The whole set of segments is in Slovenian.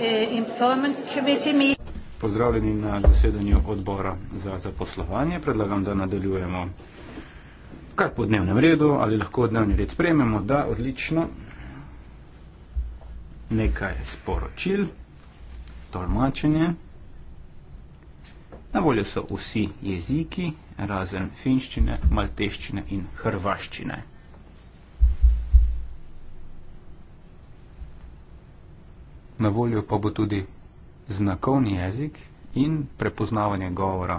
Eh, Pozdravljeni na zasedanju odbora za zaposlovanje. Predlagam, da nadaljujemo kar po dnevnem redu, ali lahko dnevni red sprejmemo, da odlično nekaj sporočil, tolmačenje. Na voljo so vsi jeziki, razen finščine, malteščine in hrvaščine. Na voljo pa bo tudi znakovni jezik in prepoznavanje govora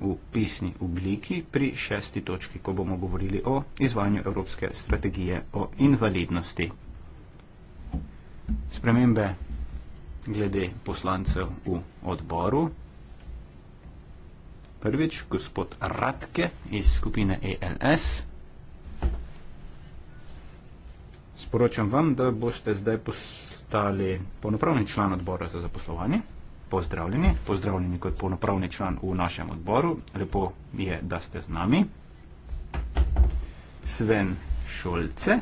v pisni obliki pri šesti točki, ko bomo govorili o izvajanju Evropske strategije o invalidnosti. Spremembe glede poslancev v odboru prvič gospod Radke iz skupine ALS. E Sporočam vam, da boste zdaj postali polnopravni član odbora za zaposlovanje. Pozdravljeni, pozdravljeni kot polnopravni član v našem odboru. Lepo je, da ste z nami. Sven Šolce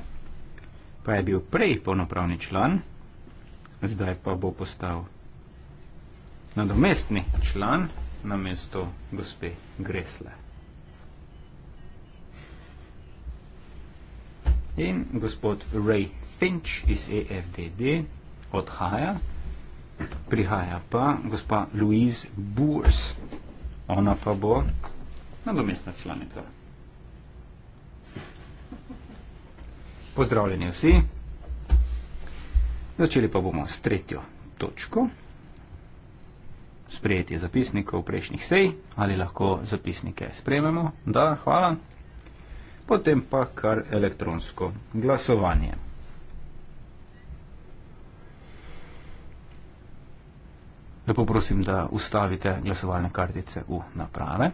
pa je bil prej polnopravni član, zdaj pa bo postal nadomestni član na mesto gospe Gresle. In gospod Ray Finch iz EFDD odhaja, prihaja pa gospa Louise Burs, ona pa bo nadomestna članica. Pozdravljeni vsi. Začeli pa bomo s tretjo točko sprejetje zapisnikov prejšnjih sej, ali lahko zapisnike sprememo, da, hvala. Potem pa kar elektronsko glasovanje. Lepo prosim, da ustavite glasovalne kartice v naprave.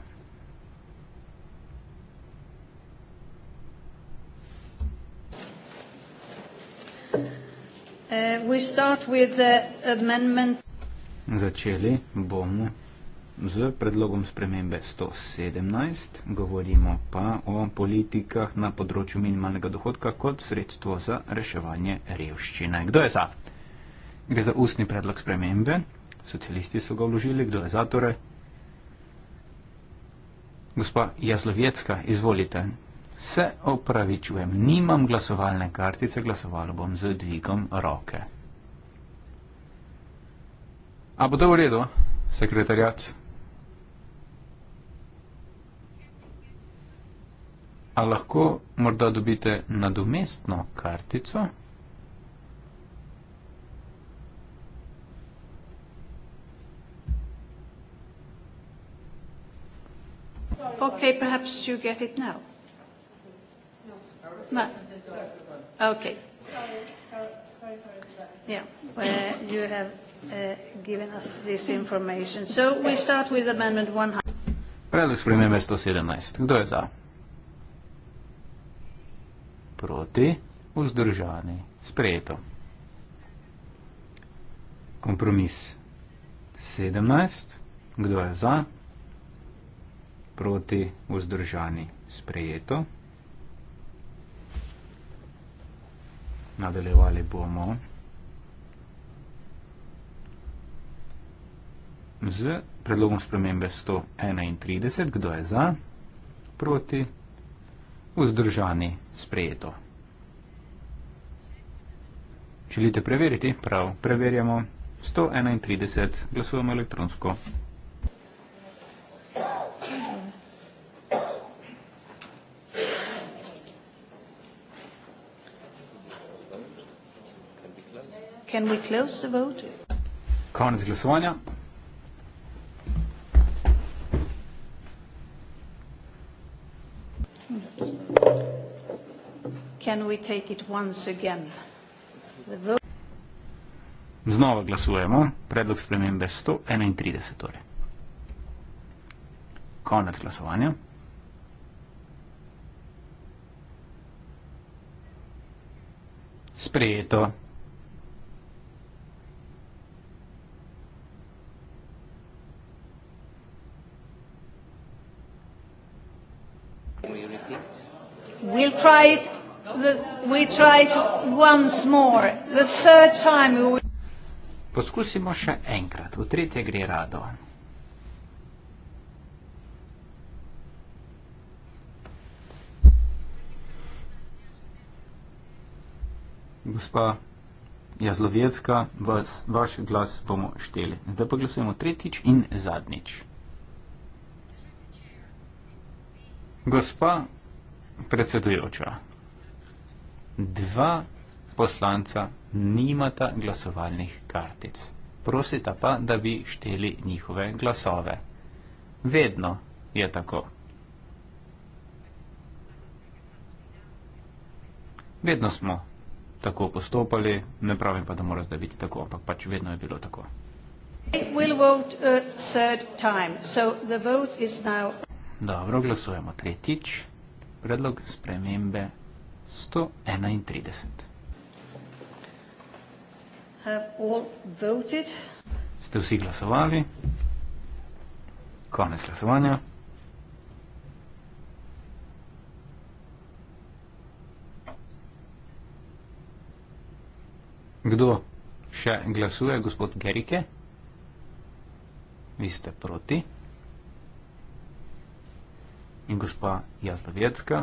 Uh, we start with the amendment začeli bomo z predlogom spremembe 117, govorimo pa o politikah na področju minimalnega dohodka kot sredstvo za reševanje revščine. Kdo je za? Gre za ustni predlog spremembe, socialisti so ga vložili, kdo je za torej? Gospa Jazlovjecka, izvolite. Se opravičujem, nimam glasovalne kartice, glasovalo bom z dvigom roke. A bo to v redu, sekretarjat? A lahko morda dobite nadomestno kartico? Ok, perhaps you get it now. No. Ok. Sorry, sorry, sorry for that. Yeah, where you have... Uh, given us this information. So we start with amendment 100. Predlog spremembe 117. Kdo je za? Proti? Vzdržani? Sprejeto. Kompromis 17. Kdo je za? Proti? Vzdržani? Sprejeto. Nadaljevali bomo. z predlogom spremembe 131. Kdo je za? Proti? Vzdržani? Sprejeto. Želite preveriti? Prav, preverjamo. 131. Glasujemo elektronsko. Can we close the vote? Konec glasovanja. Can we take it once again? Znova glasujemo. Predlog spremembe 131. Torej. Konec glasovanja. Sprejeto. We'll try it we tried once more, the third time we would. Poskusimo še enkrat, v tretje gre rado. Gospa Jazlovecka, vas, vaš glas bomo šteli. Zdaj pa glasujemo tretjič in zadnjič. Gospa predsedujoča dva poslanca nimata glasovalnih kartic. Prosita pa, da bi šteli njihove glasove. Vedno je tako. Vedno smo tako postopali, ne pravim pa, da mora zdaj biti tako, ampak pač vedno je bilo tako. Uh, Dobro, glasujemo tretjič. Predlog spremembe 131. Ste vsi glasovali? Konec glasovanja. Kdo še glasuje, gospod Gerike? Vi ste proti. In gospa Jazdovjecka,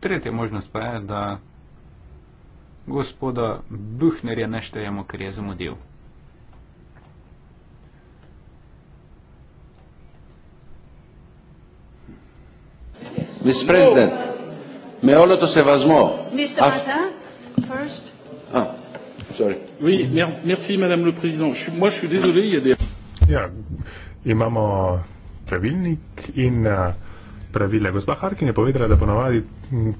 Tretja možnost pa je, da gospoda Buhnerja ne štejemo, ker je zamudil. Mr. President, me ono to se vazmo. Mr. Af first. Ah, sorry. Oui, mer merci, madame le président. Je suis, moi, je suis désolé, il y a des... Ja, imamo pravilnik in uh, pravila. Gospa Harkin je povedala, da ponavadi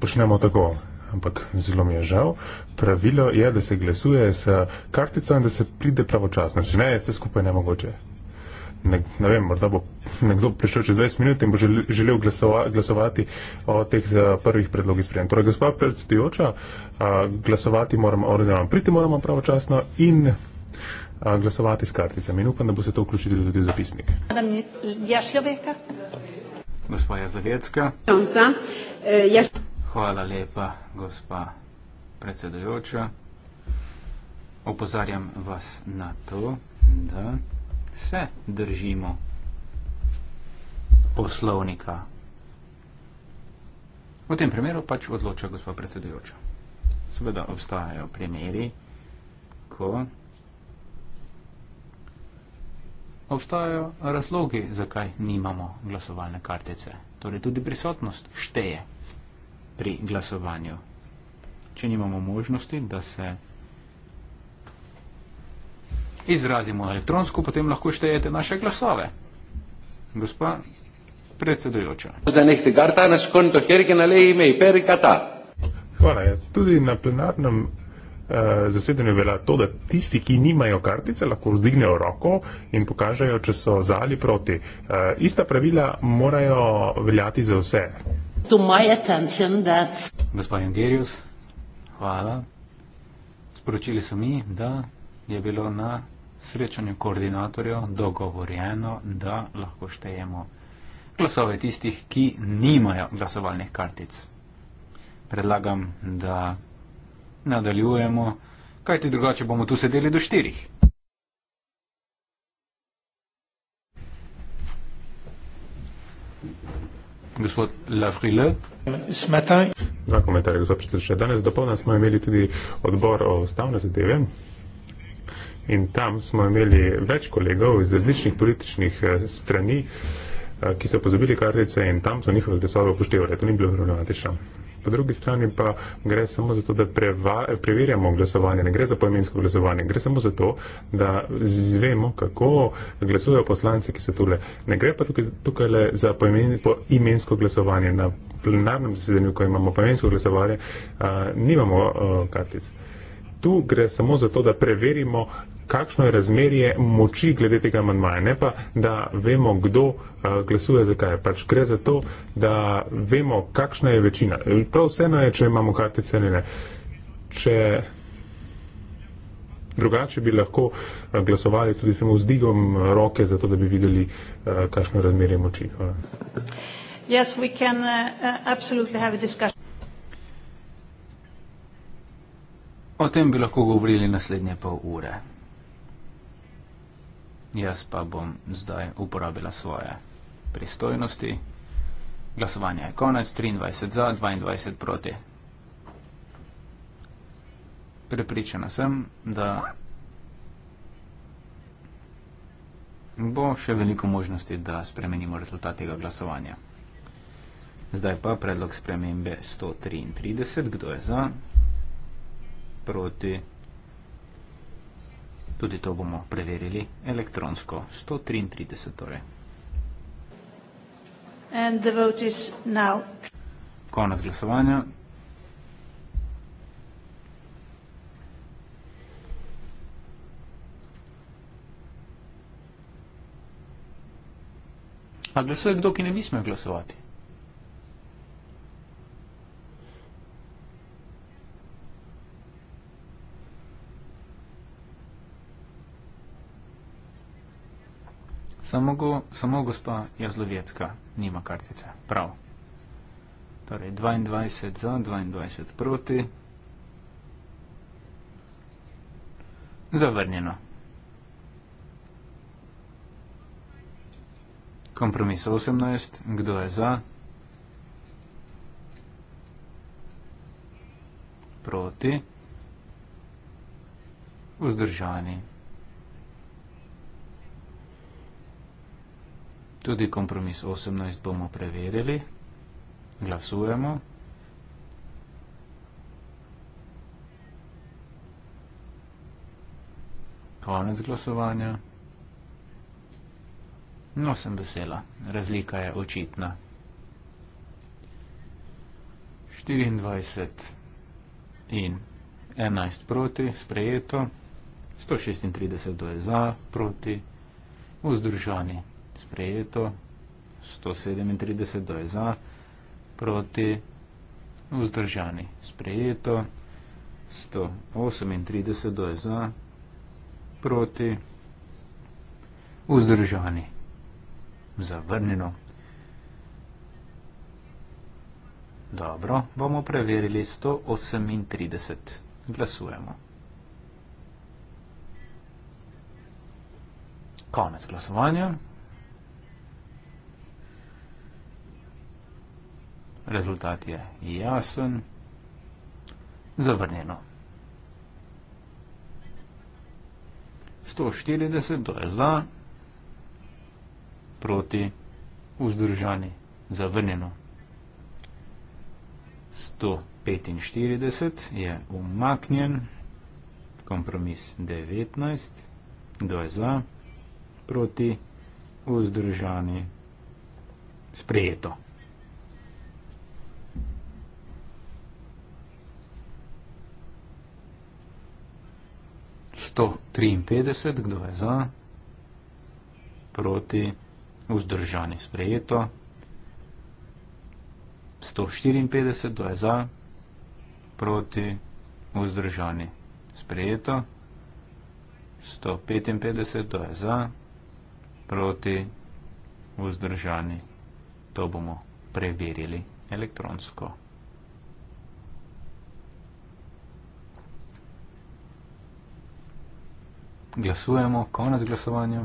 počnemo tako, ampak zelo mi je žal. Pravilo je, da se glasuje s kartico in da se pride pravočasno. Če ne, je vse skupaj nemogoče. Ne, ne vem, morda bo nekdo prišel čez 20 minut in bo želel glasova, glasovati o teh eh, prvih predlogih sprejem. Torej, gospa predsedujoča, eh, glasovati moramo ordinarno, priti moramo pravočasno in eh, glasovati s karticami. In upam, da bo se to vključilo tudi v zapisnik. Je človeka? gospa Jazlovecka. E, ja. Hvala lepa, gospa predsedojoča. Opozarjam vas na to, da se držimo poslovnika. V tem primeru pač odloča gospa predsedojoča. Seveda obstajajo primeri, ko obstajajo razlogi, zakaj nimamo glasovalne kartice. Torej tudi prisotnost šteje pri glasovanju. Če nimamo možnosti, da se izrazimo elektronsko, potem lahko štejete naše glasove. Gospa predsedujoča. Hvala. Ja, tudi na plenarnem Eh, zasedanju velja to, da tisti, ki nimajo kartice, lahko vzdignejo roko in pokažejo, če so za ali proti. E, ista pravila morajo veljati za vse. Gospod Jandirjus, hvala. Sporočili so mi, da je bilo na srečanju koordinatorjev dogovorjeno, da lahko štejemo glasove tistih, ki nimajo glasovalnih kartic. Predlagam, da nadaljujemo, kajti drugače bomo tu sedeli do štirih. Gospod Lafrile. Dva komentarja, gospod predsedujoči. Danes dopolna smo imeli tudi odbor o ustavne zadeve in tam smo imeli več kolegov iz različnih političnih eh, strani, eh, ki so pozabili kartice in tam so njihove glasove upoštevali. To ni bilo problematično po drugi strani pa gre samo za to, da preverjamo glasovanje, ne gre za poemensko glasovanje, gre samo za to, da izvemo, kako glasujejo poslanci, ki so tule. Ne gre pa tukaj, tukaj le za poemensko po glasovanje. Na plenarnem zasedanju, ko imamo poemensko glasovanje, a, nimamo a, kartic. Tu gre samo za to, da preverimo, kakšno je razmerje moči glede tega manjmaja. Ne pa, da vemo, kdo uh, glasuje za kaj. Pač gre za to, da vemo, kakšna je večina. Prav vseeno je, če imamo kartice ali ne. Če drugače bi lahko eh, glasovali tudi samo z digom eh, roke, zato da bi videli, uh, kakšno je razmerje moči. Hvala. Yes, we can uh, absolutely have a discussion. O tem bi lahko govorili naslednje pol ure jaz pa bom zdaj uporabila svoje pristojnosti. Glasovanje je konec, 23 za, 22 proti. Prepričana sem, da bo še veliko možnosti, da spremenimo rezultat tega glasovanja. Zdaj pa predlog spremembe 133, kdo je za, proti Tudi to bomo preverili elektronsko. 133 torej. And the vote is now. Konec glasovanja. A glasuje kdo, ki ne bi smel glasovati? Samo, go, samo gospa Jazlovecka nima kartice. Prav. Torej, 22 za, 22 proti. Zavrnjeno. Kompromis 18. Kdo je za? Proti. Vzdržani. Tudi kompromis 18 bomo preverili. Glasujemo. Konec glasovanja. No, sem vesela. Razlika je očitna. 24 in 11 proti, sprejeto. 136 do je za, proti, vzdržani sprejeto, 137 je za, proti, vzdržani, sprejeto, 138 je za, proti, vzdržani, zavrnjeno. Dobro, bomo preverili 138. Glasujemo. Konec glasovanja. rezultat je jasen, zavrnjeno. 140, to je za, proti, vzdržani, zavrnjeno. 145 je umaknjen, kompromis 19, to je za, proti, vzdržani, sprejeto. 153, kdo je za, proti, vzdržani sprejeto, 154, kdo je za, proti, vzdržani sprejeto, 155, kdo je za, proti, vzdržani, to bomo preverili elektronsko. Glasujemo, konec glasovanja.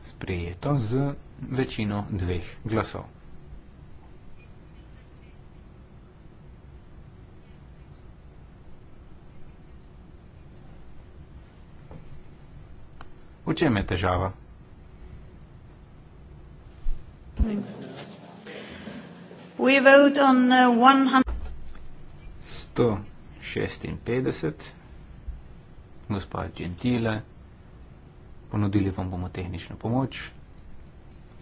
Sprejeto z večino dveh glasov. V čem je težava? We vote on 100. Uh, 156 gospa Gentile, ponudili vam bomo tehnično pomoč.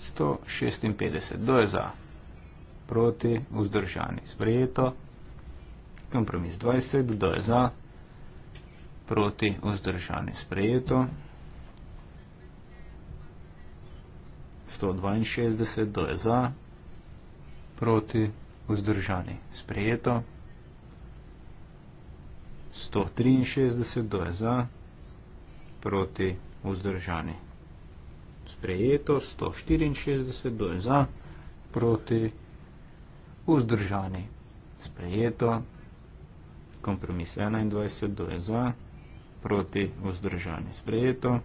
156, kdo je za? Proti, vzdržani, sprejeto. Kompromis 20, kdo je za? Proti, vzdržani, sprejeto. 162, kdo je za? Proti, vzdržani, sprejeto. 163, kdo je za, proti vzdržani. Sprejeto, 164, kdo je za, proti vzdržani. Sprejeto, kompromis 21, kdo je za, proti vzdržani. Sprejeto.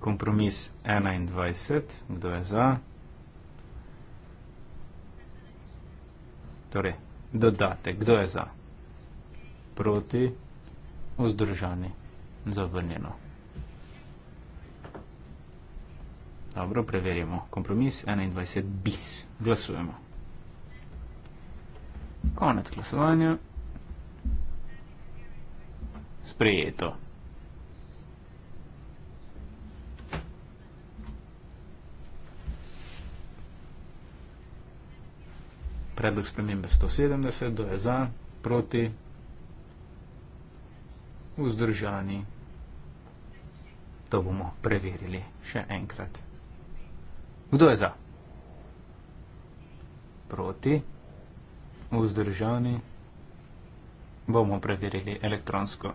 kompromis 21, kdo je za? Torej, dodate, kdo je za? Proti, vzdržani, zavrnjeno. Dobro, preverimo. Kompromis 21 bis. Glasujemo. Konec glasovanja. Sprejeto. predlog spremembe 170, do je za, proti, vzdržani. To bomo preverili še enkrat. Kdo je za? Proti, vzdržani. Bomo preverili elektronsko.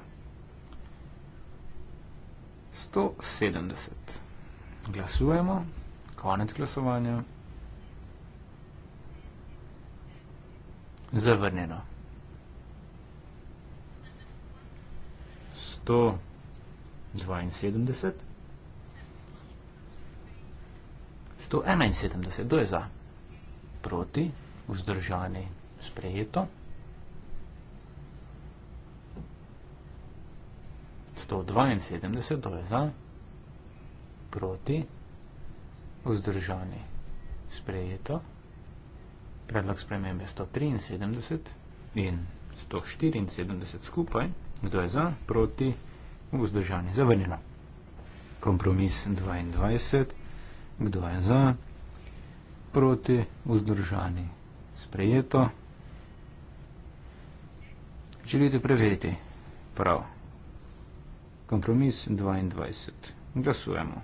170. Glasujemo. Konec glasovanja. zavrnjeno. 172. 171. Kdo je za? Proti. Vzdržani. Sprejeto. 172. Kdo je za? Proti. Vzdržani. Sprejeto. Sprejeto predlog spremembe 173 in 174 skupaj. Kdo je za, proti, vzdržani, zavrnjeno. Kompromis 22. Kdo je za, proti, vzdržani, sprejeto. Želite preveriti? Prav. Kompromis 22. Glasujemo.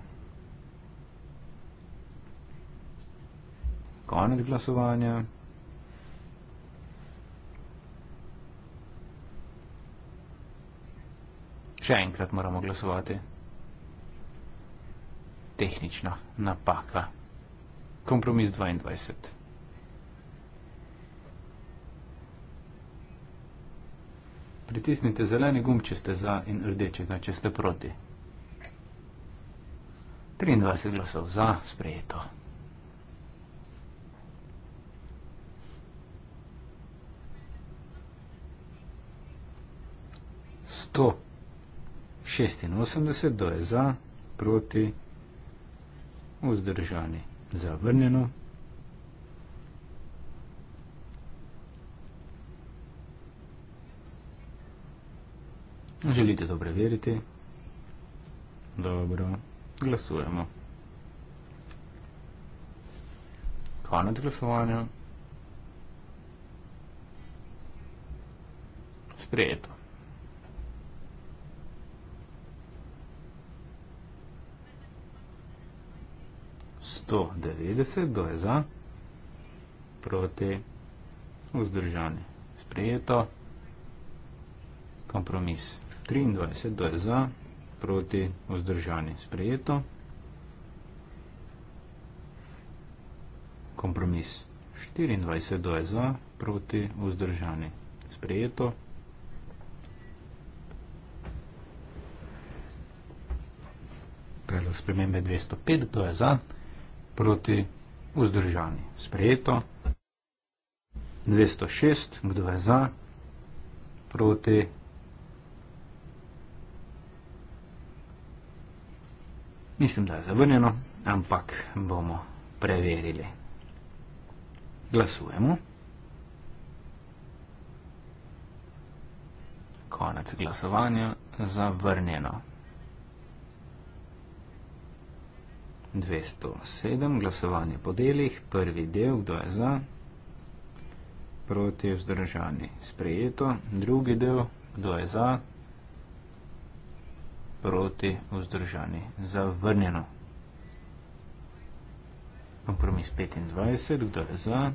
Konec glasovanja. Še enkrat moramo glasovati. Tehnična napaka. Kompromis 22. Pritisnite zeleni gumb, če ste za in rdečega, če ste proti. 23 glasov za, sprejeto. 186, kdo je za, proti, vzdržani, zavrnjeno. Želite to preveriti? Dobro, glasujemo. Konec glasovanja. Sprejeto. 190, kdo je za, proti, vzdržani, sprejeto, kompromis 23, kdo je za, proti, vzdržani, sprejeto, kompromis 24, kdo je za, proti, vzdržani, sprejeto, predlog spremembe 205, kdo je za, sprejeto, proti vzdržani. Sprejeto. 206. Kdo je za? Proti. Mislim, da je zavrnjeno, ampak bomo preverili. Glasujemo. Konec glasovanja. Zavrnjeno. 207, glasovanje po delih, prvi del, kdo je za, proti vzdržani, sprejeto, drugi del, kdo je za, proti vzdržani, zavrnjeno. Kompromis 25, kdo je za,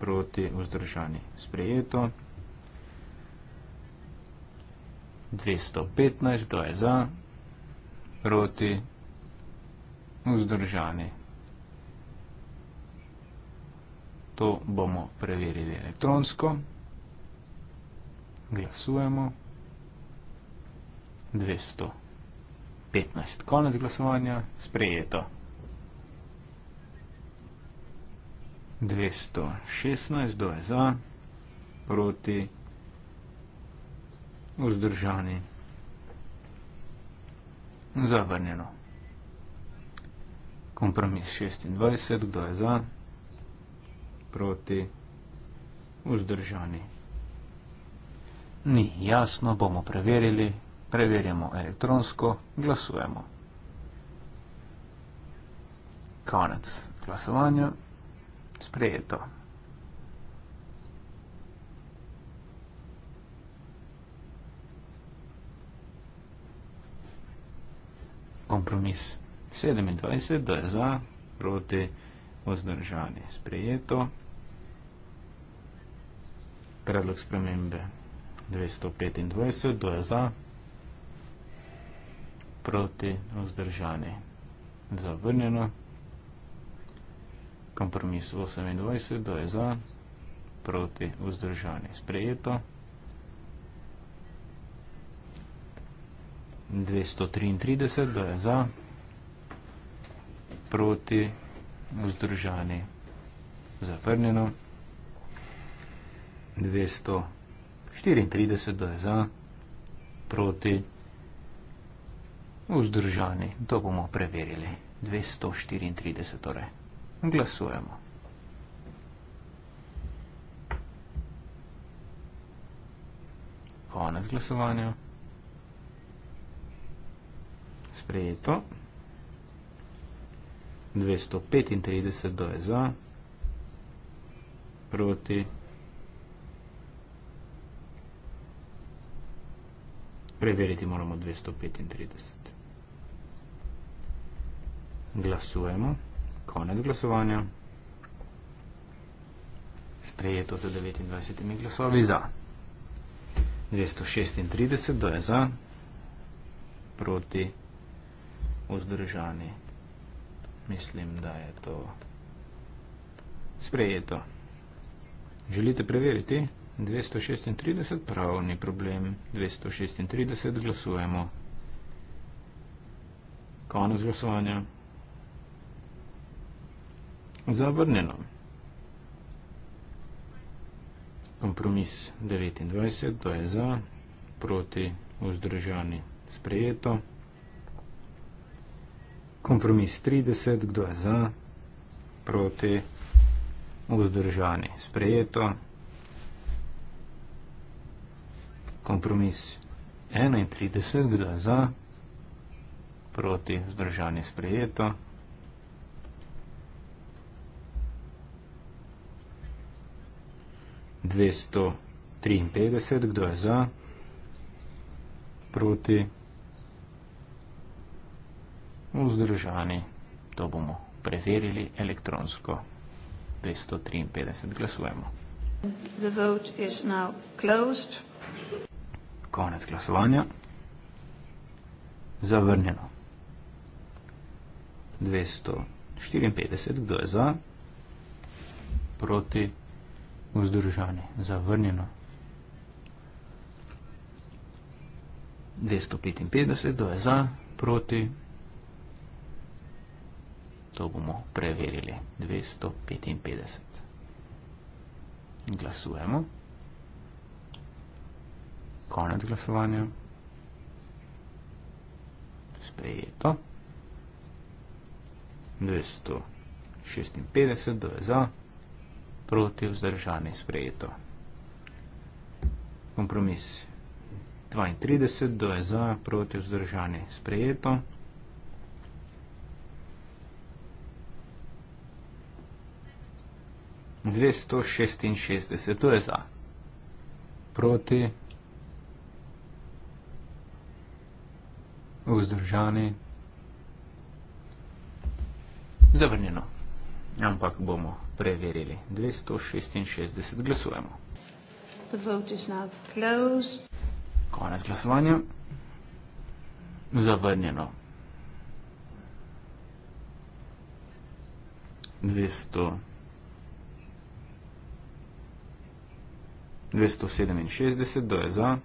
proti vzdržani, sprejeto, 215, kdo je za, proti vzdržani, vzdržani. To bomo preverili elektronsko. Glasujemo. 215. Konec glasovanja. Sprejeto. 216. Do je za. Proti. Vzdržani. Zavrnjeno. Kompromis 26, kdo je za, proti, vzdržani. Ni jasno, bomo preverili, preverjamo elektronsko, glasujemo. Konec glasovanja, sprejeto. Kompromis 27. 27, da je za, proti, vzdržani, sprejeto. Predlog spremembe 225, da je za, proti, vzdržani, zavrnjeno. Kompromis 28, da je za, proti, vzdržani, sprejeto. 233, da je za, proti, vzdržani, sprejeto proti, vzdržani, zavrnjeno. 234 do je za, proti, vzdržani. To bomo preverili. 234 torej. Glasujemo. Konec glasovanja. Sprejeto. 235 do je za, proti 235. Preveriti moramo 235. Glasujemo. Konec glasovanja. Sprejeto za 29 glasovi za. 236 do je za, proti vzdržani Mislim, da je to sprejeto. Želite preveriti? 236, pravni problem. 236, glasujemo. Konec glasovanja. Zavrnjeno. Kompromis 29, to je za, proti, vzdržani, sprejeto. Kompromis 30, kdo je za, proti, vzdržani, sprejeto. Kompromis 31, kdo je za, proti, vzdržani, sprejeto. Dvesto triinpetdeset, kdo je za, proti, vzdržani, sprejeto vzdržani. To bomo preverili elektronsko. 253 glasujemo. The vote is now closed. Konec glasovanja. Zavrnjeno. 254, kdo je za? Proti vzdržani. Zavrnjeno. 255, kdo je za? Proti vzdržani. To bomo preverili. 255. Glasujemo. Konec glasovanja. Sprejeto. 256, do je za, proti vzdržani sprejeto. Kompromis 32, do je za, proti vzdržani sprejeto. 266, to je za. Proti. Vzdržani. Zavrnjeno. Ampak bomo preverili. 266 glasujemo. The vote is now closed. Konec glasovanja. Zavrnjeno. 200. 267, kdo je za?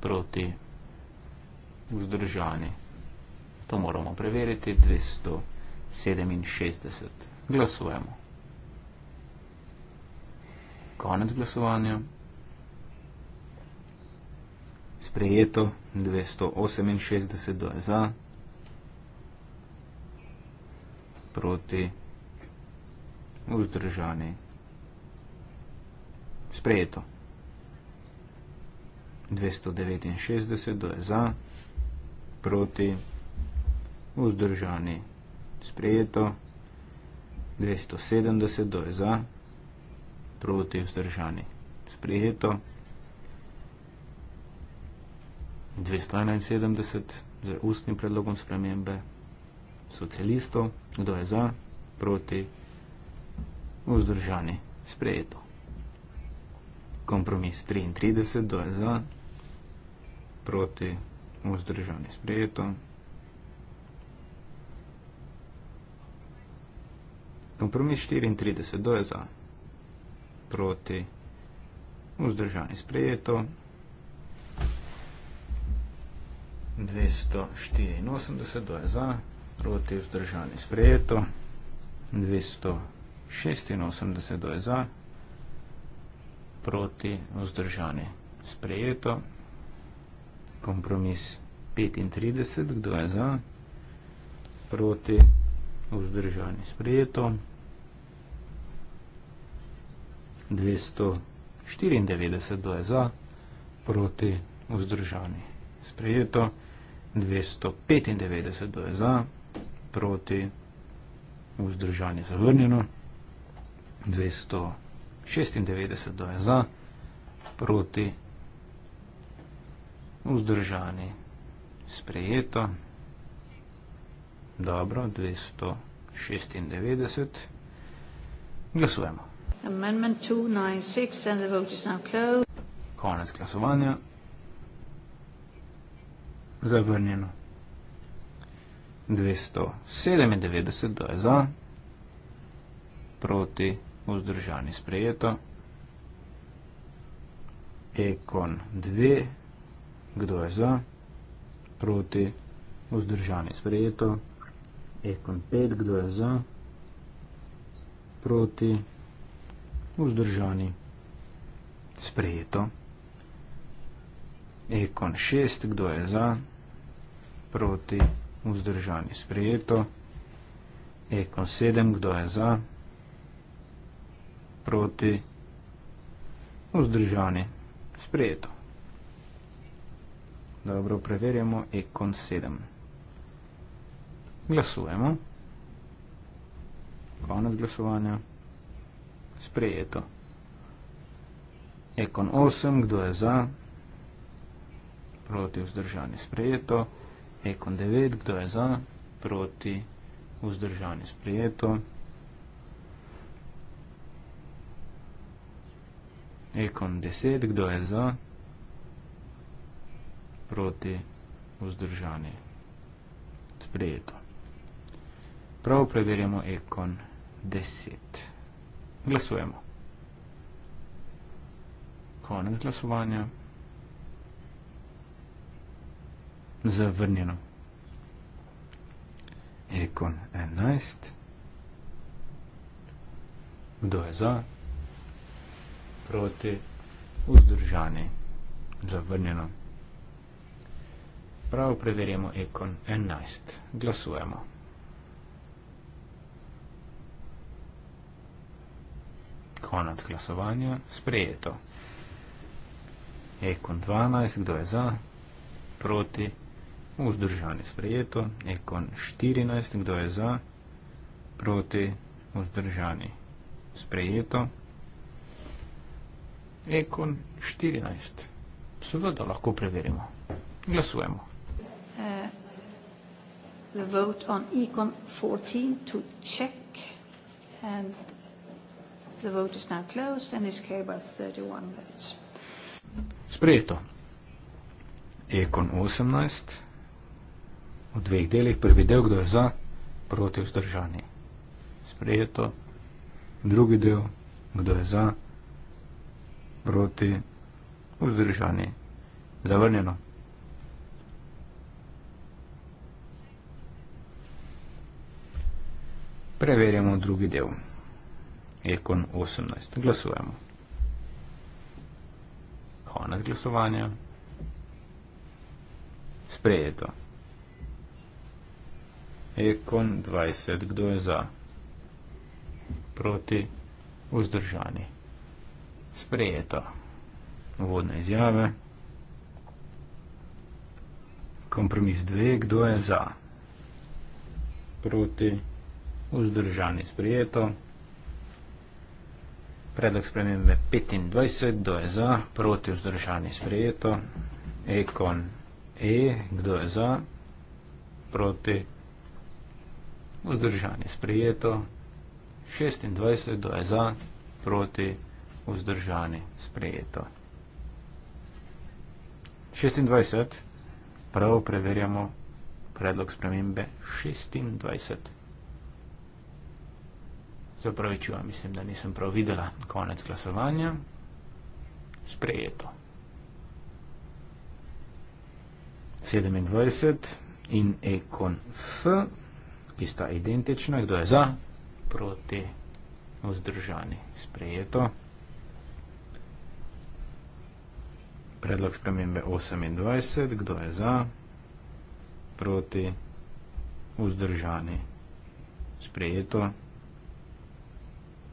Proti vzdržani. To moramo preveriti. 267. Glasujemo. Konec glasovanja. Sprejeto 268, kdo je za? Proti vzdržani sprejeto. 269 do je za, proti, vzdržani, sprejeto. 270 do je za, proti, vzdržani, sprejeto. 271 z ustnim predlogom spremembe socialistov, kdo je za, proti, vzdržani, sprejeto kompromis 33, do je za, proti vzdržanje sprejeto. Kompromis 34, do je za, proti vzdržanje sprejeto. 284 do je za, proti vzdržanje sprejeto, 286 do je za, proti vzdržanje sprejeto proti vzdržani. Sprejeto. Kompromis 35. Kdo je za? Proti vzdržani. Sprejeto. 294. Kdo je za? Proti vzdržani. Sprejeto. 295. Kdo je za? Proti vzdržani. Zavrnjeno. 200. 96 do je za, proti, vzdržani, sprejeto, dobro, 296, glasujemo. Amendment 296 and the vote is now closed. Konec glasovanja, zavrnjeno. 297 do je za, proti, vzdržani, sprejeto, vzdržani sprejeto. Ekon 2, kdo je za, proti, vzdržani sprejeto. Ekon 5, kdo je za, proti, vzdržani sprejeto. Ekon 6, kdo je za, proti, vzdržani sprejeto. Ekon 7, kdo je za, proti, vzdržani sprejeto proti vzdržani sprejeto. Dobro, preverjamo ekon 7. Glasujemo. Konec glasovanja. Sprejeto. Ekon 8, kdo je za? Proti vzdržani sprejeto. Ekon 9, kdo je za? Proti vzdržani sprejeto. Ekon 10, kdo je za? Proti vzdržanje. Sprejeto. Prav preverjamo Ekon 10. Glasujemo. Konec glasovanja. Zavrnjeno. Ekon 11. Kdo je za? Kdo je za? proti, vzdržani, zavrnjeno. Prav preverjamo ekon 11. Glasujemo. Konec glasovanja. Sprejeto. Ekon 12. Kdo je za? Proti. Vzdržani. Sprejeto. Ekon 14. Kdo je za? Proti. Vzdržani. Sprejeto. Ekon 14. Seveda lahko preverimo. Glasujemo. Uh, the vote on Econ 14 to check, and the vote is now closed and is carried by 31 votes. Sprejeto. Econ 18 v dveh delih. Prvi del, kdo je za, proti vzdržani. Sprejeto. Drugi del, kdo je za, proti vzdržani proti vzdržani. Zavrnjeno. Preverjamo drugi del. Ekon 18. Glasujemo. Konec glasovanja. Sprejeto. Ekon 20. Kdo je za? Proti vzdržani sprejeto. Uvodne izjave. Kompromis 2. Kdo je za? Proti. Vzdržani sprejeto. Predlog spremembe 25. Kdo je za? Proti. Vzdržani sprejeto. Ekon E. Kdo je za? Proti. Vzdržani sprejeto. 26. Kdo je za? Proti. Vzdržani sprejeto vzdržane, sprejeto. 26. Prav preverjamo predlog spremembe 26. Zapravičujo, mislim, da nisem prav videla. Konec glasovanja. Sprejeto. 27 in ekon F, ki sta identična. Kdo je za? Proti vzdržani. Sprejeto. Sprejeto. predlog spremembe 28. Kdo je za? Proti? Vzdržani? Sprejeto?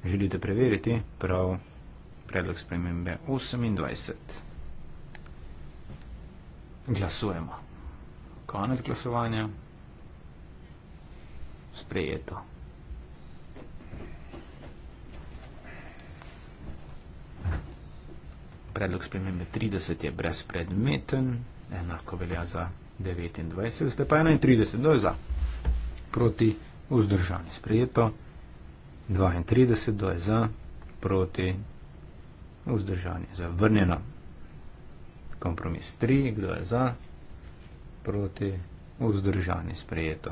Želite preveriti? Prav. Predlog spremembe 28. Glasujemo. Konec glasovanja. Sprejeto. predlog spremembe 30 je brezpredmeten, enako velja za 29, zdaj pa 31, kdo je za? Proti vzdržani sprejeto, 32, kdo je za? Proti vzdržani zavrnjeno. Kompromis 3, kdo je za? Proti vzdržani sprejeto. 37,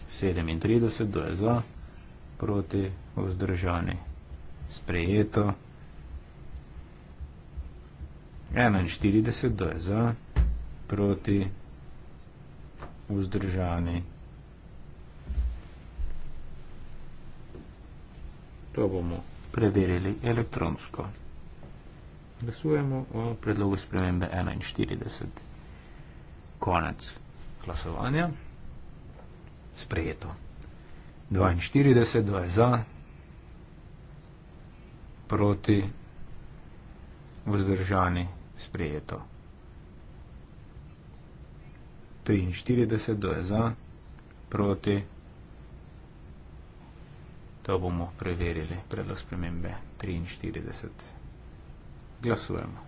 kdo je za? Proti vzdržani sprejeto proti vzdržani. Sprejeto. 41 je za, proti vzdržani. To bomo preverili elektronsko. Glasujemo o predlogu spremembe 41. Konec glasovanja. Sprejeto. 42, 2 za, proti, vzdržani, sprejeto. 43, 2 za, proti, to bomo preverili, predlog spremembe 43. Glasujemo.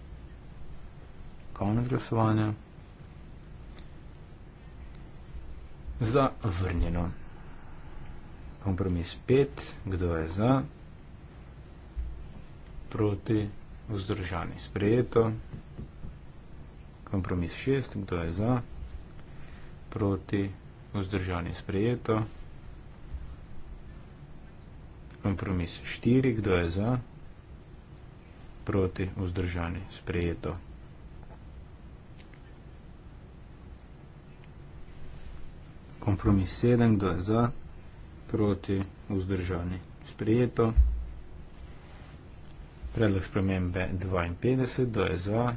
Konec glasovanja. Zavrnjeno kompromis 5, kdo je za, proti, vzdržani, sprejeto, kompromis 6, kdo je za, proti, vzdržani, sprejeto, kompromis 4, kdo je za, proti, vzdržani, sprejeto. Kompromis 7, kdo je za, proti, vzdržani, sprejeto proti vzdržani. Sprijeto. Predlog spremembe 52, do je za,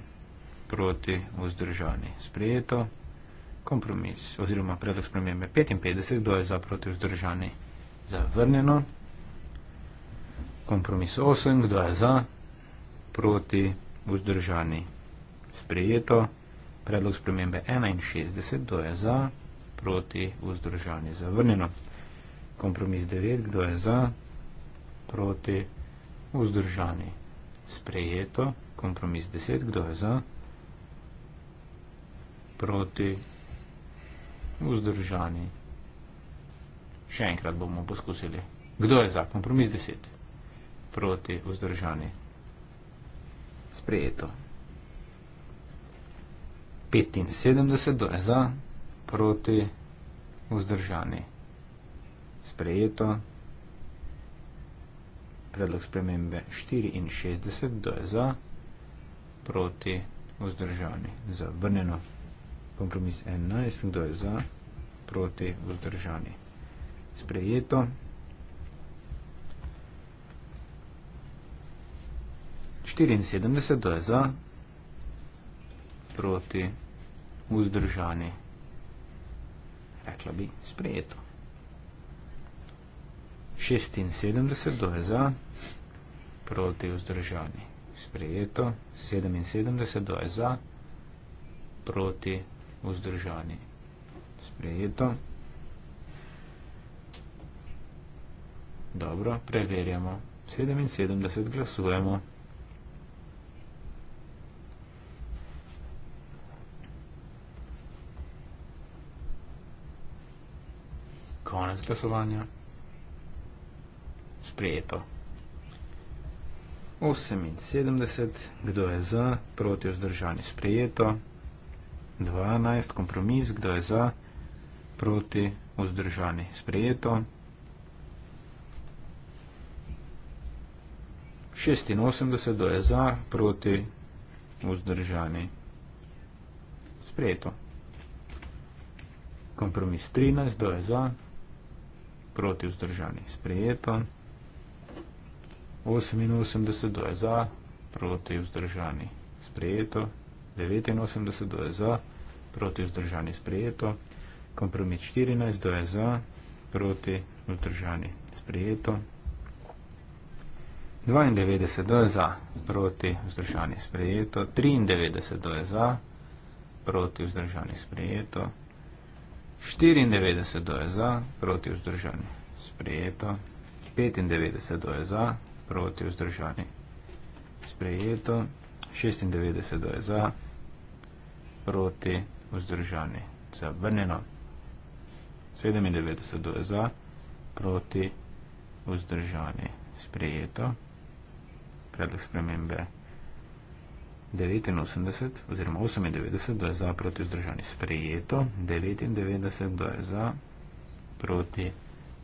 proti vzdržani. Sprijeto. Kompromis oziroma predlog spremembe 55, do je za, proti vzdržani. Zavrnjeno. Kompromis 8, kdo je za, proti vzdržani. Sprijeto. Predlog spremembe 61, do je za, proti vzdržani. Zavrnjeno kompromis 9, kdo je za, proti, vzdržani, sprejeto, kompromis 10, kdo je za, proti, vzdržani, še enkrat bomo poskusili, kdo je za, kompromis 10, proti, vzdržani, sprejeto. 75 do je za, proti, vzdržani sprejeto. Predlog spremembe 64, kdo je za, proti, vzdržani, zavrnjeno. Kompromis 11, kdo je za, proti, vzdržani, sprejeto. Štiriinsedemdeset do je za, proti, vzdržani, rekla bi, sprejeto. 76, kdo je za, proti vzdržani. Sprejeto. 77, kdo je za, proti vzdržani. Sprejeto. Dobro, preverjamo. 77 glasujemo. Konec glasovanja sprejeto. 78, kdo je za, proti vzdržanje sprejeto. 12, kompromis, kdo je za, proti vzdržanje sprejeto. 86, kdo je za, proti vzdržanje sprejeto. Kompromis 13, kdo je za, proti vzdržanje sprejeto. 88 je za, proti vzdržani sprejeto, 89 je za, proti vzdržani sprejeto, kompromis 14 je za, proti vzdržani sprejeto, 92 je za, proti vzdržani sprejeto, 93 je za, proti vzdržani sprejeto, 94 je za, proti vzdržani sprejeto, 95 je za, proti vzdržani. Sprejeto 96 je za, proti vzdržani. Zavrnjeno 97 je za, proti vzdržani. Sprejeto predlog spremembe 89 oziroma 98 je za, proti vzdržani. Sprejeto 99 je za, proti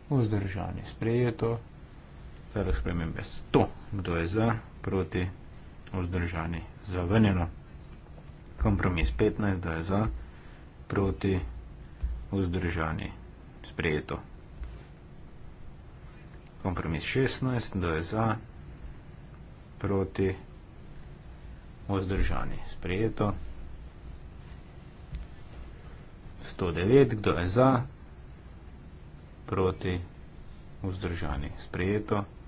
vzdržani. Sprejeto Predlog spremembe 100. Kdo je za, proti, vzdržani, zavrnjeno. Kompromis 15. Kdo je za, proti, vzdržani, sprejeto. Kompromis 16. Kdo je za, proti, vzdržani, sprejeto. 109. Kdo je za, proti, vzdržani, sprejeto. 109.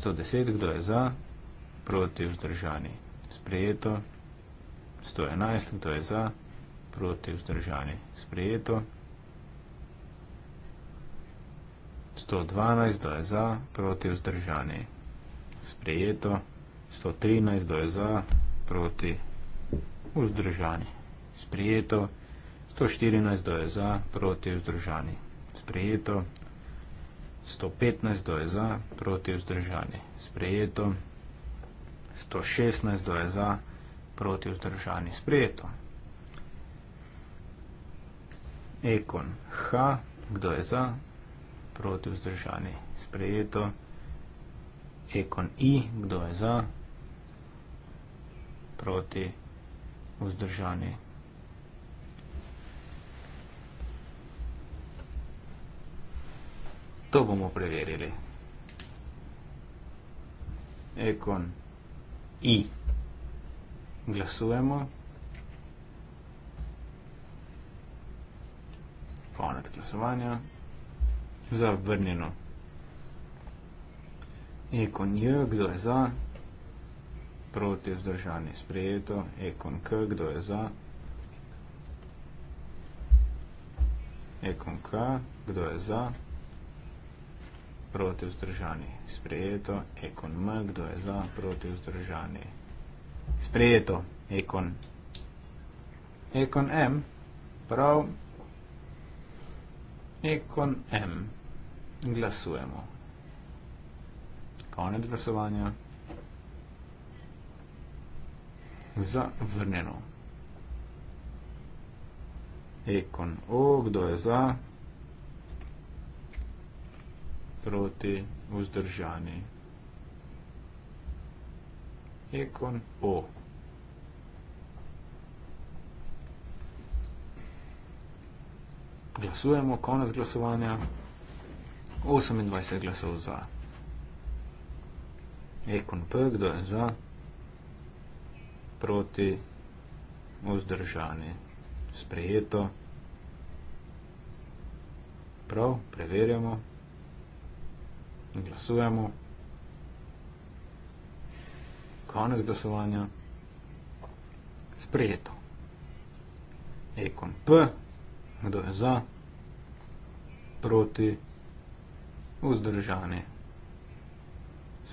110, kdo je za, proti vzdržani. Sprejeto. 111, kdo je za, proti vzdržani. Sprejeto. 112, kdo je za, proti vzdržani. Sprejeto. 113, kdo je za, proti vzdržani. Sprejeto. 114, kdo je za, proti vzdržani. Sprejeto. 115 do je za, proti vzdržani, sprejeto. 116 do je za, proti vzdržani, sprejeto. Ekon H, kdo je za, proti vzdržani, sprejeto. Ekon I, kdo je za, proti vzdržani, sprejeto. To bomo preverili. Ekon I. Glasujemo. Konec glasovanja. Za vrnjeno. Ekon J. Kdo je za? Proti vzdržanje sprejeto. Ekon K. Kdo je za? Ekon K. Kdo je za? Ekon K. Kdo je za? proti vzdržani. Sprejeto, ekon M, kdo je za, proti vzdržani. Sprejeto, ekon. Ekon M, prav. Ekon M, glasujemo. Konec glasovanja. Zavrnjeno. Ekon O, kdo je za, proti vzdržani. Ekon O. Glasujemo, konec glasovanja. 28 glasov za. Ekon P, kdo je za? Proti vzdržani. Sprejeto. Prav, preverjamo. Glasujemo. Konec glasovanja. Sprejeto. Ekon P. Kdo je za? Proti. Vzdržani.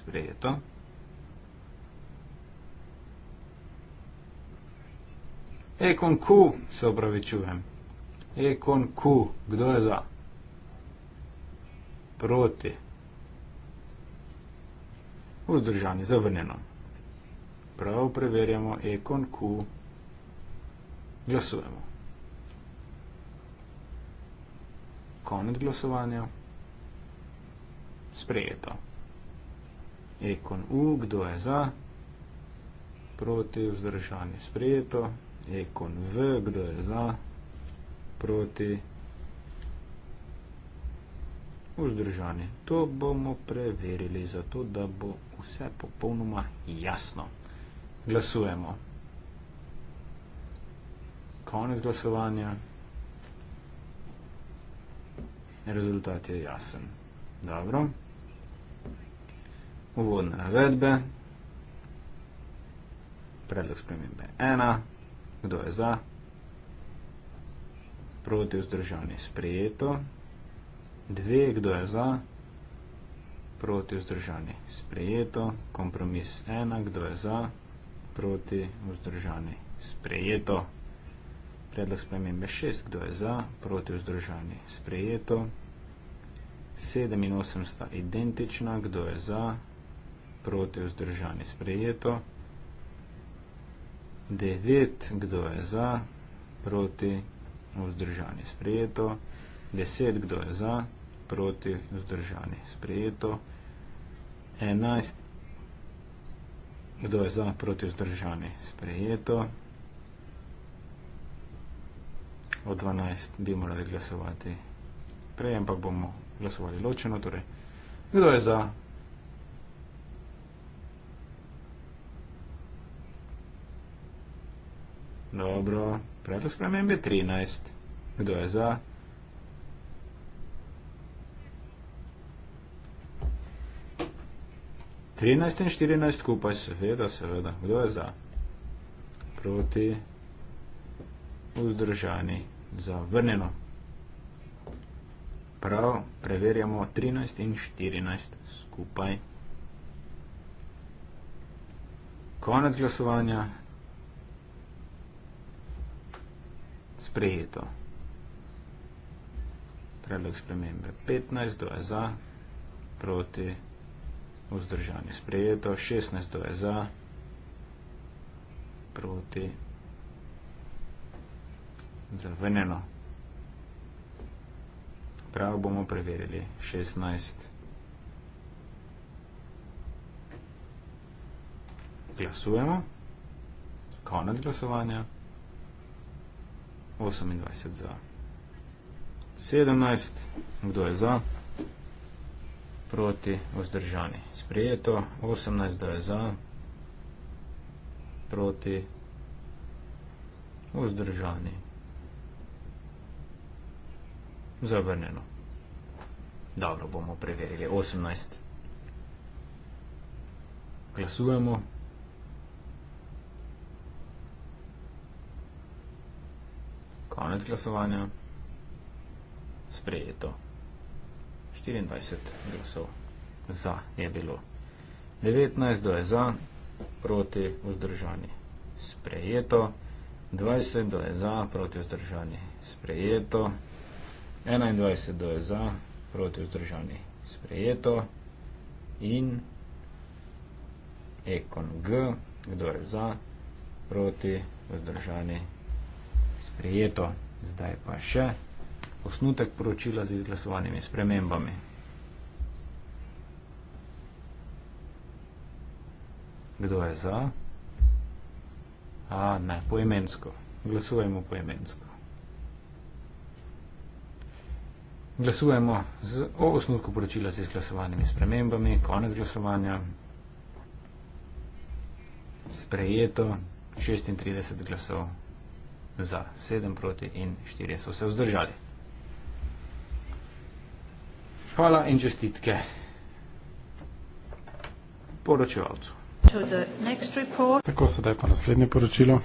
Sprejeto. Ekon Q. Se opravičujem. Ekon Q. Kdo je za? Proti. Proti vzdržani zavrnjeno. Prav preverjamo ekon Q, glasujemo. Konec glasovanja, sprejeto. Ekon U, kdo je za? Proti vzdržani sprejeto. Ekon V, kdo je za? Proti vzdržani sprejeto vzdržani. To bomo preverili, zato da bo vse popolnoma jasno. Glasujemo. Konec glasovanja. Rezultat je jasen. Dobro. Uvodne navedbe. Predlog spremembe 1. Kdo je za? Proti vzdržanje sprejeto dve, kdo je za, proti vzdržani, sprejeto, kompromis ena, kdo je za, proti vzdržani, sprejeto, predlog spremembe šest, kdo je za, proti vzdržani, sprejeto, sedem in osem sta identična, kdo je za, proti vzdržani, sprejeto, devet, kdo je za, proti vzdržani, sprejeto, sprejeto, 10, kdo je za, proti, vzdržani, sprejeto. 11, kdo je za, proti, vzdržani, sprejeto. O 12 bi morali glasovati prej, ampak bomo glasovali ločeno, torej, kdo je za, Dobro, predlog spremembe 13. Kdo je za? 13 in 14 skupaj, seveda, seveda. Kdo je za? Proti. Vzdržani. Za. Vrneno. Prav, preverjamo 13 in 14 skupaj. Konec glasovanja. Sprejeto. Predlog spremembe 15, kdo je za, proti 15 vzdržanje sprejeto, 16 do je za, proti, zavrneno. Prav bomo preverili 16 glasujemo, konec glasovanja, 28 za, 17, kdo je za, 17, proti vzdržani. Sprejeto 18, da je za, proti vzdržani. Zavrnjeno. Dobro, bomo preverili. 18. Glasujemo. Konec glasovanja. Sprejeto. 24 glasov za je bilo. 19 do je za, proti vzdržani sprejeto. 20 do je za, proti vzdržani sprejeto. 21 do je za, proti vzdržani sprejeto. In ekon G, kdo je za, proti vzdržani sprejeto. Zdaj pa še osnutek poročila z izglasovanimi spremembami. Kdo je za? A, ne, poimensko. Glasujemo poimensko. Glasujemo z, o osnutku poročila z izglasovanimi spremembami. Konec glasovanja. Sprejeto. 36 glasov za, 7 proti in 4 so se vzdržali. Hvala in čestitke. Poročevalcu. Tako sedaj pa naslednje poročilo.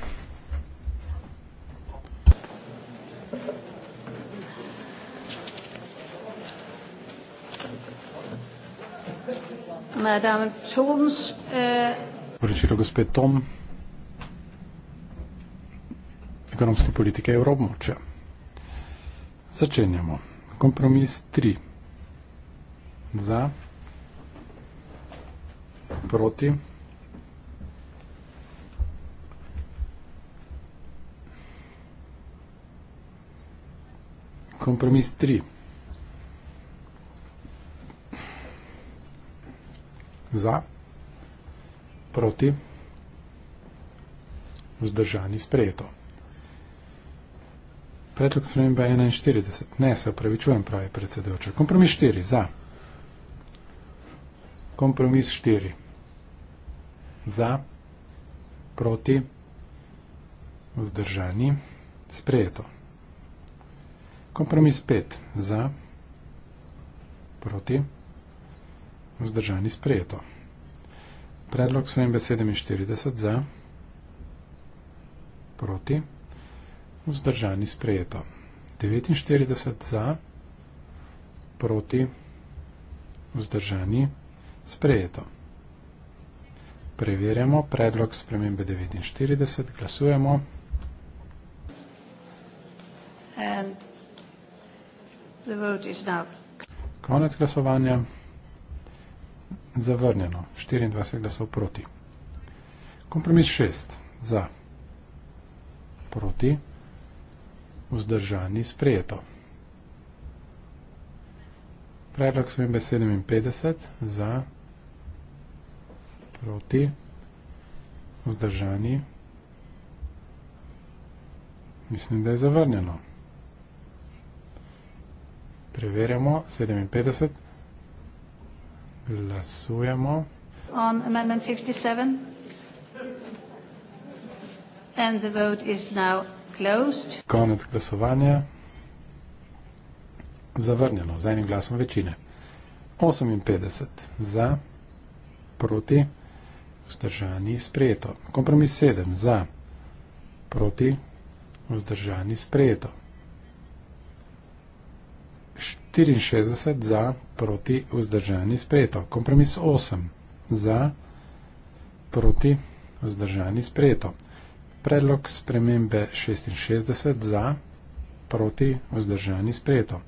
Madame Toms. Eh... Poročilo gospe Tom. Ekonomske politike Evropmoče. Začenjamo. Kompromis 3. Za. Proti. Kompromis 3. Za. Proti. Vzdržani sprejeto. Predlog sprememba 41. Ne, se opravičujem, pravi predsedujoča. Kompromis 4. Za. Kompromis štiri. Za, proti, vzdržani, sprejeto. Kompromis pet. Za, proti, vzdržani, sprejeto. Predlog svojembe 47 za, proti, vzdržani, sprejeto. 49 za, proti, vzdržani, sprejeto. Sprejeto. Preverjamo predlog spremembe 49. Glasujemo. And the vote is now. Konec glasovanja. Zavrnjeno. 24 glasov proti. Kompromis 6. Za. Proti. Vzdržani. Sprejeto. Predlog spremembe 57. Za. Proti proti, vzdržani, mislim, da je zavrnjeno. Preverjamo, 57, glasujemo. On amendment 57. And the vote is now closed. Konec glasovanja, zavrnjeno, z enim glasom večine. 58 za, proti vzdržani, sprejeto. Kompromis 7 za, proti, vzdržani, sprejeto. 64 za, proti, vzdržani, sprejeto. Kompromis 8 za, proti, vzdržani, sprejeto. Predlog spremembe 66 za, proti, vzdržani, sprejeto.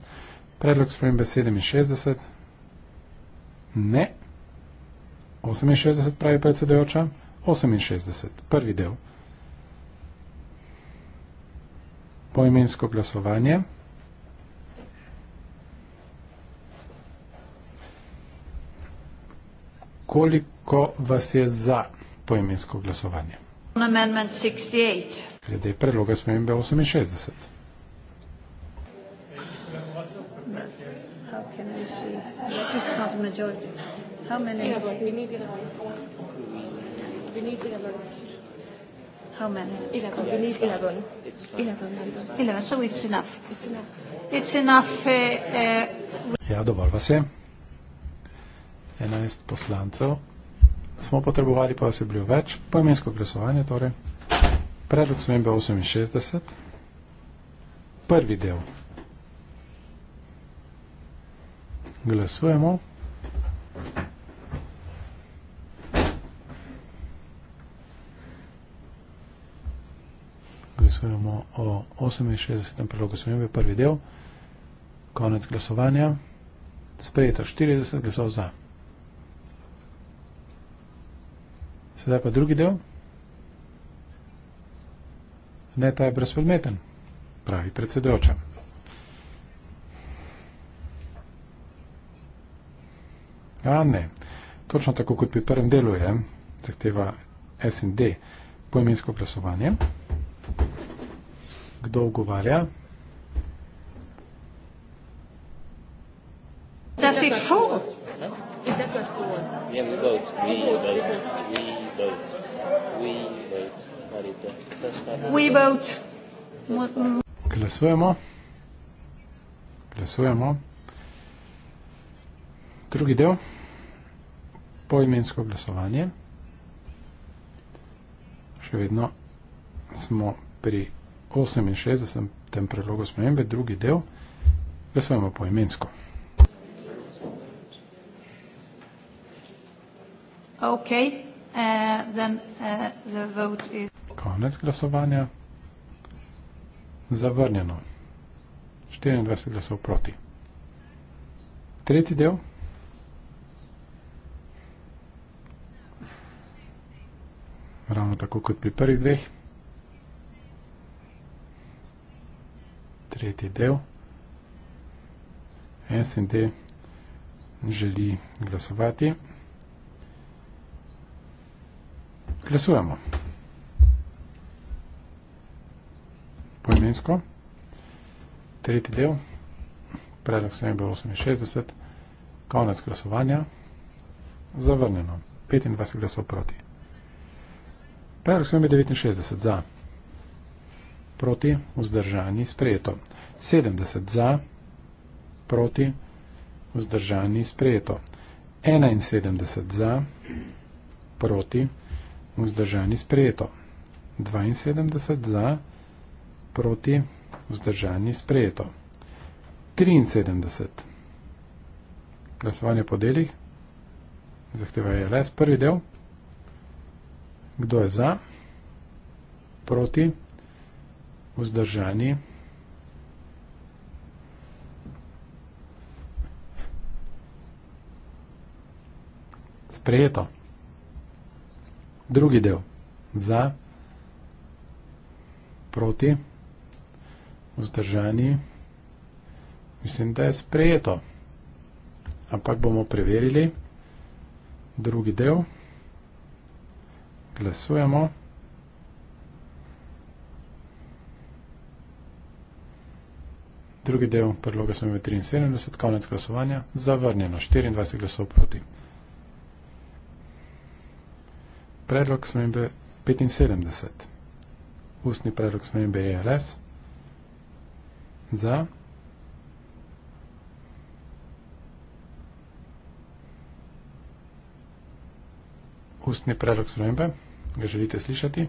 Predlog spremembe 67 ne. 68, pravi predsedajoča. 68, prvi del. Poimensko glasovanje. Koliko vas je za poimensko glasovanje? Glede predloga spremembe 68. Okay, How many? Yes, we need 11. We need 11. How many? 11. Yes. We need 11. It's 11. 11. So it's enough. It's enough. It's enough, uh, uh ja, dovolj vas je. 11 poslancev smo potrebovali, pa vas je bilo več. Poimensko glasovanje torej. Predlog smembe 68. Prvi del. Glasujemo. glasujemo o 68. predlogu spremembe, prvi del, konec glasovanja, sprejeto 40 glasov za. Sedaj pa drugi del. Ne, ta je brezpredmeten, pravi predsedujoča. A ne, točno tako kot pri prvem delu je, zahteva SND, poimensko glasovanje. Thank you kdo ogovarja. Glasujemo. Glasujemo. Drugi del, poimensko glasovanje. Še vedno smo pri 68. predlogu spremembe, drugi del, glasujemo poimensko. Okay. Uh, then, uh, the vote is... Konec glasovanja. Zavrnjeno. 24 glasov proti. Tretji del. Ravno tako kot pri prvih dveh. tretji del. SND želi glasovati. Glasujemo. Poimensko. Tretji del. Predlog sem je bil 68. Konec glasovanja. Zavrnjeno. 25 glasov proti. Predlog sem je bil 69. Za proti, vzdržani, sprejeto. 70 za, proti, vzdržani, sprejeto. 71 za, proti, vzdržani, sprejeto. 72 za, proti, vzdržani, sprejeto. 73. Glasovanje po delih. Zahteva je les prvi del. Kdo je za? Proti vzdržani. Sprejeto. Drugi del. Za, proti, vzdržani. Mislim, da je sprejeto. Ampak bomo preverili. Drugi del. Glasujemo. Glasujemo. drugi del predloga smo imeli 73, konec glasovanja, zavrnjeno 24 glasov proti. Predlog smo imeli 75, ustni predlog smo imeli ERS, za, ustni predlog spremembe, ga želite slišati?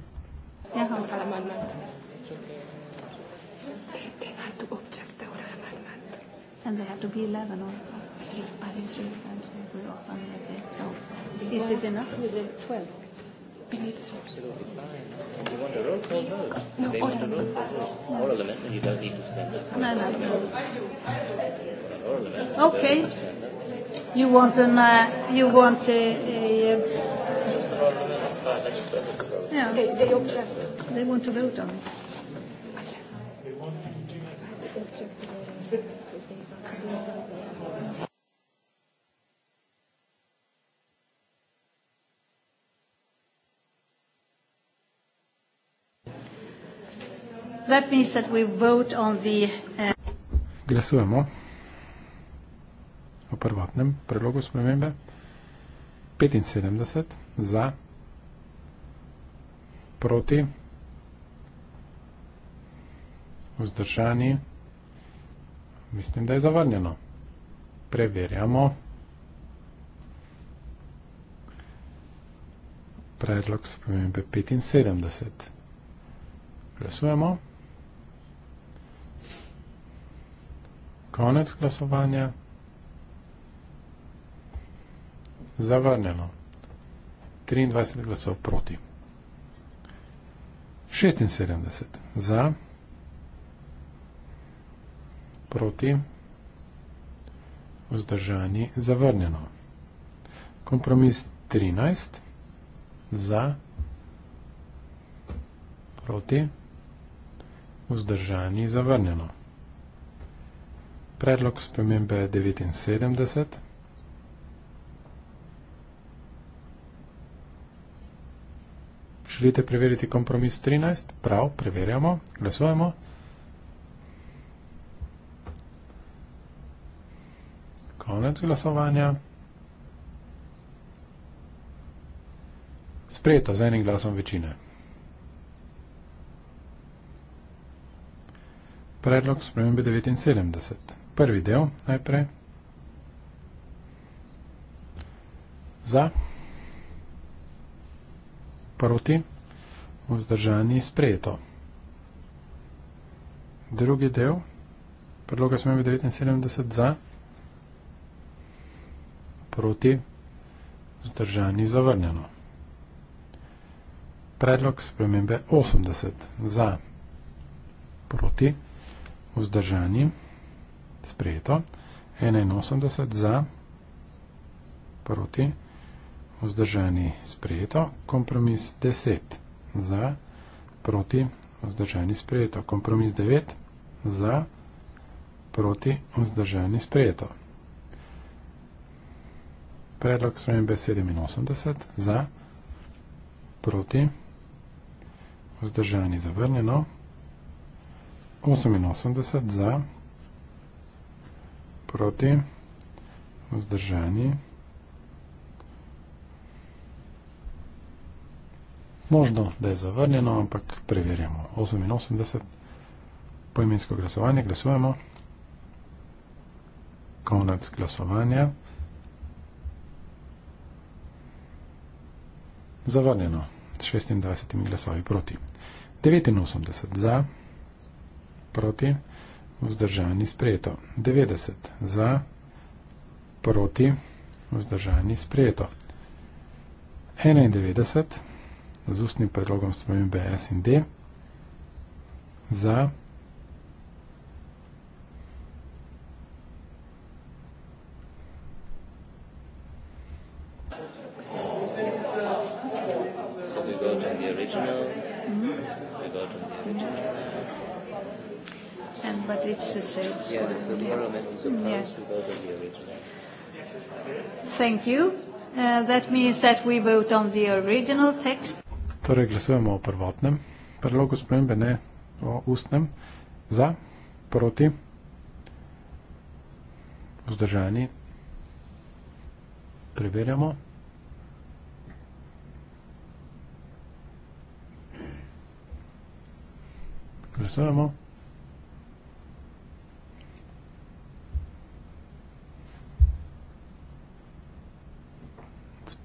and they have to be 11 or three, I think three times they go up on the day. So, is it enough with the 12? Absolutely fine. You want a roll call vote? No. You want order. a roll call vote? No. Oral amendment. You don't need to stand up. No, no. no. Okay. You want an? Uh, you want a? a uh, Just an oral amendment. Yeah. They, they, they want to vote on. it. That means that we vote on the, uh, Glasujemo o prvotnem predlogu spremembe. 75 za, proti, vzdržani. Mislim, da je zavrnjeno. Preverjamo. Predlog spremembe 75. Glasujemo. konec glasovanja. Zavrnjeno. 23 glasov proti. 76 za. Proti. Vzdržani. Zavrnjeno. Kompromis 13 za. Proti. Vzdržani. Zavrnjeno predlog spremembe 79. Želite preveriti kompromis 13? Prav, preverjamo, glasujemo. Konec glasovanja. Sprejeto z enim glasom večine. Predlog spremembe 79 prvi del najprej. Za, proti, vzdržani, sprejeto. Drugi del, predloga smo imeli 79 za, proti, vzdržani, zavrnjeno. Predlog spremembe 80 za, proti, vzdržani, zavrnjeno sprejeto. 81 za, proti, vzdržani sprejeto. Kompromis 10 za, proti, vzdržani sprejeto. Kompromis 9 za, proti, vzdržani sprejeto. Predlog spremembe 87 za, proti, vzdržani zavrnjeno. 88 za, proti, proti, vzdržani. Možno, da je zavrnjeno, ampak preverjamo. 88, poimensko glasovanje, glasujemo. Konec glasovanja. Zavrnjeno, 26 glasovi proti. 89 za, proti vzdržani sprejeto. 90 za, proti, vzdržani sprejeto. 91 z ustnim predlogom spremembe S in D za, proti, shape. Yeah, so more or less the yeah. to go to the original. Thank you. Uh, that means that we vote on the original text. Torej glasujemo o prvotnem predlogu spremembe, ne o ustnem. Za, proti, vzdržani. Preverjamo. Glasujemo.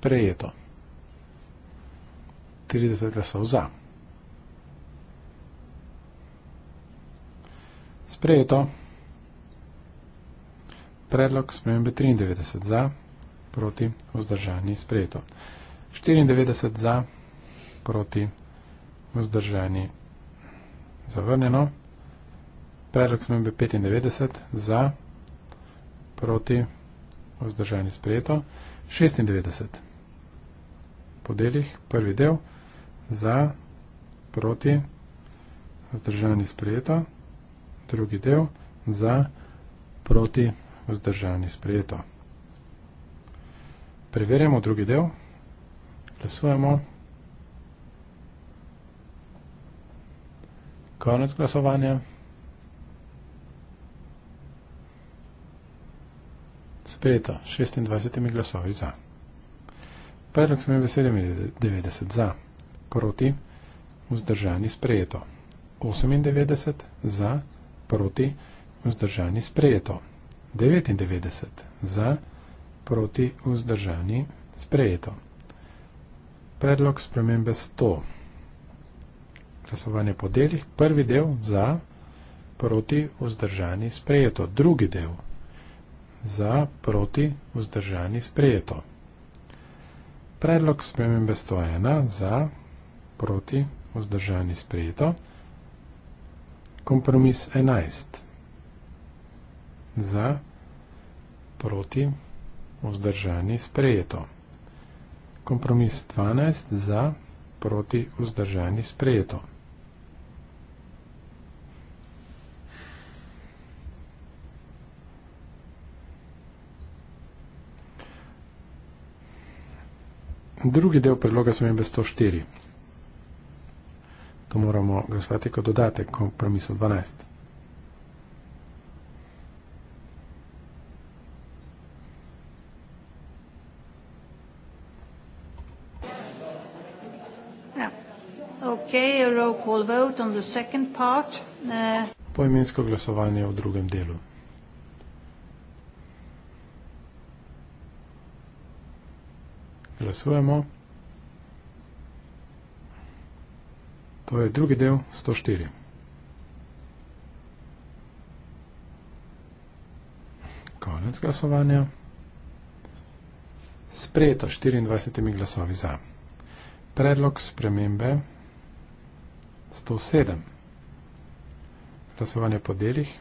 sprejeto. 30 glasov za. Sprejeto. Predlog spremembe 93 za, proti vzdržanji sprejeto. 94 za, proti vzdržanji zavrnjeno. Predlog spremembe 95 za, proti vzdržanji sprejeto. 96 za po delih, prvi del, za, proti, vzdržani sprejeto, drugi del, za, proti, vzdržani sprejeto. Preverjamo drugi del, glasujemo, konec glasovanja, sprejeto, 26 glasovi za. Predlog sem je 97 za, proti, vzdržani sprejeto. 98 za, proti, vzdržani sprejeto. 99 za, proti, vzdržani sprejeto. Predlog spremembe 100. Glasovanje po delih. Prvi del za, proti, vzdržani sprejeto. Drugi del za, proti, vzdržani sprejeto. Predlog spremembe 101 za, proti, vzdržani sprejeto. Kompromis 11 za, proti, vzdržani sprejeto. Kompromis 12 za, proti, vzdržani sprejeto. drugi del predloga spremembe 104. To moramo glasovati kot dodatek kompromisu ja. uh, 12. Poimensko glasovanje v drugem delu. Glasujemo. To je drugi del 104. Konec glasovanja. Sprejeto 24 glasovi za. Predlog spremembe 107. Glasovanje po delih.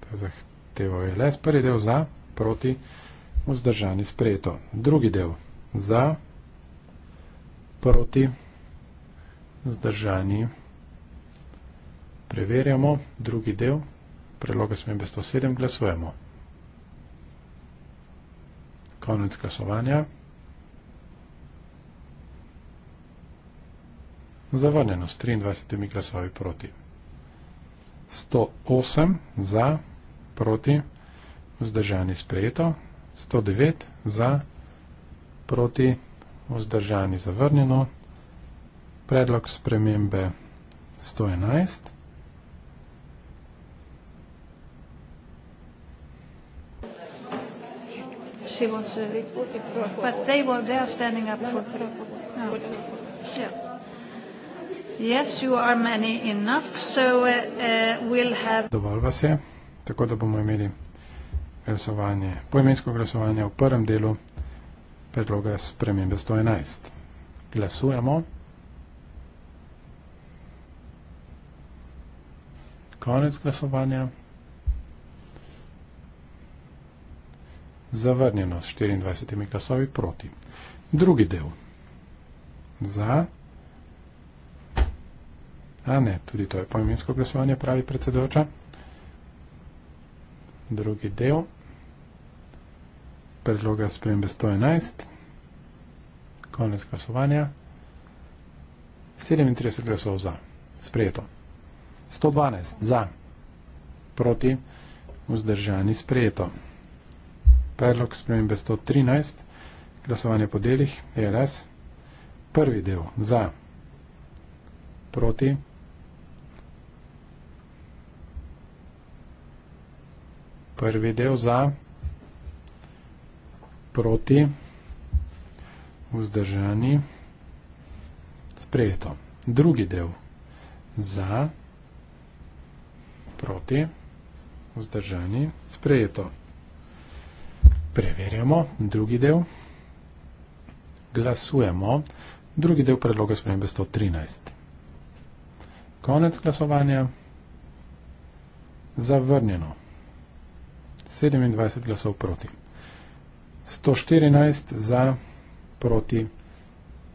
To je zahtevo LS. Prvi del za, proti, vzdržani sprejeto. Drugi del 104 za, proti, zdržani. Preverjamo drugi del, predloga smembe 107, glasujemo. Konec glasovanja. Zavrnjeno s 23 glasovi proti. 108 za, proti, vzdržani sprejeto, 109 za, proti proti, vzdržani zavrnjeno. Predlog spremembe 111. She wants to report, but they were they are standing up for. Oh. Yeah. Yes, you are many enough, so uh, uh, we'll have. Dovolj vas je, tako da bomo imeli glasovanje, poimensko glasovanje v prvem delu predloga spremembe 111. Glasujemo. Konec glasovanja. Zavrnjeno s 24 glasovi proti. Drugi del. Za. A ne, tudi to je pojmensko glasovanje, pravi predsedoča. Drugi del predloga spremembe 111. Konec glasovanja. 37 glasov za. Sprejeto. 112 za. Proti. Vzdržani. Sprejeto. Predlog spremembe 113. Glasovanje po delih. ELS. Prvi del. Za. Proti. Prvi del za proti, vzdržani, sprejeto. Drugi del, za, proti, vzdržani, sprejeto. Preverjamo drugi del, glasujemo, drugi del predloga spremembe 113. Konec glasovanja, zavrnjeno, 27 glasov proti. 114 za, proti,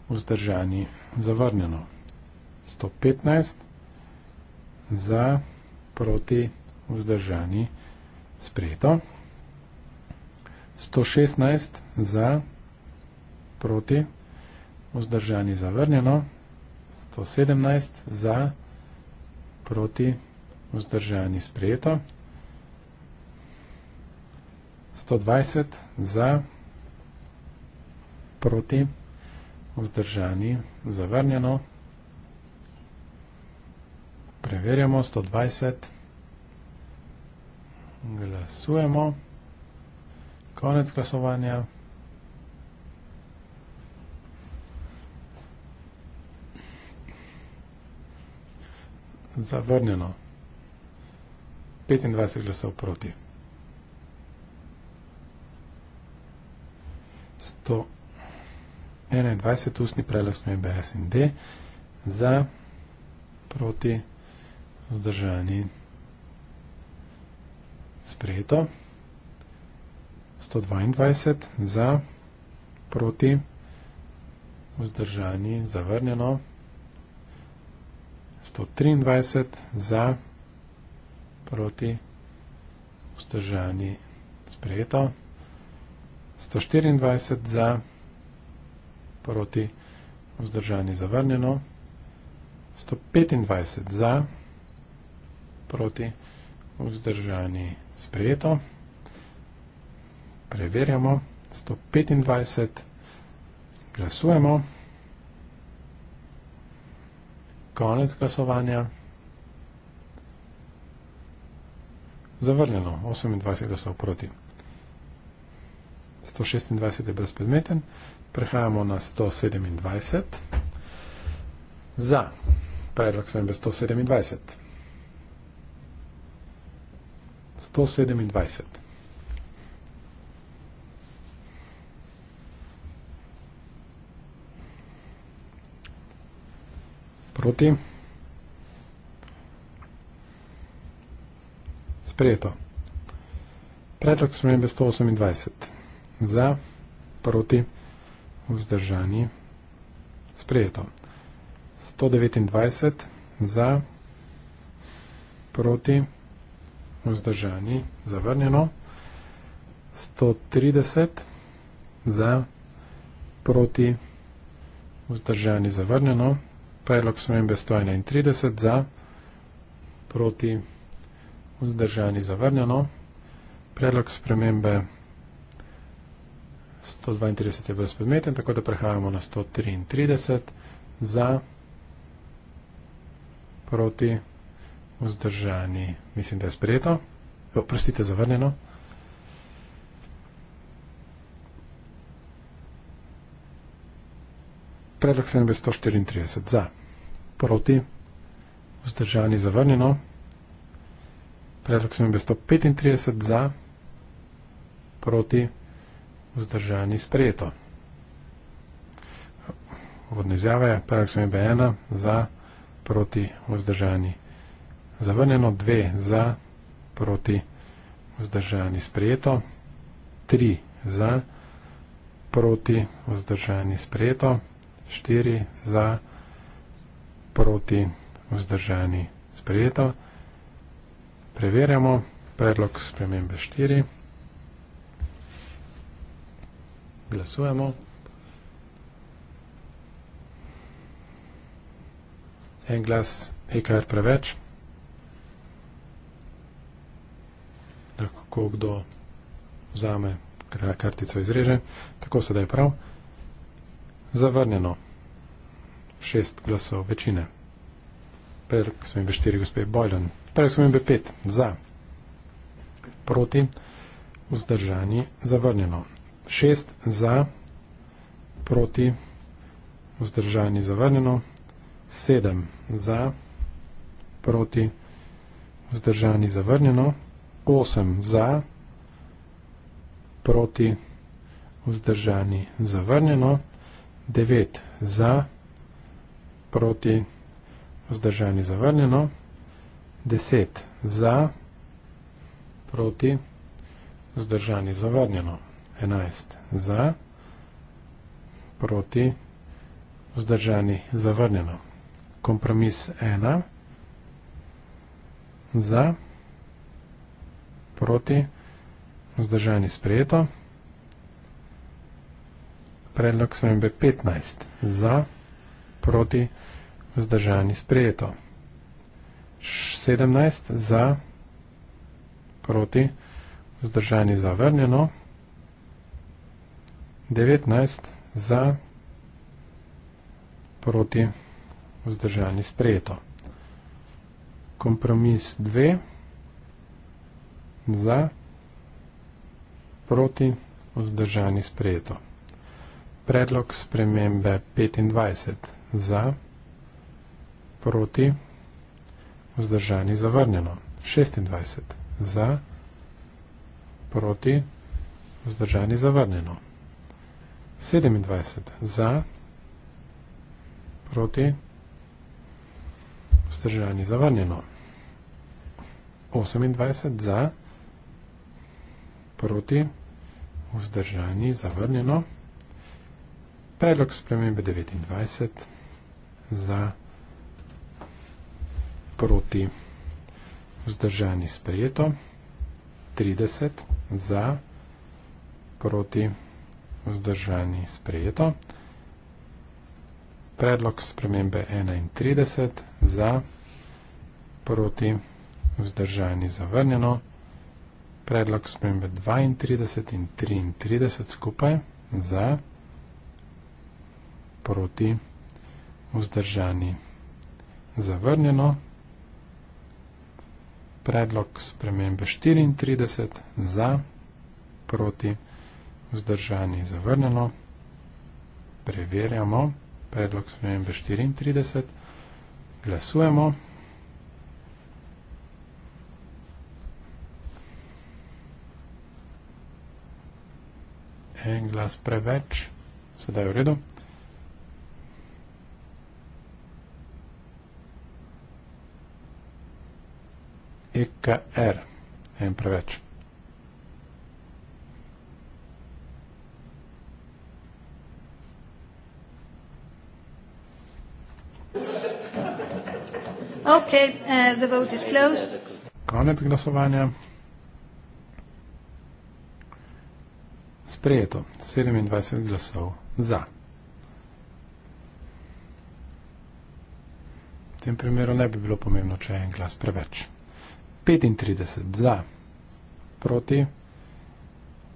vzdržani, zavrnjeno. 115 za, proti, vzdržani, sprejeto. 116 za, proti, vzdržani, zavrnjeno. 117 za, proti, vzdržani, sprejeto. 118 za, proti, vzdržani, sprejeto. 120 za, proti, vzdržani, zavrnjeno. Preverjamo 120, glasujemo, konec glasovanja. Zavrnjeno. 25 glasov proti. 121 ustni prelev smo e BS in D za proti vzdržani sprejeto 122 za proti vzdržani zavrnjeno 123 za proti vzdržani sprejeto 122 124 za, proti, vzdržani zavrnjeno, 125 za, proti, vzdržani sprejeto, preverjamo, 125, glasujemo, konec glasovanja, zavrnjeno, 28 glasov proti. 126 je brezpredmeten, prehajamo na 127. Za predlog sem imel 127. 127. Proti. Sprejeto. Predlog smo imeli 128 za, proti, vzdržani, sprejeto. 129 za, proti, vzdržani, zavrnjeno. 130 za, proti, vzdržani, zavrnjeno. Predlog spremembe 131 za, proti, vzdržani, zavrnjeno. Predlog spremembe 132 za, proti, vzdržani, zavrnjeno. 132 je brezpredmeten, tako da prehajamo na 133 za proti vzdržani. Mislim, da je sprejeto. Prostite, zavrneno. Predlog 734 za proti vzdržani zavrneno. Predlog 735 za proti vzdržani zavrneno vzdržani sprejeto. Vodne izjave, prvek sem je B1, za, proti, vzdržani. Zavrnjeno, dve, za, proti, vzdržani sprejeto. Tri, za, proti, vzdržani sprejeto. Štiri, za, proti, vzdržani sprejeto. Preverjamo, predlog spremembe štiri. Glasujemo. En glas je kar preveč. Lahko kdo vzame kartico izreže. Tako se da je prav. Zavrnjeno. Šest glasov večine. Prek smo imeli štiri gospe Bojlen. Prek smo imeli pet. Za. Proti. Vzdržani. Zavrnjeno. 6 za, proti, vzdržani zavrnjeno, 7 za, proti, vzdržani zavrnjeno, 8 za, proti, vzdržani zavrnjeno, 9 za, proti, vzdržani zavrnjeno, 10 za, proti, vzdržani zavrnjeno. 11 za, proti, vzdržani, zavrnjeno. Kompromis 1 za, proti, vzdržani, sprejeto. Predlog smembe 15 za, proti, vzdržani, sprejeto. 17 za, proti, vzdržani, zavrnjeno. 18 za, proti, vzdržani, zavrnjeno. 19 za, proti vzdržani sprejeto. Kompromis 2 za, proti vzdržani sprejeto. Predlog spremembe 25 za, proti vzdržani zavrnjeno. 26 za, proti vzdržani zavrnjeno. 27 za, proti, vzdržanje zavrnjeno. 28 za, proti, vzdržanje zavrnjeno. Predlog spremembe 29 za, proti, vzdržanje sprejeto. 30 za, proti, vzdržanje zavrnjeno vzdržani sprejeto. Predlog spremembe 31 za, proti vzdržani zavrnjeno. Predlog spremembe 32 in 33 skupaj za, proti vzdržani zavrnjeno. Predlog spremembe 34 za, proti vzdržani zavrnjeno vzdržani zavrnjeno. Preverjamo predlog spremembe 34. Glasujemo. En glas preveč, sedaj je v redu. EKR, en preveč. Okay, uh, the vote is closed. Konec glasovanja. Sprejeto. 27 glasov za. V tem primeru ne bi bilo pomembno, če je en glas preveč. 35 za, proti,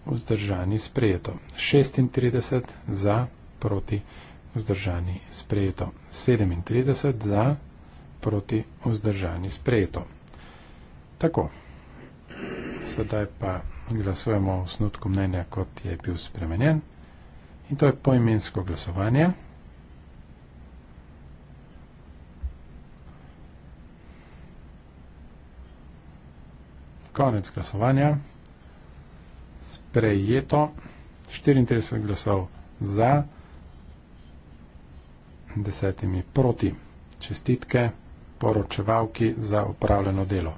vzdržani, sprejeto. 36 za, proti, vzdržani, sprejeto. 37 za, proti, vzdržani, sprejeto proti vzdržani sprejeto. Tako, sedaj pa glasujemo v snutku mnenja, kot je bil spremenjen. In to je poimensko glasovanje. Konec glasovanja. Sprejeto 34 glasov za, desetimi proti. Čestitke poročevalki za upravljeno delo.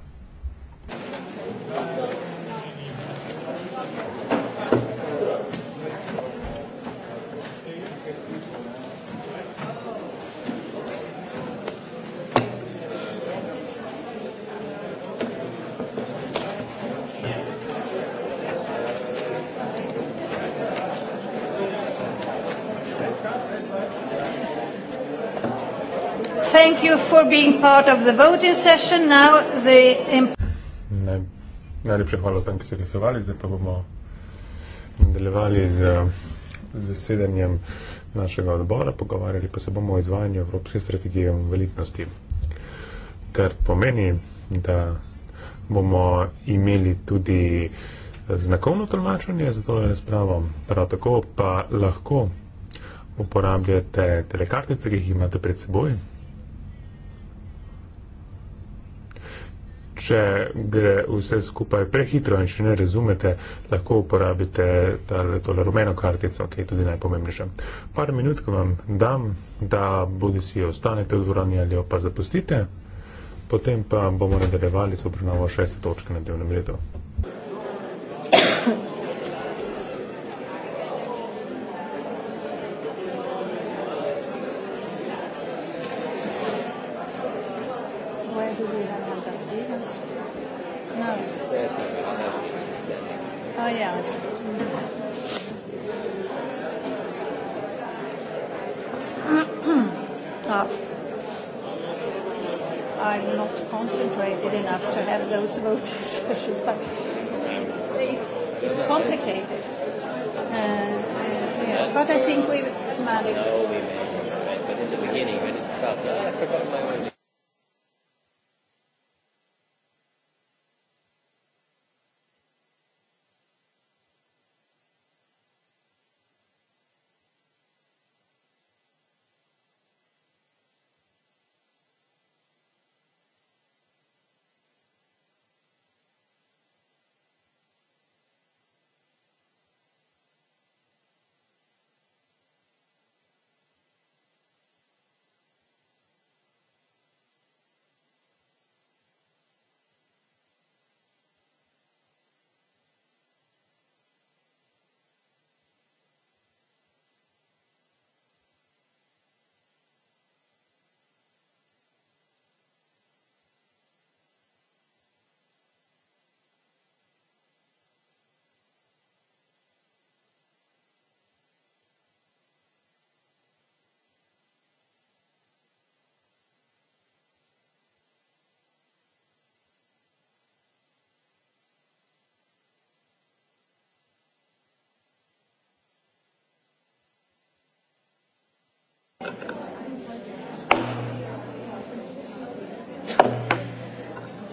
being part of the voting session. Now the najlepša hvala vsem, ki ste glasovali. Zdaj pa bomo nadaljevali z zasedanjem našega odbora, pogovarjali pa se bomo o izvajanju Evropske strategije o invalidnosti. Kar pomeni, da bomo imeli tudi znakovno tolmačenje za tole razpravo, prav tako pa lahko uporabljate telekartice, ki jih imate pred seboj, če gre vse skupaj prehitro in še ne razumete, lahko uporabite tole rumeno kartico, ki je tudi najpomembnejša. Par minut, ko vam dam, da bodi si ostanete v dvorani ali jo pa zapustite, potem pa bomo nadaljevali s obravnavo šeste točke na dnevnem redu. good enough to have those voting sessions. But it's, it's complicated. Uh, yes, yeah. But I think we've managed. No, we may. Right. But in the beginning, when it starts, oh, I forgot my own name.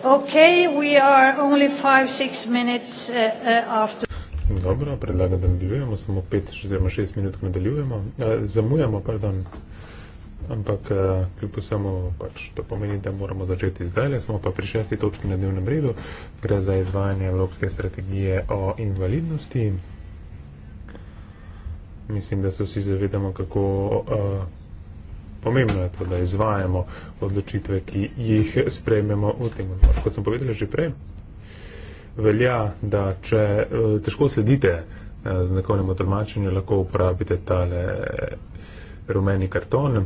Okay, we are only five, six minutes uh, uh after. Dobro, predlagam, da nadaljujemo, samo 5 oziroma 6 minut nadaljujemo. Uh, zamujamo, pardon. Ampak uh, kljub vsemu pač to pomeni, da moramo začeti zdaj, smo pa pri šesti točki na dnevnem redu, gre za izvajanje Evropske strategije o invalidnosti. Mislim, da se vsi zavedamo, kako uh, Pomembno je to, da izvajamo odločitve, ki jih sprejmemo v tem odboru. Kot sem povedala že prej, velja, da če eh, težko sledite eh, znakovnemu tolmačenju, lahko uporabite tale eh, rumeni karton,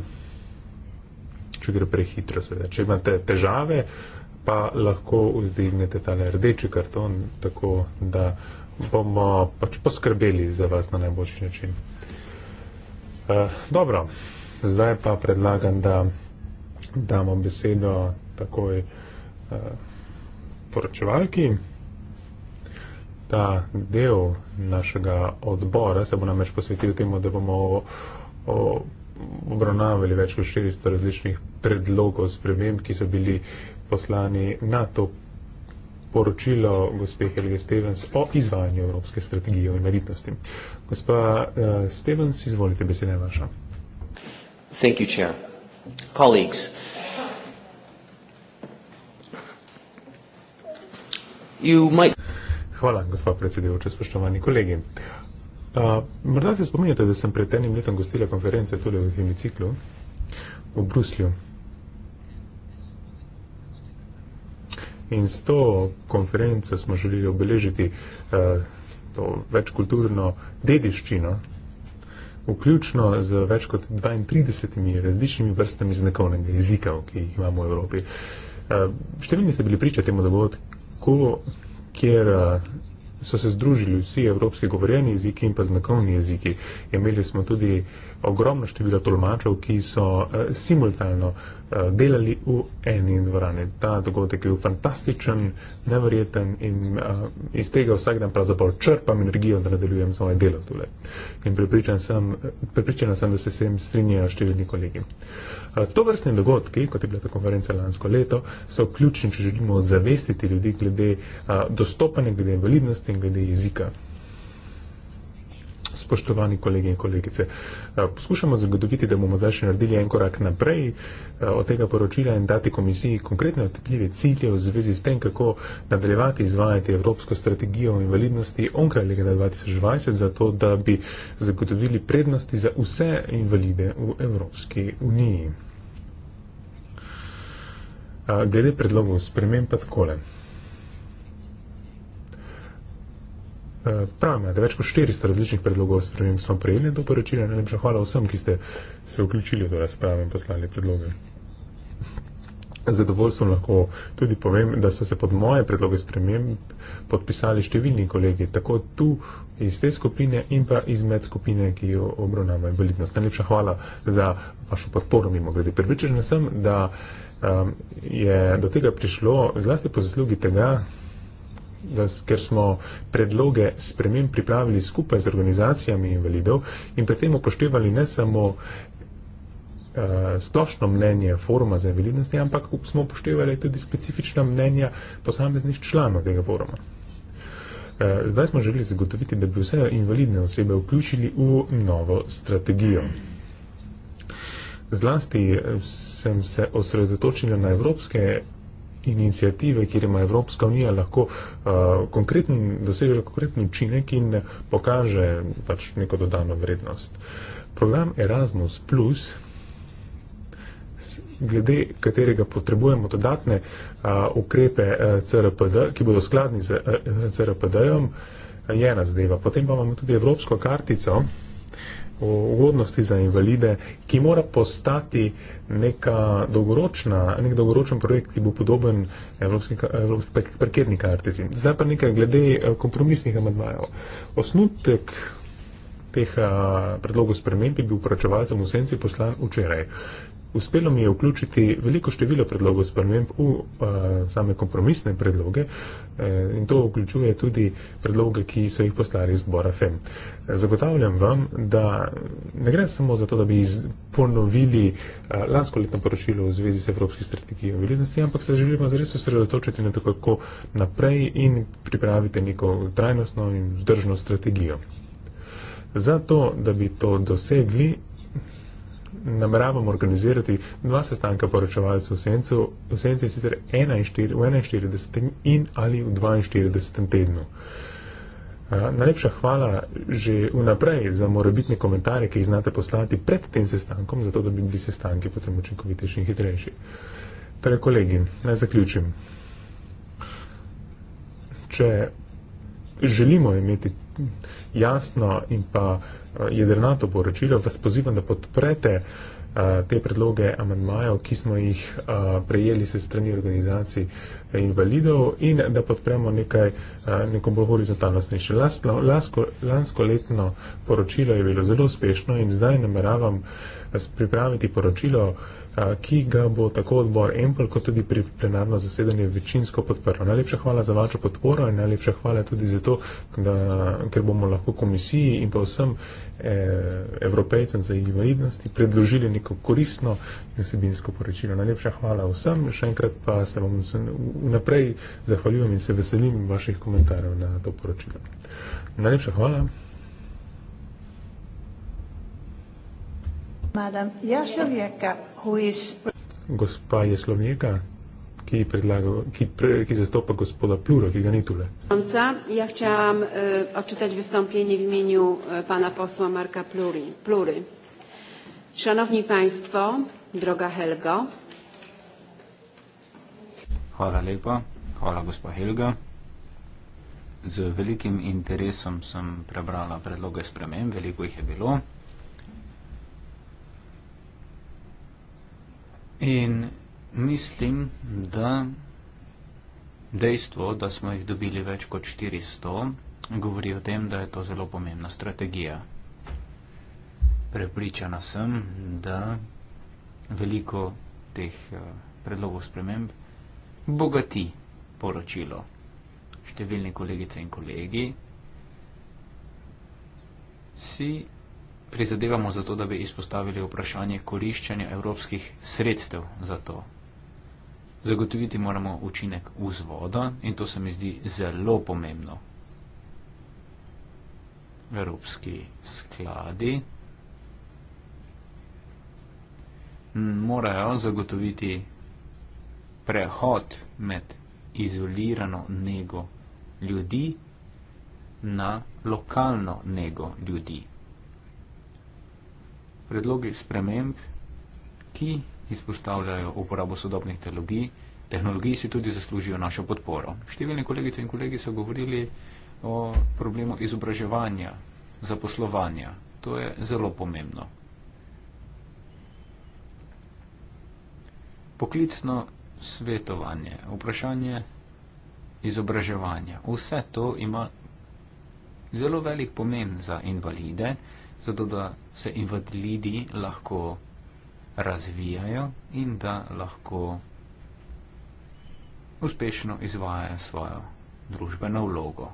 če gre prehitro. Seveda. Če imate težave, pa lahko vzdignete tale rdeči karton, tako da bomo pač poskrbeli za vas na najboljši način. Uh, dobro. Zdaj pa predlagam, da damo besedo takoj eh, poročevalki. Ta del našega odbora se bo namreč posvetil temu, da bomo obravnavali več kot 400 različnih predlogov sprememb, ki so bili poslani na to poročilo gospe Helge Stevens o izvajanju evropske strategije o invalidnosti. Gospa eh, Stevens, izvolite, beseda je vaša. Thank you, Chair. Colleagues, you might... Hvala, gospa predsedujoča, spoštovani kolegi. Uh, morda se spominjate, da sem pred enim letom gostila konference tule v hemiciklu v Bruslju. In s to konferenco smo želeli obeležiti uh, to večkulturno dediščino, vključno z več kot 32 različnimi vrstami znakovnega jezika, ki jih imamo v Evropi. Eh, številni ste bili priča temu dogodku, kjer eh, so se združili vsi evropski govorjeni jeziki in pa znakovni jeziki. Imeli smo tudi uh, ogromno število tolmačev, ki so uh, simultano uh, delali v eni dvorani. Ta dogodek je bil fantastičen, nevreten in uh, iz tega vsak dan pravzaprav črpam energijo, da nadaljujem svoje delo tole. In pripričan sem, pripričana sem, da se s tem strinjajo številni kolegi. Uh, to vrstne dogodki, kot je bila ta konferenca lansko leto, so ključni, če želimo zavestiti ljudi glede uh, dostopanja, glede validnosti in glede jezika. Spoštovani kolegi in kolegice, eh, poskušamo zagotoviti, da bomo zdaj še naredili en korak naprej eh, od tega poročila in dati komisiji konkretne odtekljive cilje v zvezi s tem, kako nadaljevati izvajati Evropsko strategijo o invalidnosti onkraj leta 2020, zato da bi zagotovili prednosti za vse invalide v Evropski uniji. Eh, glede predlogov spremem pa takole. Eh, prame, da več kot 400 različnih predlogov sprememb smo prejeli do poročila. Najlepša hvala vsem, ki ste se vključili do razprave in poslali predloge. Zadovoljstvo lahko tudi povem, da so se pod moje predloge sprememb podpisali številni kolegi, tako tu iz te skupine in pa izmed skupine, ki jo obravnava invalidnost. Najlepša hvala za vašo podporo, mimo glede. Prvičežna sem, da um, je do tega prišlo zlasti po zaslugi tega, ker smo predloge spremen pripravili skupaj z organizacijami invalidov in pri tem upoštevali ne samo eh, splošno mnenje foruma za invalidnosti, ampak smo upoštevali tudi specifična mnenja posameznih članov tega foruma. Eh, zdaj smo želeli zagotoviti, da bi vse invalidne osebe vključili v novo strategijo. Zlasti eh, sem se osredotočila na evropske inicijative, kjer ima Evropska unija lahko uh, konkreten, doseže konkreten učinek in pokaže pač neko dodano vrednost. Program Erasmus Plus, glede katerega potrebujemo dodatne uh, ukrepe uh, CRPD, ki bodo skladni z uh, uh CRPD-om, je ena zadeva. Potem pa imamo tudi Evropsko kartico, o ugodnosti za invalide, ki mora postati neka dolgoročna, nek dolgoročen projekt, ki bo podoben evropski, evropski parkirni kartici. Zdaj pa nekaj glede eh, kompromisnih amadvajev. Osnutek teh eh, predlogov sprememb je bil upračevalcem v senci poslan včeraj uspelo mi je vključiti veliko število predlogov sprememb v uh, same kompromisne predloge eh, in to vključuje tudi predloge, ki so jih poslali iz Bora FEM. Eh, zagotavljam vam, da ne gre samo za to, da bi ponovili uh, lansko letno poročilo v zvezi s Evropski strategijo vljednosti, ampak se želimo zares osredotočiti na to, kako naprej in pripraviti neko trajnostno in vzdržno strategijo. Zato, da bi to dosegli, nameravam organizirati dva sestanka poročevalcev v Sencu, v Senci sicer 41, v 41 in ali v 42 tednu. Najlepša hvala že vnaprej za morebitne komentarje, ki jih znate poslati pred tem sestankom, zato da bi bili sestanki potem učinkovitejši in hitrejši. Torej, kolegi, naj zaključim. Če želimo imeti jasno in pa eh, jedrnato poročilo, vas pozivam, da podprete eh, te predloge amandmajev, ki smo jih eh, prejeli se strani organizacij invalidov in da podpremo nekaj, neko bolj horizontalno snišče. Lansko, lansko letno poročilo je bilo zelo uspešno in zdaj nameravam pripraviti poročilo ki ga bo tako odbor Empel, kot tudi pri plenarno zasedanje večinsko podprlo. Najlepša hvala za vašo podporo in najlepša hvala tudi za to, da, ker bomo lahko komisiji in pa vsem eh, evropejcem za invalidnosti predložili neko koristno in vsebinsko poročilo. Najlepša hvala vsem, še enkrat pa se vam vnaprej zahvaljujem in se veselim vaših komentarjev na to poročilo. Najlepša hvala. Gospa je slovenka, ki, predlaga, ki, pre, ki zastopa gospoda Pluro, ki ga ni tule. Ja chciałam uh, odczytać wystąpienie w imieniu uh, pana posła Marka Plury. Plury. Szanowni Państwo, droga Helgo. Hvala lepa, hvala gospa Helga. Z velikim interesom sem prebrala predloge spremen, veliko jih je bilo. In mislim, da dejstvo, da smo jih dobili več kot 400, govori o tem, da je to zelo pomembna strategija. Prepričana sem, da veliko teh eh, predlogov sprememb bogati poročilo. Številni kolegice in kolegi si prizadevamo za to, da bi izpostavili vprašanje koriščenja evropskih sredstev za to. Zagotoviti moramo učinek vzvoda in to se mi zdi zelo pomembno. Evropski skladi morajo zagotoviti prehod med izolirano nego ljudi na lokalno nego ljudi predlogi sprememb, ki izpostavljajo uporabo sodobnih tehnologij, tehnologiji si tudi zaslužijo našo podporo. Številni kolegice in kolegi so govorili o problemu izobraževanja, zaposlovanja. To je zelo pomembno. Poklicno svetovanje, vprašanje izobraževanja. Vse to ima zelo velik pomen za invalide zato da se invalidi lahko razvijajo in da lahko uspešno izvajajo svojo družbeno vlogo.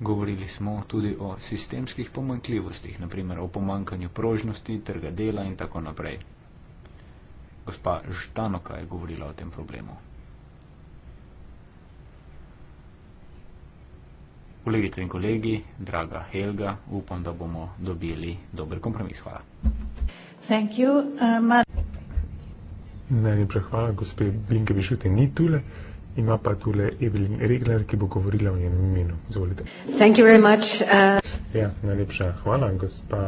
Govorili smo tudi o sistemskih pomankljivostih, naprimer o pomankanju prožnosti, trga dela in tako naprej. Gospa Ždanoka je govorila o tem problemu. Kolegice in kolegi, draga Helga, upam, da bomo dobili dober kompromis. Hvala. Uh, najlepša hvala, gospe Binke Bišute, ni tule. Ima pa tule Evelyn Regler, ki bo govorila v njenem imenu. Izvolite. Uh... Ja, najlepša hvala, gospa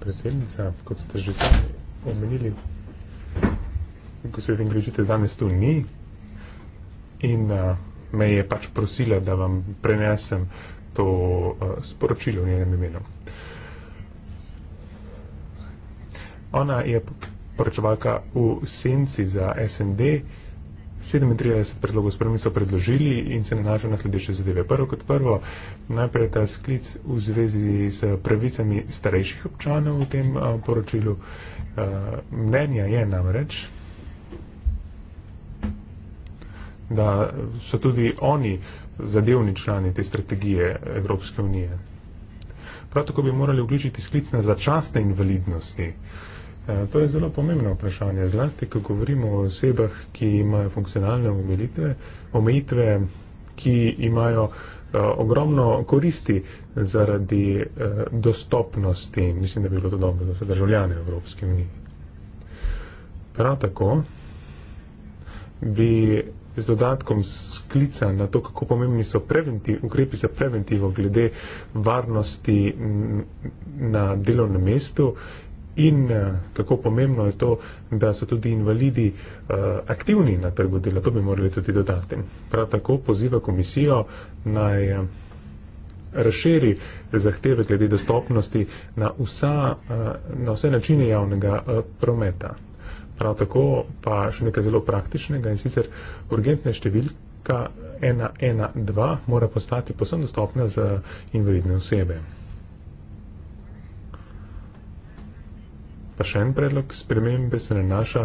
predsednica, kot ste že sami omenili. Gospe Binke Bišute, danes tu ni. In, uh, me je pač prosila, da vam prenesem to uh, sporočilo v njenem imenu. Ona je poročevalka v senci za SND. 37 predlogov spremenj so predložili in se nanaša na sledeče zadeve. Prvo kot prvo, najprej ta sklic v zvezi s pravicami starejših občanov v tem eh, poročilu. Eh, mnenja je namreč, da so tudi oni zadevni člani te strategije Evropske unije. Prav tako bi morali vključiti sklic na začasne invalidnosti. E, to je zelo pomembno vprašanje, zlasti, ko govorimo o osebah, ki imajo funkcionalne omejitve, omejitve ki imajo e, ogromno koristi zaradi e, dostopnosti. Mislim, da bi bilo to dobro za vse državljane Evropske unije. Prav tako bi z dodatkom sklica na to, kako pomembni so ukrepi za preventivo glede varnosti na delovnem mestu in eh, kako pomembno je to, da so tudi invalidi uh, aktivni na trgu dela. To bi morali tudi dodati. Prav tako poziva komisijo naj eh, razširi zahteve glede dostopnosti na, vsa, na vse načine javnega prometa prav tako pa še nekaj zelo praktičnega in sicer urgentna številka 112 mora postati posebno dostopna za invalidne osebe. Pa še en predlog spremembe se nanaša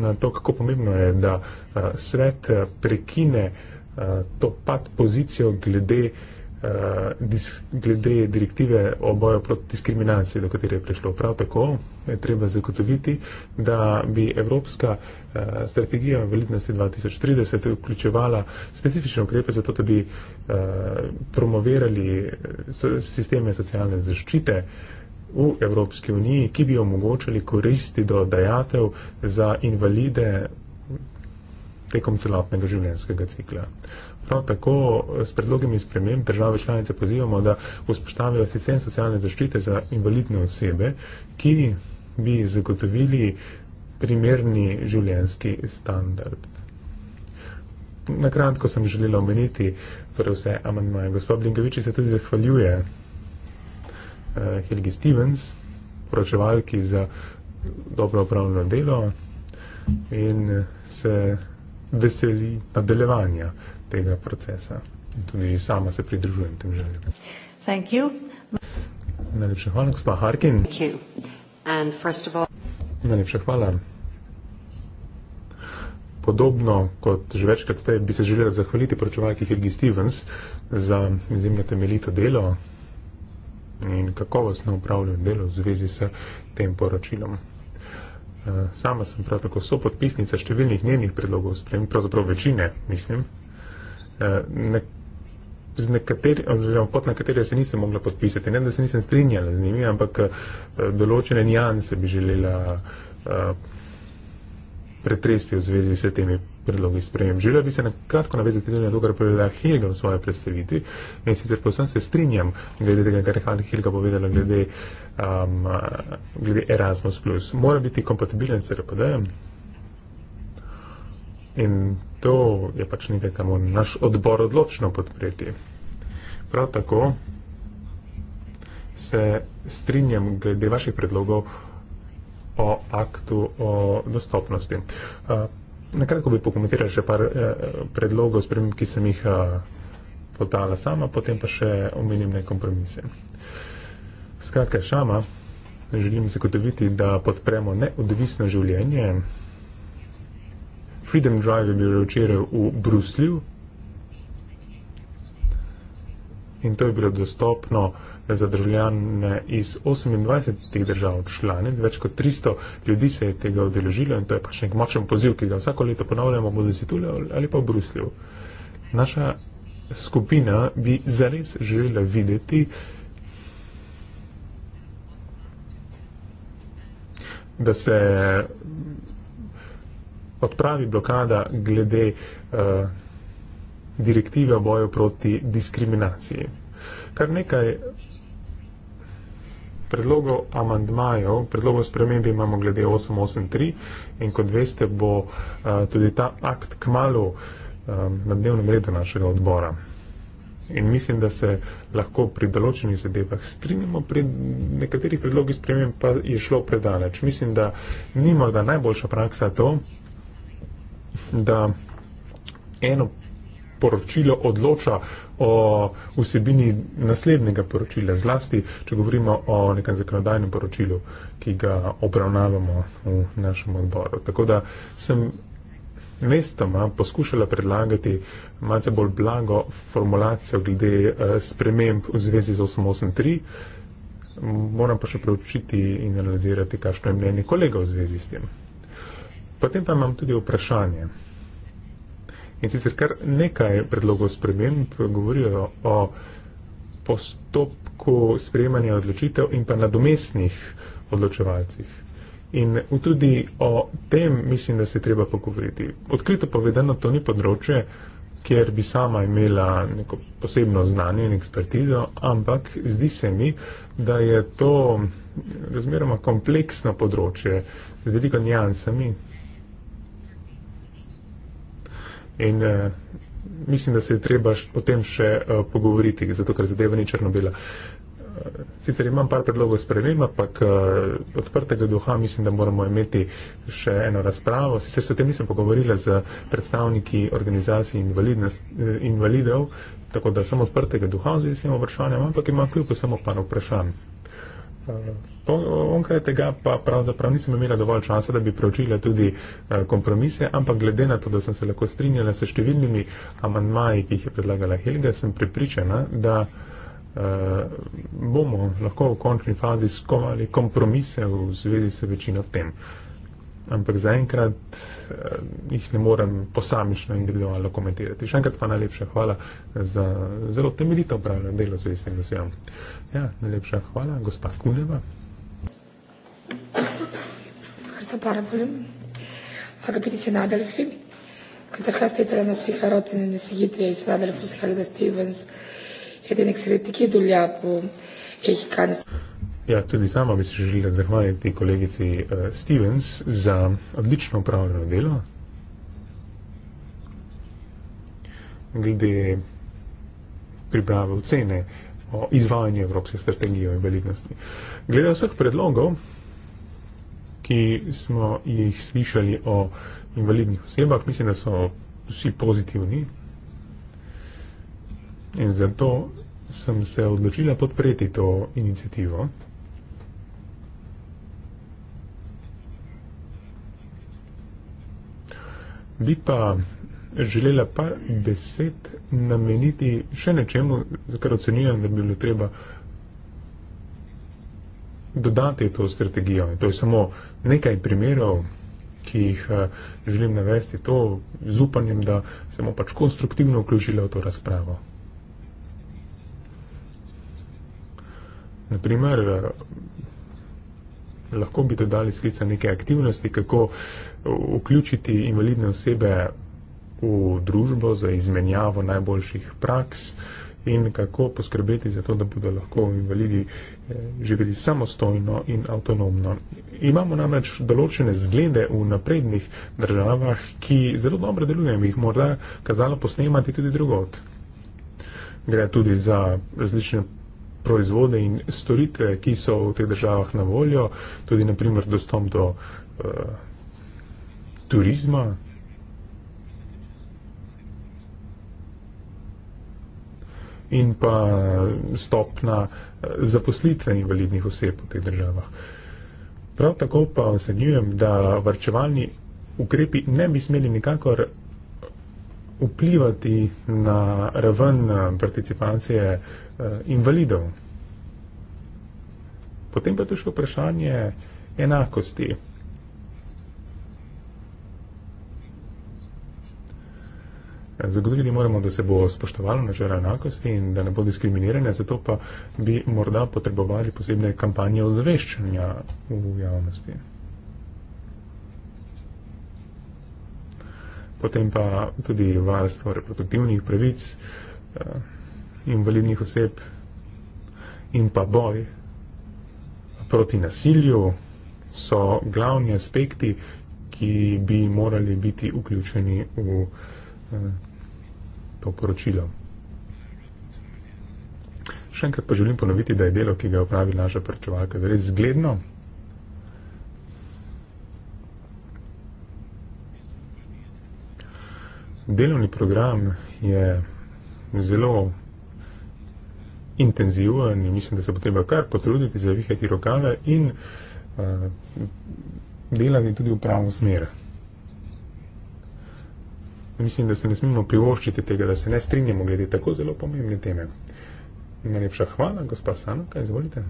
na to, kako pomembno je, da eh, svet eh, prekine eh, to pad pozicijo glede Eh, glede direktive o boju proti diskriminaciji, do katere je prišlo. Prav tako je treba zagotoviti, da bi Evropska eh, strategija o invalidnosti 2030 vključevala specifične ukrepe za to, da bi eh, promovirali sisteme socialne zaščite v Evropski uniji, ki bi omogočali koristi do dajatev za invalide tekom celotnega življenjskega cikla prav tako eh, s predlogami sprememb države članice pozivamo, da vzpostavijo sistem socialne zaščite za invalidne osebe, ki bi zagotovili primerni življenski standard. Na kratko sem želela omeniti torej vse amandmaje. Gospod Blinkoviči se tudi zahvaljuje uh, Helgi Stevens, poročevalki za dobro upravljeno delo in eh, se veseli nadaljevanja tega procesa. In tudi sama se pridružujem tem željam. Najlepša hvala, gospod Harkin. All... Najlepša hvala. Podobno kot že večkrat prej, bi se želela zahvaliti poročevalki Helgi Stevens za izjemno temeljito delo in kakovostno upravljanje delo v zvezi s tem poročilom. Eh, sama sem prav tako sopodpisnica številnih njenih predlogov, sprem, pravzaprav večine, mislim, Eh, ne, z nekateri, oziroma kot nekatere se nisem mogla podpisati. Ne, da se nisem strinjala z njimi, ampak eh, določene nijanse bi želela eh, pretresti v zvezi s temi predlogi sprejem. Želela bi se na kratko navezati tudi na to, kar povedala Helga v svoji predstavitvi. In sicer posem se strinjam glede tega, kar je Helga povedala glede, um, glede Erasmus. Mora biti kompatibilen s RPD-jem. In to je pač nekaj, kar mora naš odbor odločno podpreti. Prav tako se strinjam glede vaših predlogov o aktu o dostopnosti. Nekako bi pokomentirali še par eh, predlogov, spremem, ki sem jih eh, podala sama, potem pa še omenim nekaj kompromise. Skratka, šama, želim zagotoviti, da podpremo neodvisno življenje, Freedom Drive je bil včeraj v Bruslju in to je bilo dostopno za državljane iz 28 držav članic. Več kot 300 ljudi se je tega odeležilo in to je pač nek močen poziv, ki ga vsako leto ponavljamo, bodo si tule ali pa v Bruslju. Naša skupina bi zares želela videti, da se odpravi blokada glede eh, direktive o boju proti diskriminaciji. Kar nekaj predlogov amandmajev, predlogov spremembi imamo glede 8.8.3 in kot veste bo eh, tudi ta akt k malu eh, na dnevnem redu našega odbora. In mislim, da se lahko pri določenih zadevah strinjamo, pri nekaterih predlogih spremem pa je šlo predaleč. Mislim, da ni morda najboljša praksa to, da eno poročilo odloča o vsebini naslednjega poročila, zlasti, če govorimo o nekem zakonodajnem poročilu, ki ga obravnavamo v našem odboru. Tako da sem mestoma poskušala predlagati malce bolj blago formulacijo glede eh, sprememb v zvezi z 883. Moram pa še preučiti in analizirati, kakšno je mnenje kolega v zvezi s tem. Potem pa imam tudi vprašanje. In sicer kar nekaj predlogov sprememb govorijo o postopku sprejemanja odločitev in pa nadomestnih odločevalcih. In tudi o tem mislim, da se je treba pogovoriti. Odkrito povedano, to ni področje, kjer bi sama imela neko posebno znanje in ekspertizo, ampak zdi se mi, da je to razmeroma kompleksno področje z veliko njansami, In uh, mislim, da se je treba o tem še uh, pogovoriti, zato ker zadeva ni črnobela. Uh, sicer imam par predlogov sprememba, ampak uh, odprtega duha mislim, da moramo imeti še eno razpravo. Sicer se o tem nisem pogovorila z predstavniki organizacij invalidov, tako da sem odprtega duha v zvezi s tem vprašanjem, ampak imam kljub samo par vprašanj. Eh, onkraj tega pa pravzaprav nisem imela dovolj časa, da bi preučila tudi eh, kompromise, ampak glede na to, da sem se lahko strinjala s številnimi amandmaji, ki jih je predlagala Helga, sem prepričana, da eh, bomo lahko v končni fazi skovali kompromise v zvezi s večino tem. Ampak zaenkrat jih ne morem posamično individualno komentirati. Še enkrat pa najlepša hvala za zelo temeljito upravljanje delo z vesnim zasejem. Ja, najlepša hvala, gospa Kuneva. Hrsta para polim, aga piti se nadal film, kater hrsta itala na sviha rotine, na sviha itrija i se nadal fuska da Stevens, jedinek sredniki do ljapu, jih kane. Ja, tudi sama bi se želila zahvaliti kolegici uh, Stevens za odlično upravljeno delo. Glede priprave ocene uh, o izvajanju Evropske strategije o invalidnosti. Glede vseh predlogov, ki smo jih slišali o invalidnih osebah, mislim, da so vsi pozitivni. In zato sem se odločila podpreti to inicijativo. Bi pa želela par besed nameniti še nečemu, za kar ocenjujem, da bi bilo treba dodati to strategijo. In to je samo nekaj primerov, ki jih eh, želim navesti, to z upanjem, da se bomo pač konstruktivno vključili v to razpravo. Naprimer, eh, lahko bi dodali sklica neke aktivnosti, kako eh, vključiti invalidne osebe v družbo za izmenjavo najboljših praks in kako poskrbeti za to, da bodo lahko invalidi eh, živeli samostojno in avtonomno. Imamo namreč določene zglede v naprednih državah, ki zelo dobro delujejo in bi jih morda kazalo posnemati tudi drugot. Gre tudi za različne proizvode in storitve, ki so v teh državah na voljo, tudi naprimer dostop do uh, turizma, in pa stopna eh, zaposlitve invalidnih oseb v teh državah. Prav tako pa ocenjujem, da varčevalni ukrepi ne bi smeli nikakor vplivati na raven eh, participacije eh, invalidov. Potem pa je tu še vprašanje enakosti. Zagotoviti moramo, da se bo spoštovalo načelo enakosti in da ne bo diskriminiranja, zato pa bi morda potrebovali posebne kampanje ozaveščanja v javnosti. Potem pa tudi varstvo reproduktivnih pravic eh, invalidnih oseb in pa boj proti nasilju so glavni aspekti, ki bi morali biti vključeni v eh, to poročilo. Še enkrat pa želim ponoviti, da je delo, ki ga je opravila naša prečevalka, res zgledno. Delovni program je zelo intenziven in mislim, da se bo treba kar potruditi, zavihati rokave in uh, delati tudi v pravo smer mislim, da se ne smemo privoščiti tega, da se ne strinjamo glede tako zelo pomembne teme. Najlepša hvala, gospa Sanoka, izvolite.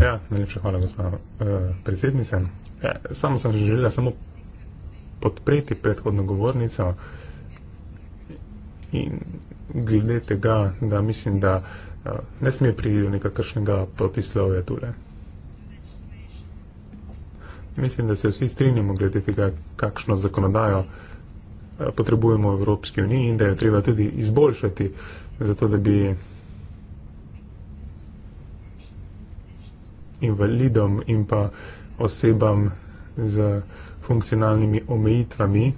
Ja, najlepša hvala, gospa uh, predsednica. Ja, samo sem želela samo podpreti predhodno govornico in glede tega, da mislim, da uh, ne sme priti do nekakršnega protislovja tukaj. Mislim, da se vsi strinjamo glede tega, kakšno zakonodajo eh, potrebujemo v Evropski uniji in da jo treba tudi izboljšati, zato da bi invalidom in pa osebam z funkcionalnimi omejitvami eh,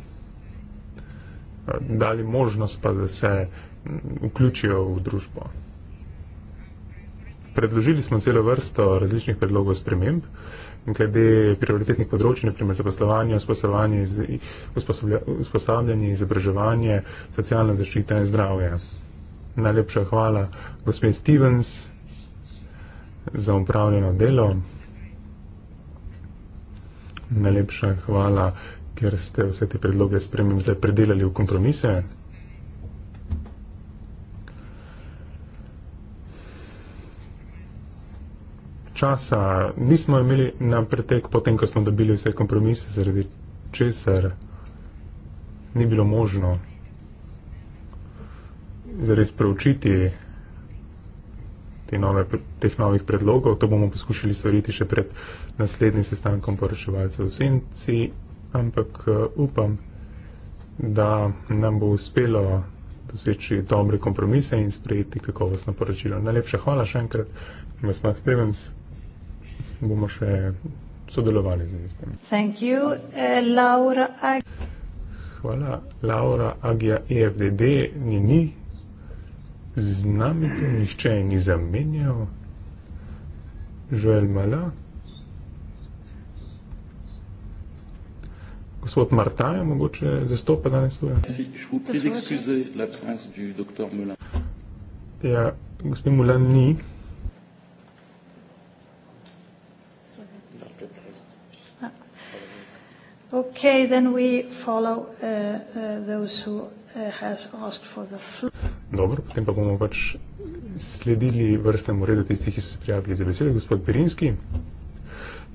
dali možnost pa, da se mm, vključijo v družbo. Predložili smo celo vrsto različnih predlogov sprememb glede prioritetnih področji, naprimer zaposlovanje, usposabljanje, izobraževanje, socialna zaščita in zdravje. Najlepša hvala gospod Stevens za upravljeno delo. Najlepša hvala, ker ste vse te predloge spremem zdaj predelali v kompromise. časa nismo imeli na pretek, potem ko smo dobili vse kompromise, zaradi česar ni bilo možno zares preučiti te nove, teh novih predlogov. To bomo poskušali storiti še pred naslednjim sestankom poraševalcev v Senci, ampak upam, da nam bo uspelo doseči dobre kompromise in sprejeti kakovostno poročilo. Najlepša hvala še enkrat. Vas imate prevenc bomo še sodelovali z njim. Hvala, Laura Agija EFDD, ni ni. Z nami tu nihče ni zamenjal. Žoel Mala. Gospod Martaj, mogoče zastopa danes tu. Ja, gospod Mulan ni. Okay, then we follow uh, uh, those who uh, has asked for the floor. Dobro, potem pa bomo pač sledili vrstnemu redu tistih, ki so se prijavili za besedo. Gospod Berinski.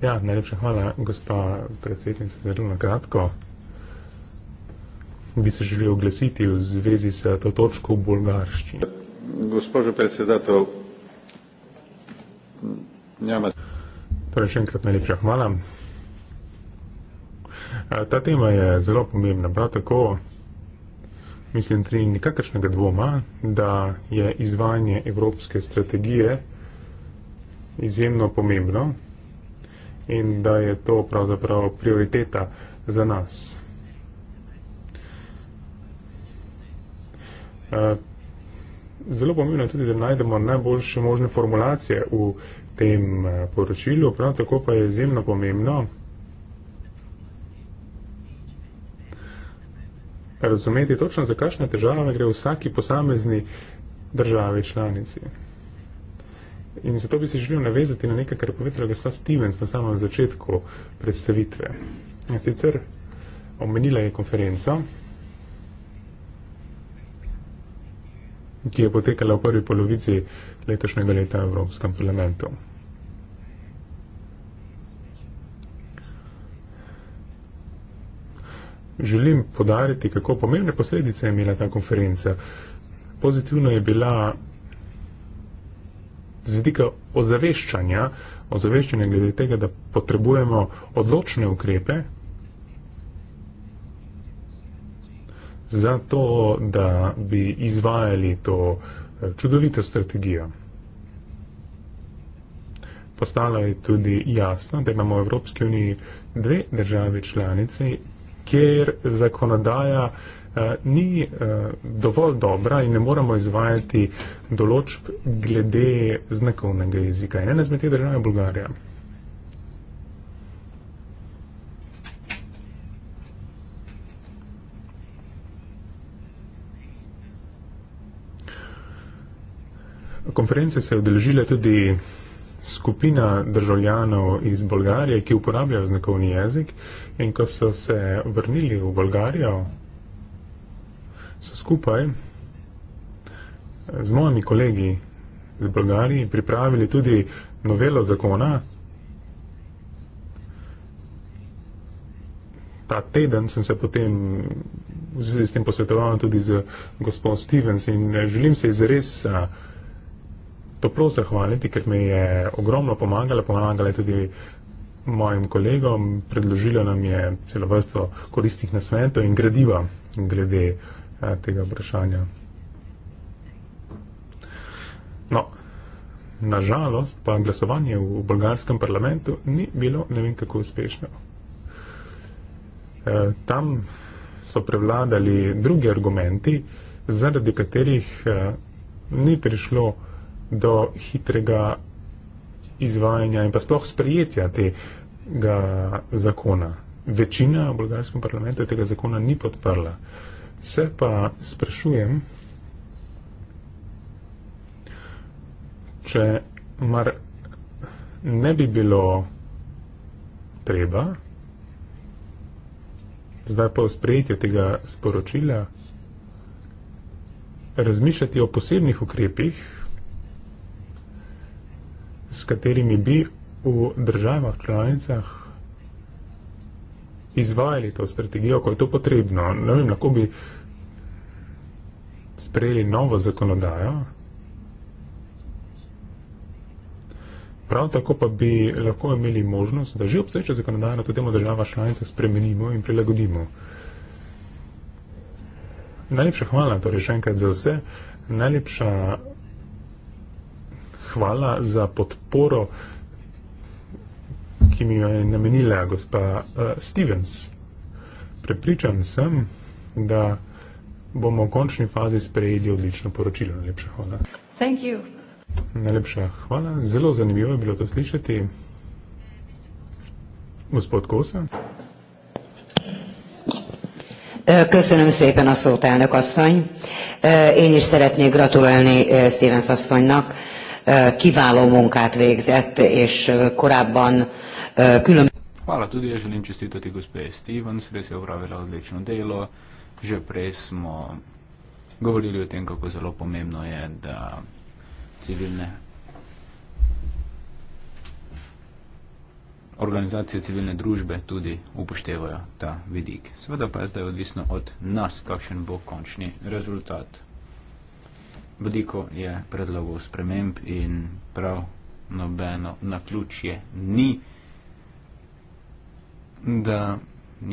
Ja, najlepša hvala, gospa predsednica, zelo na kratko. Bi se želel oglasiti v zvezi s to točko v bolgarščini. Gospod predsedatelj, njama. Torej, še enkrat najlepša hvala. Eh, ta tema je zelo pomembna. Prav tako mislim, da ni nikakršnega dvoma, da je izvajanje evropske strategije izjemno pomembno in da je to pravzaprav prioriteta za nas. Eh, zelo pomembno je tudi, da najdemo najboljše možne formulacije v tem eh, poročilu, prav tako pa je izjemno pomembno, razumeti točno, za kakšne težave gre vsaki posamezni državi članici. In zato bi se želel navezati na nekaj, kar je povedala gospa Stevens na samem začetku predstavitve. In sicer omenila je konferenco, ki je potekala v prvi polovici letošnjega leta v Evropskem parlamentu. želim podariti, kako pomembne posledice je imela ta konferenca. Pozitivno je bila z vidika ozaveščanja, ozaveščanja glede tega, da potrebujemo odločne ukrepe za to, da bi izvajali to eh, čudovito strategijo. Postala je tudi jasno, da imamo v Evropski uniji dve države članice kjer zakonodaja eh, ni eh, dovolj dobra in ne moramo izvajati določb glede znakovnega jezika. In ena izmed te države je Bolgarija. Konference se je odeležila tudi skupina državljanov iz Bolgarije, ki uporabljajo znakovni jezik in ko so se vrnili v Bolgarijo, so skupaj z mojimi kolegi iz Bolgarije pripravili tudi novelo zakona. Ta teden sem se potem v zvezi s tem posvetoval tudi z gospod Stevens in želim se izres uh, toplo zahvaliti, ker mi je ogromno pomagala, pomagala je tudi mojim kolegom, predložila nam je celo vrsto koristnih nasvetov in gradiva glede eh, tega vprašanja. No, nažalost pa glasovanje v bolgarskem parlamentu ni bilo ne vem kako uspešno. Eh, tam so prevladali drugi argumenti, zaradi katerih eh, ni prišlo do hitrega izvajanja in pa sploh sprejetja tega zakona. Večina v bolgarskem parlamentu tega zakona ni podprla. Se pa sprašujem, če mar ne bi bilo treba zdaj po sprejetju tega sporočila razmišljati o posebnih ukrepih, s katerimi bi v državah članicah izvajali to strategijo, ko je to potrebno. Ne vem, lahko bi sprejeli novo zakonodajo. Prav tako pa bi lahko imeli možnost, da že obstoječa zakonodajna to temo država članica spremenimo in prilagodimo. Najlepša hvala torej še enkrat za vse. Najlepša hvala za podporo, ki mi jo je namenila gospa uh, Stevens. Prepričan sem, da bomo v končni fazi sprejeli odlično poročilo. Najlepša hvala. Najlepša hvala. Zelo zanimivo je bilo to slišati. Gospod Kosa. Köszönöm szépen a szót, elnök asszony, én is szeretnék gratulálni Stevens asszonynak kiváló munkát végzett, és korábban különböző... Hvala tudi, ja želim čestitati gospe Stevens, res je upravila odlično delo. Že prej smo govorili o tem, kako zelo pomembno je, da civilne organizacije civilne družbe tudi upoštevajo ta vidik. Seveda pa je zdaj odvisno od nas, kakšen bo končni rezultat veliko je predlogov sprememb in prav nobeno naključje ni, da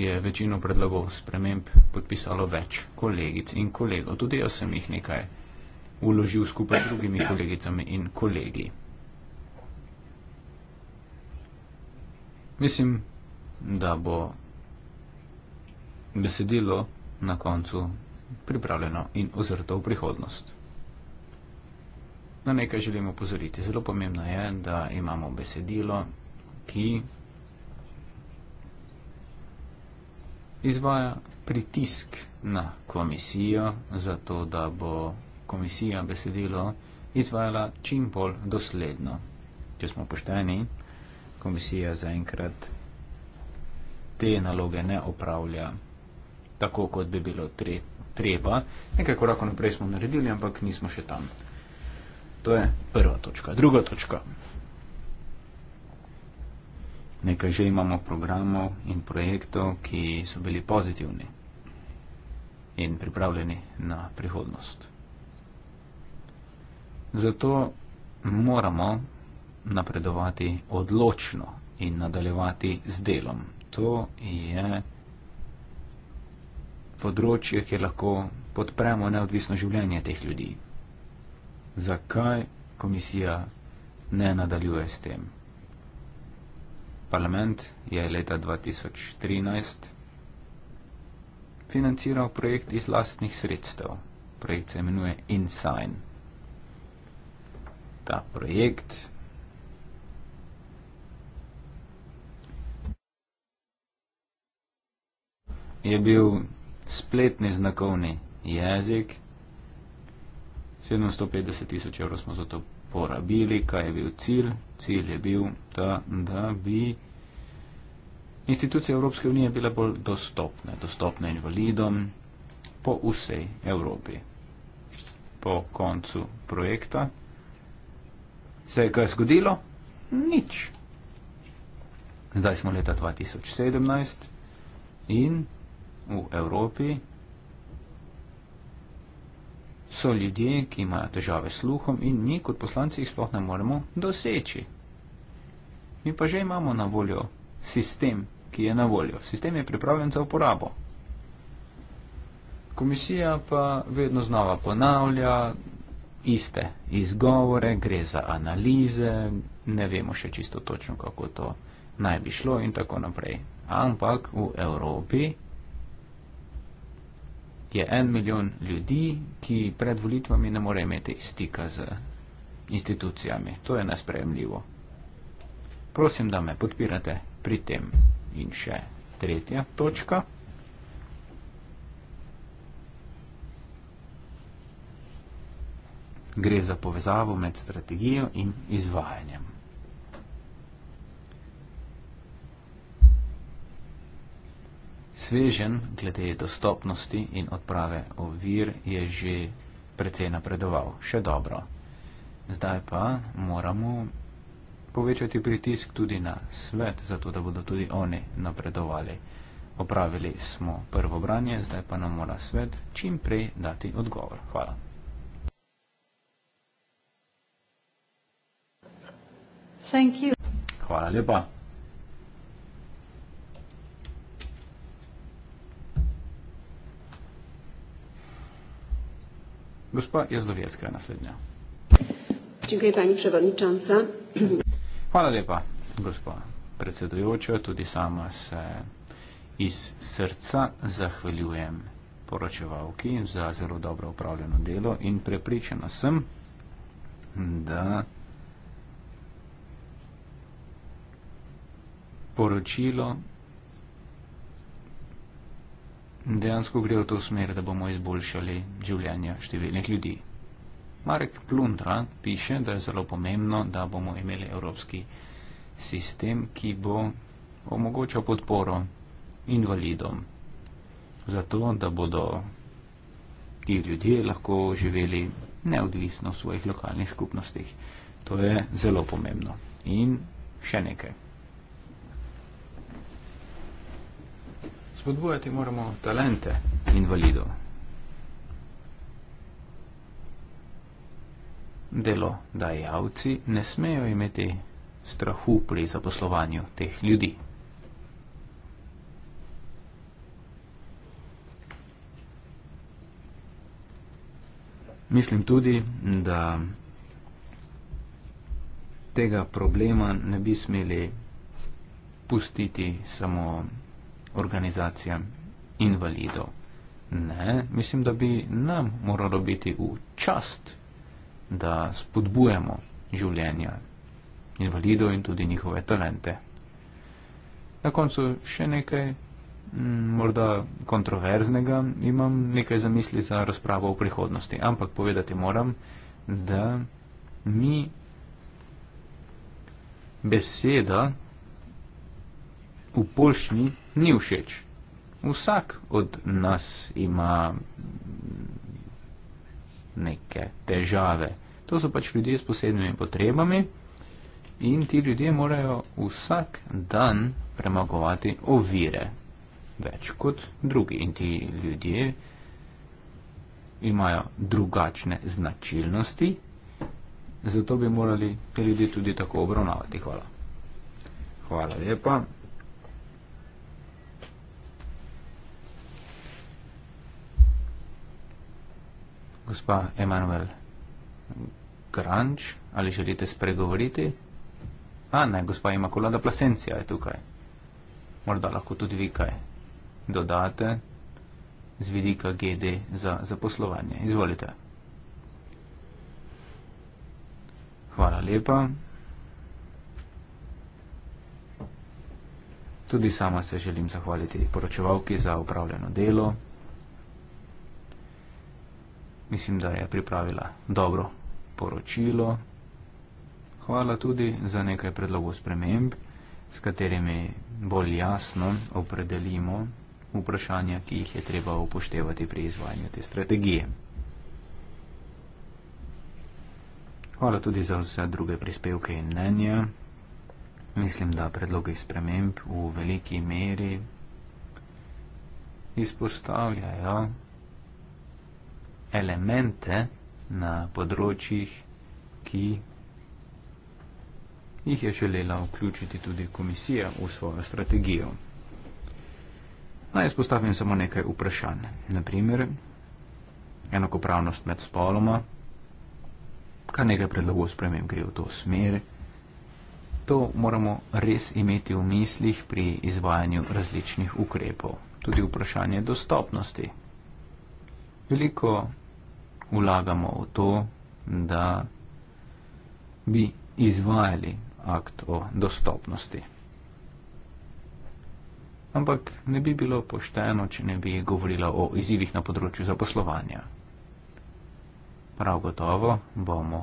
je večino predlogov sprememb podpisalo več kolegic in kolegov. Tudi jaz sem jih nekaj uložil skupaj z drugimi kolegicami in kolegi. Mislim, da bo besedilo na koncu pripravljeno in ozrto v prihodnost na nekaj želimo pozoriti. Zelo pomembno je, da imamo besedilo, ki izvaja pritisk na komisijo, zato da bo komisija besedilo izvajala čim bolj dosledno. Če smo pošteni, komisija zaenkrat te naloge ne opravlja tako, kot bi bilo treba. Nekaj korakov naprej smo naredili, ampak nismo še tam. To je prva točka. Druga točka. Nekaj že imamo programov in projektov, ki so bili pozitivni in pripravljeni na prihodnost. Zato moramo napredovati odločno in nadaljevati z delom. To je področje, kjer lahko podpremo neodvisno življenje teh ljudi, zakaj komisija ne nadaljuje s tem. Parlament je leta 2013 financiral projekt iz lastnih sredstev. Projekt se imenuje InSign. Ta projekt je bil spletni znakovni jezik, 750 tisoč evrov smo za to porabili. Kaj je bil cilj? Cilj je bil ta, da bi institucije Evropske unije bile bolj dostopne, dostopne invalidom po vsej Evropi. Po koncu projekta se je kaj zgodilo? Nič. Zdaj smo leta 2017 in v Evropi so ljudje, ki imajo težave s sluhom in mi kot poslanci jih sploh ne moremo doseči. Mi pa že imamo na voljo sistem, ki je na voljo. Sistem je pripravljen za uporabo. Komisija pa vedno znova ponavlja iste izgovore, gre za analize, ne vemo še čisto točno, kako to naj bi šlo in tako naprej. Ampak v Evropi je en milijon ljudi, ki pred volitvami ne more imeti stika z institucijami. To je nesprejemljivo. Prosim, da me podpirate pri tem. In še tretja točka. Gre za povezavo med strategijo in izvajanjem. Svežen glede dostopnosti in odprave ovir je že precej napredoval, še dobro. Zdaj pa moramo povečati pritisk tudi na svet, zato da bodo tudi oni napredovali. Opravili smo prvo branje, zdaj pa nam mora svet čim prej dati odgovor. Hvala. Hvala lepa. Gospa Jazdovjecka je naslednja. Dziękuję pani przewodnicząca. Hvala lepa, gospa predsedujoča. Tudi sama se iz srca zahvaljujem poročevalki za zelo dobro upravljeno delo in prepričana sem, da poročilo dejansko gre v to smer, da bomo izboljšali življenje številnih ljudi. Marek Plundra piše, da je zelo pomembno, da bomo imeli evropski sistem, ki bo omogočal podporo invalidom, zato da bodo ti ljudje lahko živeli neodvisno v svojih lokalnih skupnostih. To je zelo pomembno. In še nekaj. spodbujati moramo talente invalidov. Delo dajavci ne smejo imeti strahu pri zaposlovanju teh ljudi. Mislim tudi, da tega problema ne bi smeli pustiti samo organizacijam invalidov. Ne, mislim, da bi nam moralo biti v čast, da spodbujamo življenja invalidov in tudi njihove talente. Na koncu še nekaj mm, morda kontroverznega, imam nekaj zamisli za razpravo v prihodnosti, ampak povedati moram, da mi beseda v polšnji ni všeč. Vsak od nas ima neke težave. To so pač ljudje s posebnimi potrebami in ti ljudje morajo vsak dan premagovati ovire več kot drugi. In ti ljudje imajo drugačne značilnosti, zato bi morali te ljudi tudi tako obravnavati. Hvala. Hvala lepa. gospa Emanuel Granč, ali želite spregovoriti? A ne, gospa Imakulada Plasencija je tukaj. Morda lahko tudi vi kaj dodate z vidika GD za zaposlovanje. Izvolite. Hvala lepa. Tudi sama se želim zahvaliti poročevalki za upravljeno delo mislim, da je pripravila dobro poročilo. Hvala tudi za nekaj predlogov sprememb, s katerimi bolj jasno opredelimo vprašanja, ki jih je treba upoštevati pri izvajanju te strategije. Hvala tudi za vse druge prispevke in mnenja. Mislim, da predlogi sprememb v veliki meri izpostavljajo elemente na področjih, ki jih je želela vključiti tudi komisija v svojo strategijo. Naj izpostavim samo nekaj vprašanj. Naprimer, enakopravnost med spoloma, kar nekaj predlogov sprememb gre v to smer. To moramo res imeti v mislih pri izvajanju različnih ukrepov. Tudi vprašanje dostopnosti. Veliko vlagamo v to, da bi izvajali akt o dostopnosti. Ampak ne bi bilo pošteno, če ne bi govorila o izzivih na področju zaposlovanja. Prav gotovo bomo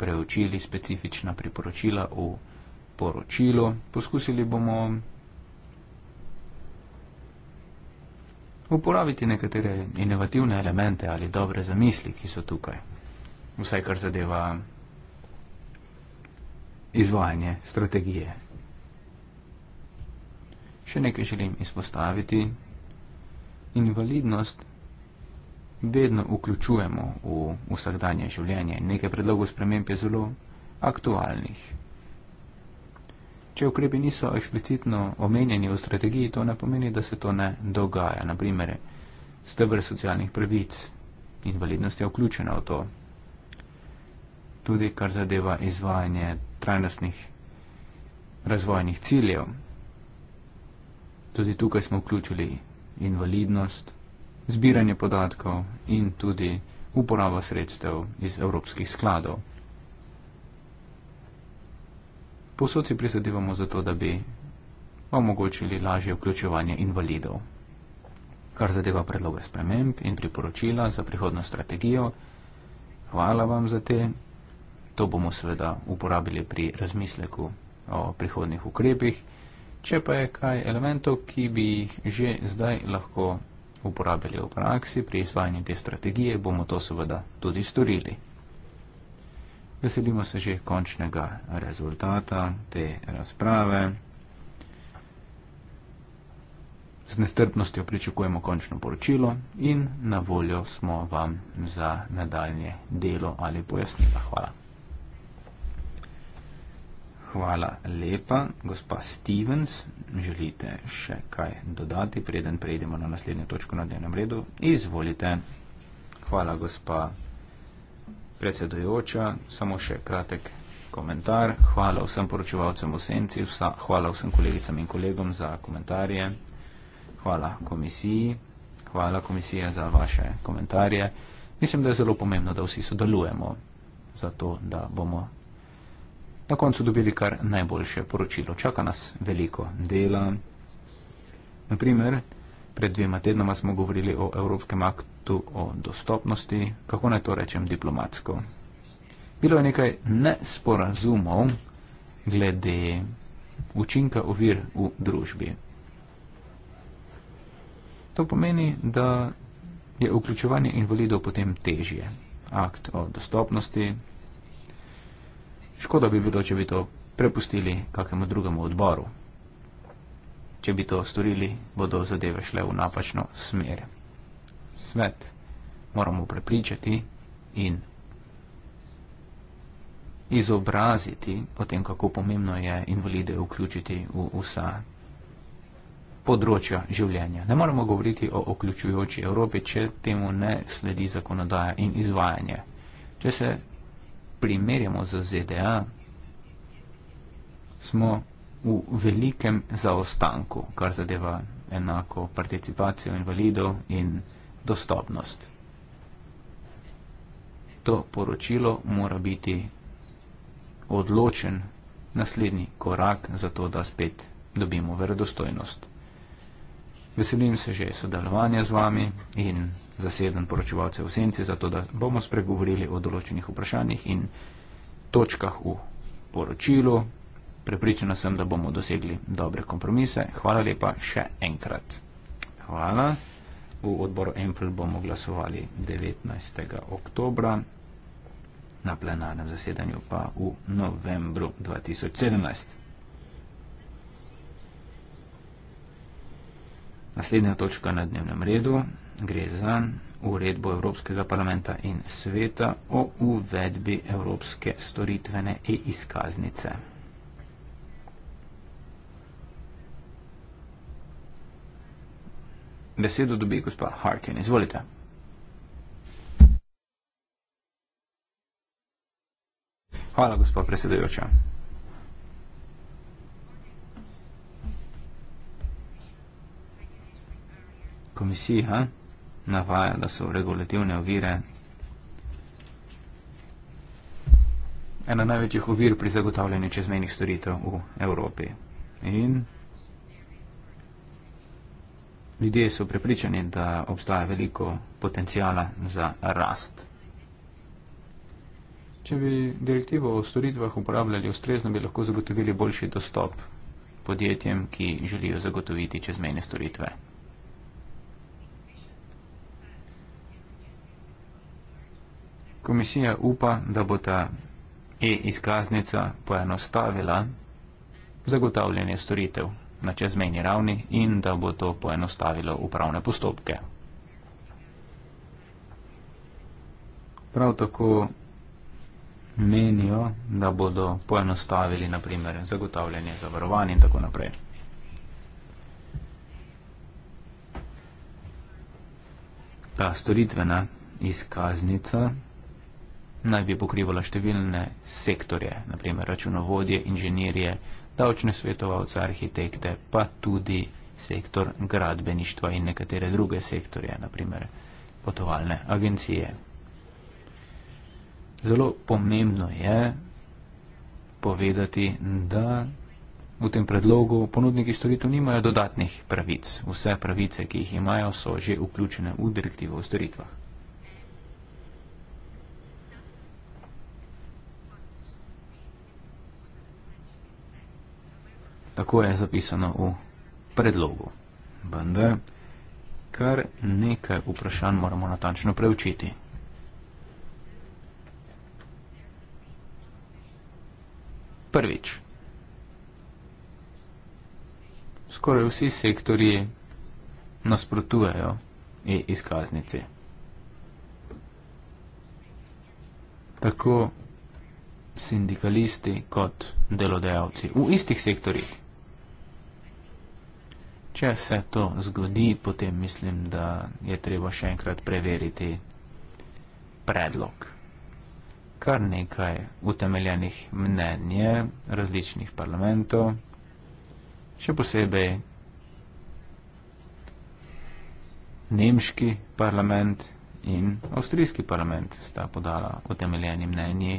preučili specifična priporočila v poročilu, poskusili bomo uporabiti nekatere inovativne elemente ali dobre zamisli, ki so tukaj. Vsaj kar zadeva izvajanje strategije. Še nekaj želim izpostaviti. Invalidnost vedno vključujemo v vsakdanje življenje in nekaj predlogov sprememb je zelo aktualnih. Če ukrepi niso eksplicitno omenjeni v strategiji, to ne pomeni, da se to ne dogaja. Naprimer, stebr socialnih pravic, invalidnost je vključena v to. Tudi kar zadeva izvajanje trajnostnih razvojnih ciljev. Tudi tukaj smo vključili invalidnost, zbiranje podatkov in tudi uporabo sredstev iz evropskih skladov. Posod si prizadevamo za to, da bi omogočili lažje vključevanje invalidov. Kar zadeva predloge sprememb in priporočila za prihodno strategijo, hvala vam za te. To bomo seveda uporabili pri razmisleku o prihodnih ukrepih. Če pa je kaj elementov, ki bi jih že zdaj lahko uporabili v praksi pri izvajanju te strategije, bomo to seveda tudi storili. Veselimo se že končnega rezultata te razprave. Z nestrpnostjo pričakujemo končno poročilo in na voljo smo vam za nadaljnje delo ali pojasnila. Hvala. Hvala lepa, gospa Stevens. Želite še kaj dodati, preden prejdemo na naslednjo točko na dnevnem redu? Izvolite. Hvala, gospa predsedujoča, samo še kratek komentar. Hvala vsem poročevalcem v senci, vsa, hvala vsem kolegicam in kolegom za komentarje. Hvala komisiji, hvala komisija za vaše komentarje. Mislim, da je zelo pomembno, da vsi sodelujemo za to, da bomo na koncu dobili kar najboljše poročilo. Čaka nas veliko dela. Naprimer, pred dvema tednoma smo govorili o Evropskem aktu tu o dostopnosti, kako naj to rečem diplomatsko. Bilo je nekaj nesporazumov glede učinka ovir v družbi. To pomeni, da je vključevanje invalidov potem težje. Akt o dostopnosti. Škoda bi bilo, če bi to prepustili kakemu drugemu odboru. Če bi to storili, bodo zadeve šle v napačno smer svet moramo prepričati in izobraziti o tem, kako pomembno je invalide vključiti v vsa področja življenja. Ne moramo govoriti o vključujoči Evropi, če temu ne sledi zakonodaja in izvajanje. Če se primerjamo z ZDA, smo v velikem zaostanku, kar zadeva enako participacijo invalidov in dostopnost. To poročilo mora biti odločen naslednji korak za to, da spet dobimo verodostojnost. Veselim se že sodelovanja z vami in zaseden poročevalce v senci, zato da bomo spregovorili o določenih vprašanjih in točkah v poročilu. Prepričana sem, da bomo dosegli dobre kompromise. Hvala lepa še enkrat. Hvala. V odboru Empel bomo glasovali 19. oktobra, na plenarnem zasedanju pa v novembru 2017. Naslednja točka na dnevnem redu gre za uredbo Evropskega parlamenta in sveta o uvedbi Evropske storitvene e-izkaznice. Besedo dobi gospod Harkin. Izvolite. Hvala, gospod predsedujoča. Komisija navaja, da so regulativne ovire ena največjih ovir pri zagotavljanju čezmejnih storitev v Evropi. In Ljudje so prepričani, da obstaja veliko potencijala za rast. Če bi direktivo o storitvah uporabljali ustrezno, bi lahko zagotovili boljši dostop podjetjem, ki želijo zagotoviti čezmejne storitve. Komisija upa, da bo ta e-izkaznica poenostavila zagotavljanje storitev na čezmejni ravni in da bo to poenostavilo upravne postopke. Prav tako menijo, da bodo poenostavili naprimer zagotavljanje zavarovanj in tako naprej. Ta storitvena izkaznica naj bi pokrivala številne sektorje, naprimer računovodje, inženirje, davčne svetovalce, arhitekte, pa tudi sektor gradbeništva in nekatere druge sektorje, naprimer potovalne agencije. Zelo pomembno je povedati, da v tem predlogu ponudniki storitev nimajo dodatnih pravic. Vse pravice, ki jih imajo, so že vključene v direktivo o storitvah. tako je zapisano v predlogu. Vendar, kar nekaj vprašanj moramo natančno preučiti. Prvič. Skoraj vsi sektori nasprotujejo e-izkaznici. Tako sindikalisti kot delodajalci v istih sektorjih. Če se to zgodi, potem mislim, da je treba še enkrat preveriti predlog. Kar nekaj utemeljenih mnenje različnih parlamentov, še posebej nemški parlament in avstrijski parlament sta podala utemeljeni mnenji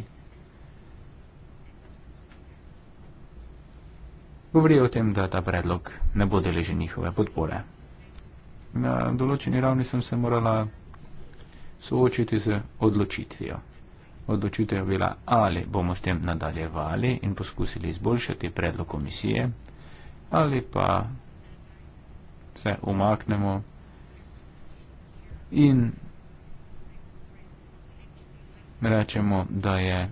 govorijo o tem, da ta predlog ne bo deležen njihove podpore. Na določeni ravni sem se morala soočiti z odločitvijo. Odločitev je bila, ali bomo s tem nadaljevali in poskusili izboljšati predlog komisije, ali pa se umaknemo in rečemo, da je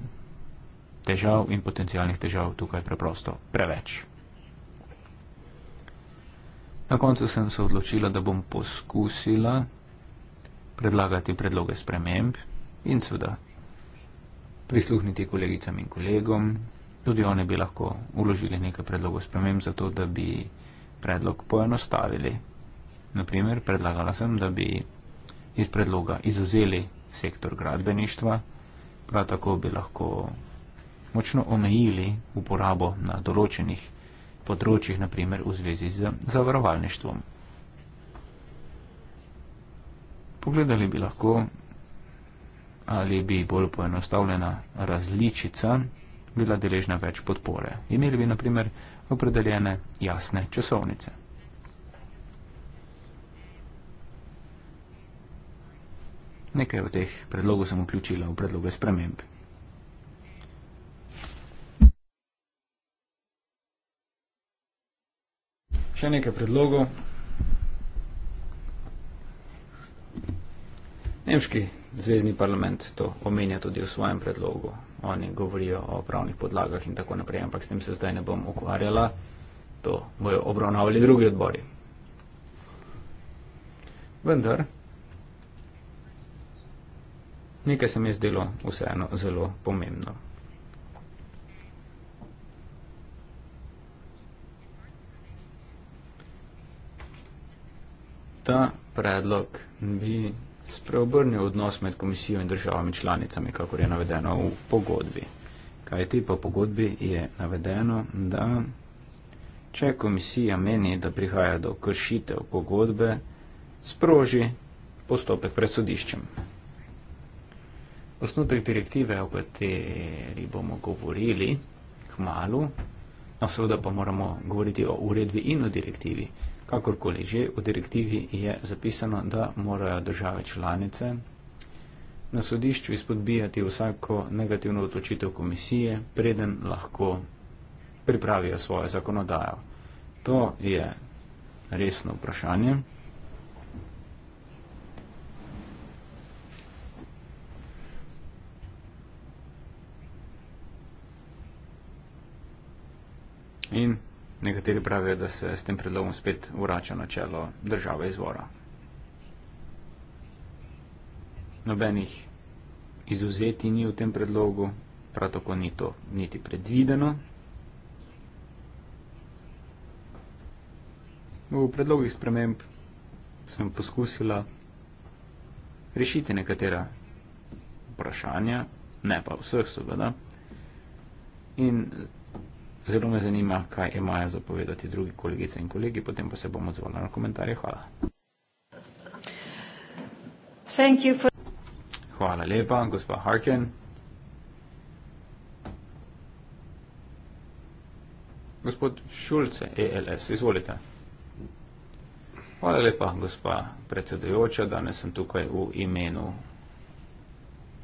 težav in potencijalnih težav tukaj preprosto preveč. Na koncu sem se odločila, da bom poskusila predlagati predloge sprememb in seveda prisluhniti kolegicam in kolegom. Tudi one bi lahko uložili nekaj predlogov sprememb, zato da bi predlog poenostavili. Naprimer, predlagala sem, da bi iz predloga izuzeli sektor gradbeništva, prav tako bi lahko močno omejili uporabo na določenih področjih področjih, naprimer v zvezi z zavarovalništvom. Pogledali bi lahko, ali bi bolj poenostavljena različica bila deležna več podpore. Imeli bi naprimer opredeljene jasne časovnice. Nekaj od teh predlogov sem vključila v predloge sprememb. Še nekaj predlogov. Nemški zvezdni parlament to omenja tudi v svojem predlogu. Oni govorijo o pravnih podlagah in tako naprej, ampak s tem se zdaj ne bom ukvarjala. To bojo obravnavali drugi odbori. Vendar, nekaj se mi je zdelo vseeno zelo pomembno. ta predlog bi spreobrnil odnos med komisijo in državami članicami, kakor je navedeno v pogodbi. Kaj ti po pogodbi je navedeno, da če komisija meni, da prihaja do kršitev pogodbe, sproži postopek pred sodiščem. Osnutek direktive, o kateri bomo govorili, k malu, no seveda pa moramo govoriti o uredbi in o direktivi, Kakorkoli že, v direktivi je zapisano, da morajo države članice na sodišču izpodbijati vsako negativno odločitev komisije, preden lahko pripravijo svojo zakonodajo. To je resno vprašanje. In Nekateri pravijo, da se s tem predlogom spet vrača na čelo države izvora. Nobenih izuzeti ni v tem predlogu, prav tako ni to niti predvideno. V predlogih sprememb sem poskusila rešiti nekatera vprašanja, ne pa vseh, seveda. In Zelo me zanima, kaj imajo zapovedati drugi kolegice in kolegi, potem pa se bomo odzvali na komentarje. Hvala. For... Hvala lepa, gospod Harkin. Gospod Šulce, ELS, izvolite. Hvala lepa, gospa predsedujoča. Danes sem tukaj v imenu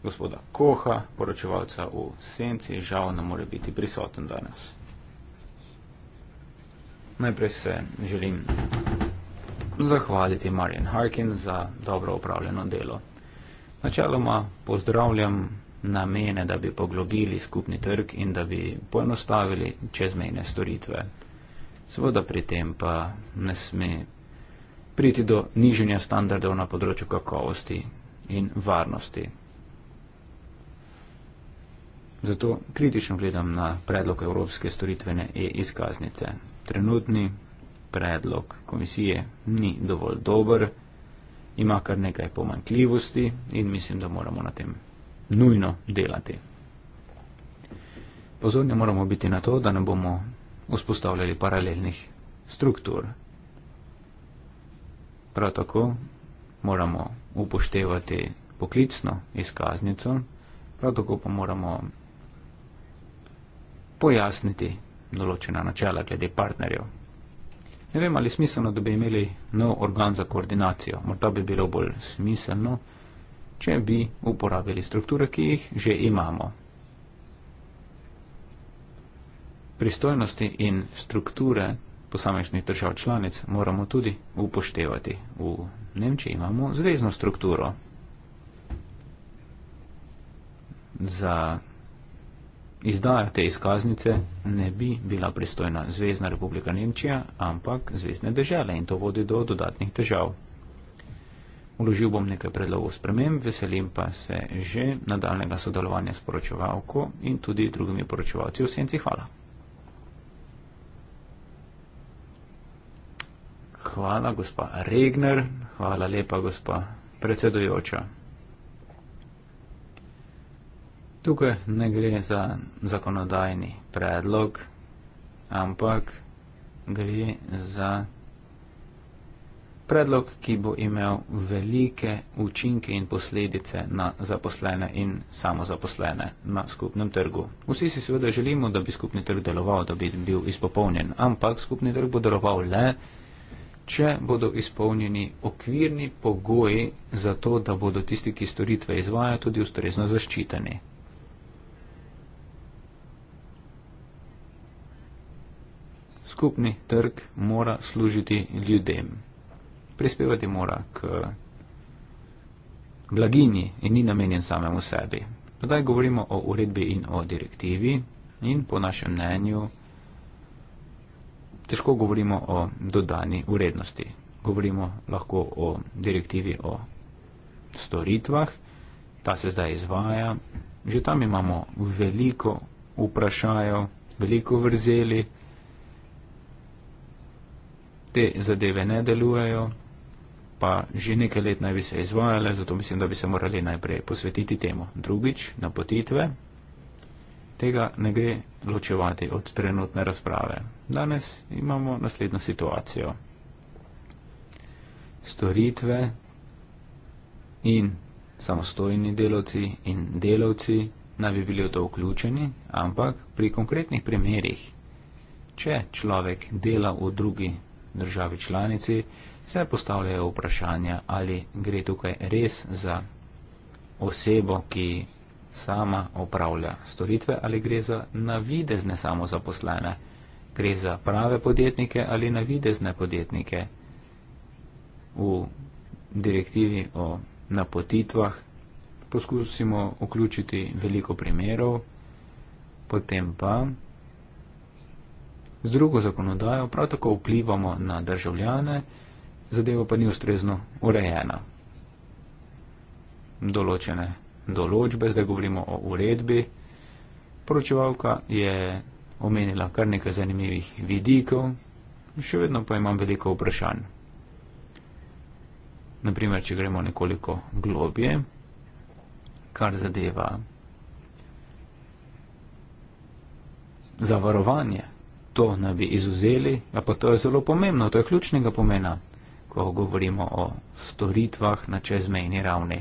gospoda Koha, poročevalca v Senci. Žal ne more biti prisoten danes. Najprej se želim zahvaliti Marjan Harkin za dobro upravljeno delo. Načeloma pozdravljam namene, da bi poglobili skupni trg in da bi poenostavili čezmejne storitve. Seveda pri tem pa ne sme priti do niženja standardov na področju kakovosti in varnosti. Zato kritično gledam na predlog Evropske storitvene e-izkaznice trenutni predlog komisije ni dovolj dober, ima kar nekaj pomankljivosti in mislim, da moramo na tem nujno delati. Pozorni moramo biti na to, da ne bomo vzpostavljali paralelnih struktur. Prav tako moramo upoštevati poklicno izkaznico, prav tako pa moramo pojasniti določena načela glede partnerjev. Ne vem, ali je smiselno, da bi imeli nov organ za koordinacijo. Morda bi bilo bolj smiselno, če bi uporabili strukture, ki jih že imamo. Pristojnosti in strukture posameznih držav članic moramo tudi upoštevati. V Nemčiji imamo zvezdno strukturo. Za Izdaja te izkaznice ne bi bila pristojna Zvezdna republika Nemčija, ampak Zvezdne države in to vodi do dodatnih težav. Uložil bom nekaj predlogov sprememb, veselim pa se že nadaljnega sodelovanja s poročevalko in tudi drugimi poročevalci v senci. Hvala. Hvala, gospa Regner. Hvala lepa, gospa predsedujoča. Tukaj ne gre za zakonodajni predlog, ampak gre za predlog, ki bo imel velike učinke in posledice na zaposlene in samozaposlene na skupnem trgu. Vsi si seveda želimo, da bi skupni trg deloval, da bi bil izpopolnjen, ampak skupni trg bo deloval le, če bodo izpolnjeni okvirni pogoji za to, da bodo tisti, ki storitve izvajo, tudi ustrezno zaščiteni. skupni trg mora služiti ljudem. Prispevati mora k blaginji in ni namenjen samemu sebi. Zdaj govorimo o uredbi in o direktivi in po našem mnenju težko govorimo o dodani urednosti. Govorimo lahko o direktivi o storitvah, ta se zdaj izvaja. Že tam imamo veliko vprašajev, veliko vrzeli te zadeve ne delujejo, pa že nekaj let naj bi se izvajale, zato mislim, da bi se morali najprej posvetiti temu. Drugič, napotitve. Tega ne gre ločevati od trenutne razprave. Danes imamo naslednjo situacijo. Storitve in samostojni delavci in delavci naj bi bili v to vključeni, ampak pri konkretnih primerjih, če človek dela v drugi državi članici, se postavljajo vprašanja, ali gre tukaj res za osebo, ki sama opravlja storitve, ali gre za navidezne samozaposlene, gre za prave podjetnike ali navidezne podjetnike. V direktivi o napotitvah poskusimo vključiti veliko primerov, potem pa z drugo zakonodajo prav tako vplivamo na državljane, zadeva pa ni ustrezno urejena. Določene določbe, zdaj govorimo o uredbi. Poročevalka je omenila kar nekaj zanimivih vidikov, še vedno pa imam veliko vprašanj. Naprimer, če gremo nekoliko globje, kar zadeva zavarovanje to naj bi izuzeli, pa to je zelo pomembno, to je ključnega pomena, ko govorimo o storitvah na čezmejni ravni.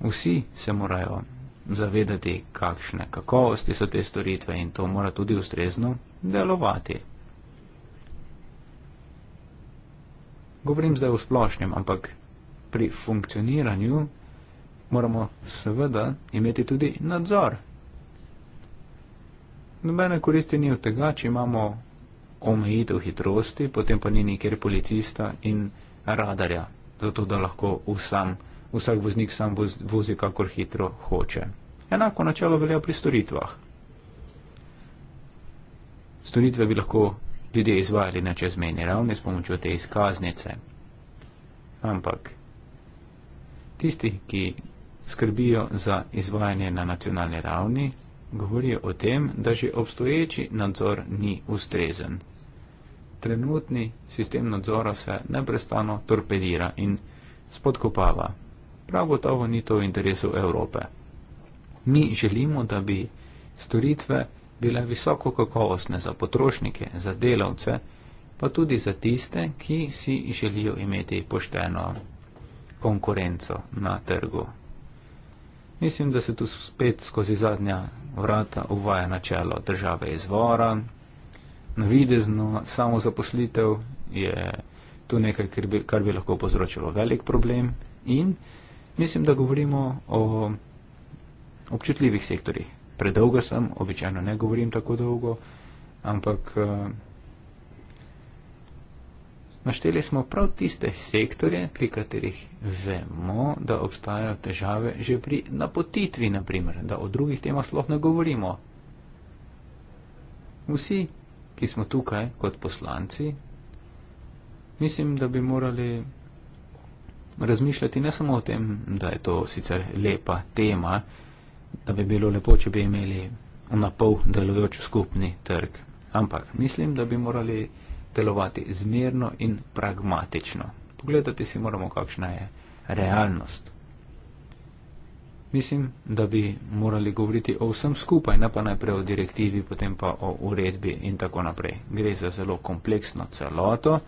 Vsi se morajo zavedati, kakšne kakovosti so te storitve in to mora tudi ustrezno delovati. Govorim zdaj o splošnem, ampak pri funkcioniranju moramo seveda imeti tudi nadzor nobene koristi ni od tega, če imamo omejitev hitrosti, potem pa ni nikjer policista in radarja, zato da lahko vsam, vsak voznik sam voz, vozi, kakor hitro hoče. Enako načelo velja pri storitvah. Storitve bi lahko ljudje izvajali na čezmeni ravni s pomočjo te izkaznice. Ampak tisti, ki skrbijo za izvajanje na nacionalni ravni, govorijo o tem, da že obstoječi nadzor ni ustrezen. Trenutni sistem nadzora se neprestano torpedira in spodkopava. Prav gotovo ni to v interesu Evrope. Mi želimo, da bi storitve bile visoko kakovostne za potrošnike, za delavce, pa tudi za tiste, ki si želijo imeti pošteno konkurenco na trgu. Mislim, da se tu spet skozi zadnja vrata uvaja načelo države izvora. Navidezno samo zaposlitev je tu nekaj, kar bi, kar bi lahko povzročilo velik problem in mislim, da govorimo o občutljivih sektorjih. Predolgo sem, običajno ne govorim tako dolgo, ampak. Uh, Našteli smo prav tiste sektorje, pri katerih vemo, da obstajajo težave že pri napotitvi, naprimer, da o drugih temah sploh ne govorimo. Vsi, ki smo tukaj kot poslanci, mislim, da bi morali razmišljati ne samo o tem, da je to sicer lepa tema, da bi bilo lepo, če bi imeli na pol delujoč skupni trg, ampak mislim, da bi morali delovati zmerno in pragmatično. Pogledati si moramo, kakšna je realnost. Mislim, da bi morali govoriti o vsem skupaj, ne pa najprej o direktivi, potem pa o uredbi in tako naprej. Gre za zelo kompleksno celoto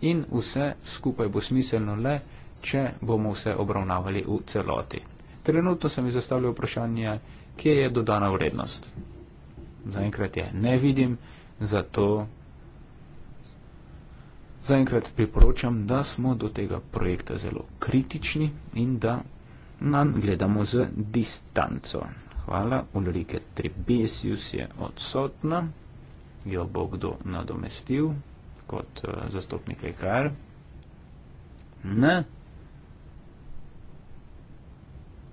in vse skupaj bo smiselno le, če bomo vse obravnavali v celoti. Trenutno se mi zastavlja vprašanje, kje je dodana vrednost. Zaenkrat je ne vidim, zato Zaenkrat priporočam, da smo do tega projekta zelo kritični in da nam gledamo z distanco. Hvala, Ulrike Trebesius je odsotna, jo bo kdo nadomestil kot eh, zastopnik EKR. Ne.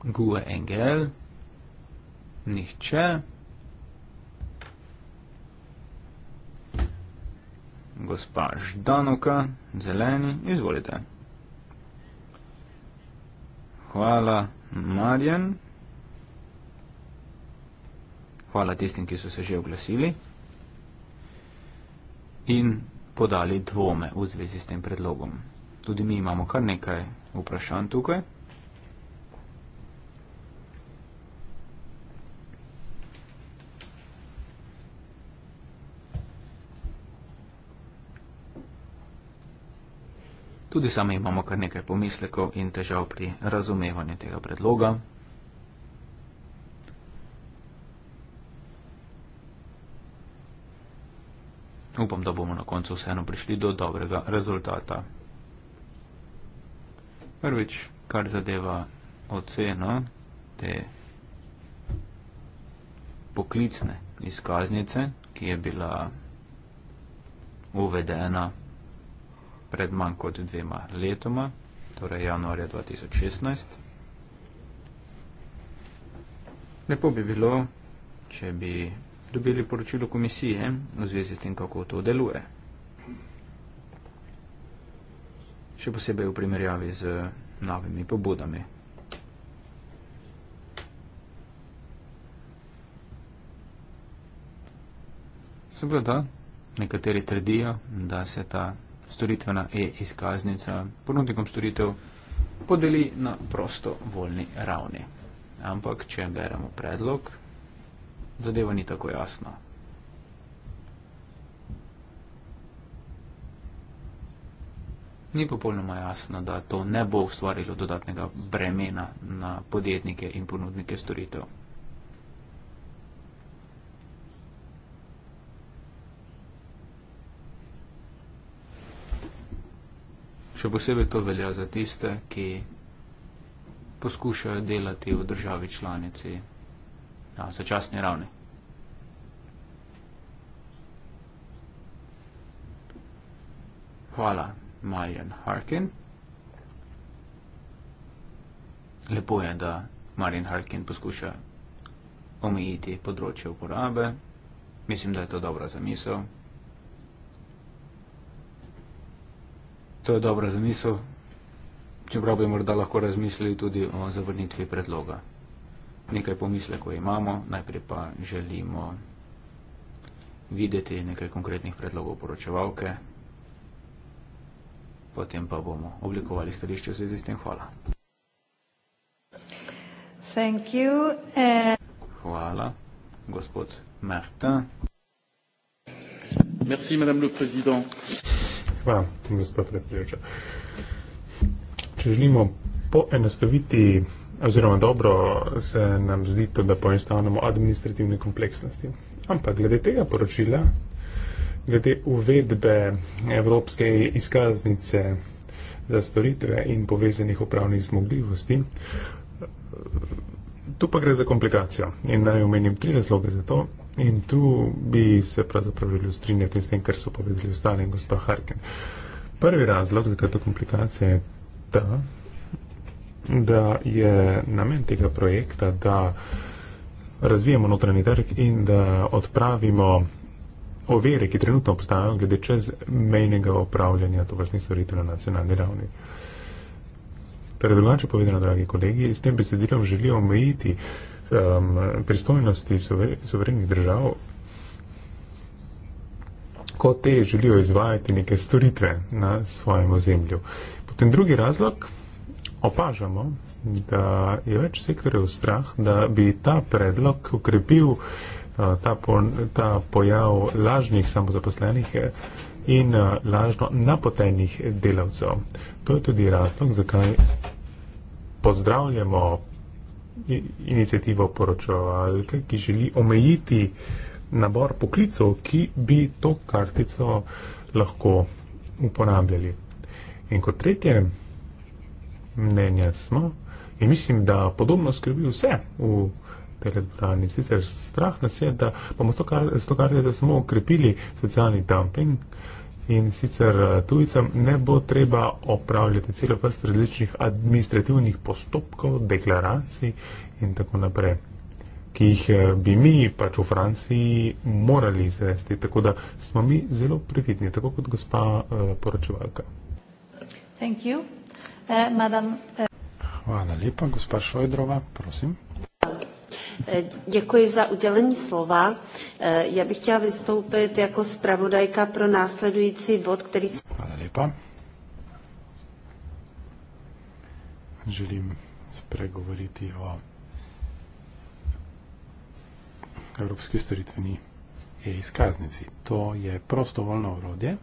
Gue Engel. Nihče. Gospa Ždanoka, zeleni, izvolite. Hvala, Marjan. Hvala tistim, ki so se že oglasili in podali dvome v zvezi s tem predlogom. Tudi mi imamo kar nekaj vprašanj tukaj. Tudi sami imamo kar nekaj pomislekov in težav pri razumevanju tega predloga. Upam, da bomo na koncu vseeno prišli do dobrega rezultata. Prvič, kar zadeva oceno te poklicne izkaznice, ki je bila uvedena pred manj kot dvema letoma, torej januarja 2016. Lepo bi bilo, če bi dobili poročilo komisije v zvezi s tem, kako to deluje. Še posebej v primerjavi z novimi pobudami. Seveda, nekateri trdijo, da se ta storitvena e-izkaznica ponudnikom storitev podeli na prosto voljni ravni. Ampak, če beremo predlog, zadeva ni tako jasna. Ni popolnoma jasno, da to ne bo ustvarilo dodatnega bremena na podjetnike in ponudnike storitev. Še posebej to velja za tiste, ki poskušajo delati v državi članici na začasni ravni. Hvala, Marjan Harkin. Lepo je, da Marjan Harkin poskuša omejiti področje uporabe. Mislim, da je to dobra zamisel. To je dobra zamisel, čeprav bi morda lahko razmislili tudi o zavrnitvi predloga. Nekaj pomislekov imamo, najprej pa želimo videti nekaj konkretnih predlogov poročevalke, potem pa bomo oblikovali stališče v zvezi s tem. Hvala. Eh. Hvala, gospod Merta. Merci, madame le président vam, gospod predsedujoča. Če želimo poenostaviti oziroma dobro, se nam zdi to, da poenostavljamo administrativne kompleksnosti. Ampak glede tega poročila, glede uvedbe evropske izkaznice za storitve in povezanih upravnih zmogljivosti, tu pa gre za komplikacijo. In naj omenim tri razloge za to. In tu bi se pravzaprav želel strinjati s tem, kar so povedali ostali in gospod Harkin. Prvi razlog, zakaj to komplikacija je ta, da je namen tega projekta, da razvijemo notranji trg in da odpravimo ovire, ki trenutno obstajajo glede čez mejnega upravljanja tovrstnih storitev na nacionalni ravni. Torej, drugače povedano, dragi kolegi, s tem besedilom želijo omejiti um, pristojnosti soverenih držav, ko te želijo izvajati neke storitve na svojem ozemlju. Potem drugi razlog opažamo, da je več sektorjev strah, da bi ta predlog ukrepil uh, ta, po, ta pojav lažnih samozaposlenih eh, in eh, lažno napotenih delavcev. To je tudi razlog, zakaj pozdravljamo inicijativo poročal ali kaj, ki želi omejiti nabor poklicov, ki bi to kartico lahko uporabljali. In kot tretje mnenje smo in mislim, da podobno skrbi vse v teledvorani. Sicer strah nas je, da bomo s to kartico samo ukrepili socialni dumping in sicer eh, tujcem ne bo treba opravljati celo vrst različnih administrativnih postopkov, deklaracij in tako naprej, ki jih eh, bi mi pač v Franciji morali izvesti. Tako da smo mi zelo prividni, tako kot gospa eh, poročevalka. Hvala lepa, gospa Šojdrova, prosim. Eh, děkuji za udělení slova. Eh, já bych chtěla vystoupit jako zpravodajka pro následující bod, který se... Lepa. Želím spregovorit o Evropské storitvení je izkaznici. To je prostovoljno orodje,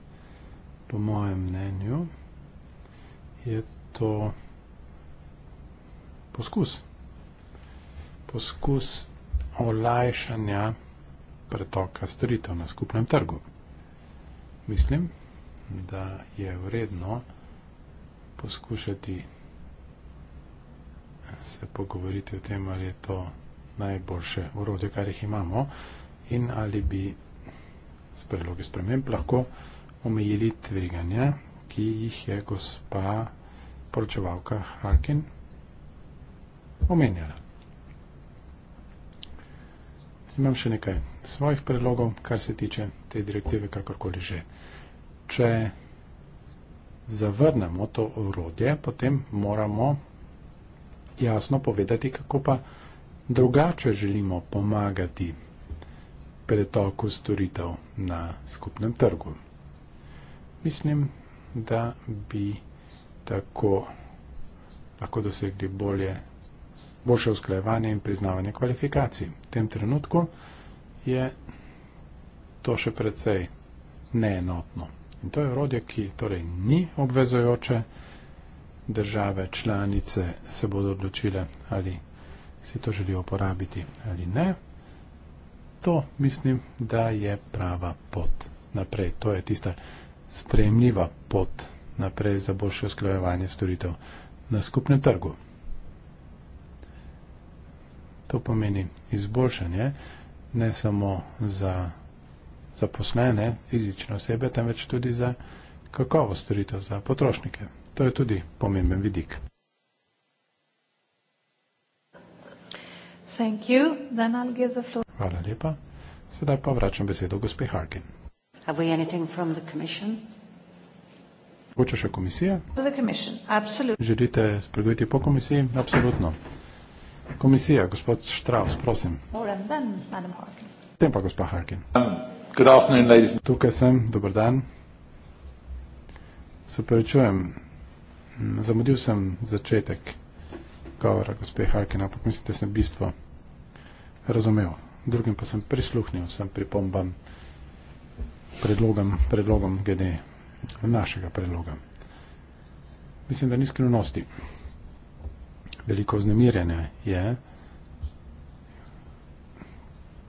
po mojem mnenju je to poskus poskus olajšanja pretoka storitev na skupnem trgu. Mislim, da je vredno poskušati se pogovoriti o tem, ali je to najboljše urode, kar jih imamo in ali bi s predlogi sprememb lahko omejili tveganja, ki jih je gospa poročevalka Harkin omenjala imam še nekaj svojih predlogov, kar se tiče te direktive, kakorkoli že. Če zavrnemo to urodje, potem moramo jasno povedati, kako pa drugače želimo pomagati pretoku storitev na skupnem trgu. Mislim, da bi tako lahko dosegli bolje boljše usklajevanje in priznavanje kvalifikacij. V tem trenutku je to še predvsej neenotno. In to je urodje, ki torej ni obvezojoče, države članice se bodo odločile, ali si to želijo uporabiti ali ne. To mislim, da je prava pot naprej. To je tista spremljiva pot naprej za boljše usklajevanje storitev na skupnem trgu to pomeni izboljšanje ne samo za zaposlene fizične osebe, temveč tudi za kakovost storitev za potrošnike. To je tudi pomemben vidik. Thank you. Then I'll give the floor. Hvala lepa. Sedaj pa vračam besedo gospe Harkin. Have we anything from the commission? Hoče še komisija? The commission, absolutely. Želite spregovoriti po komisiji? Absolutno. Komisija, gospod Štraus, prosim. Potem pa gospod Harkin. Um, Tukaj sem, dober dan. Se prevečujem, zamudil sem začetek govora gospe Harkin, ampak mislim, da sem bistvo razumel. Drugim pa sem prisluhnil, sem pripombam predlogom, predlogom glede našega predloga. Mislim, da ni skrivnosti veliko znemirjenje je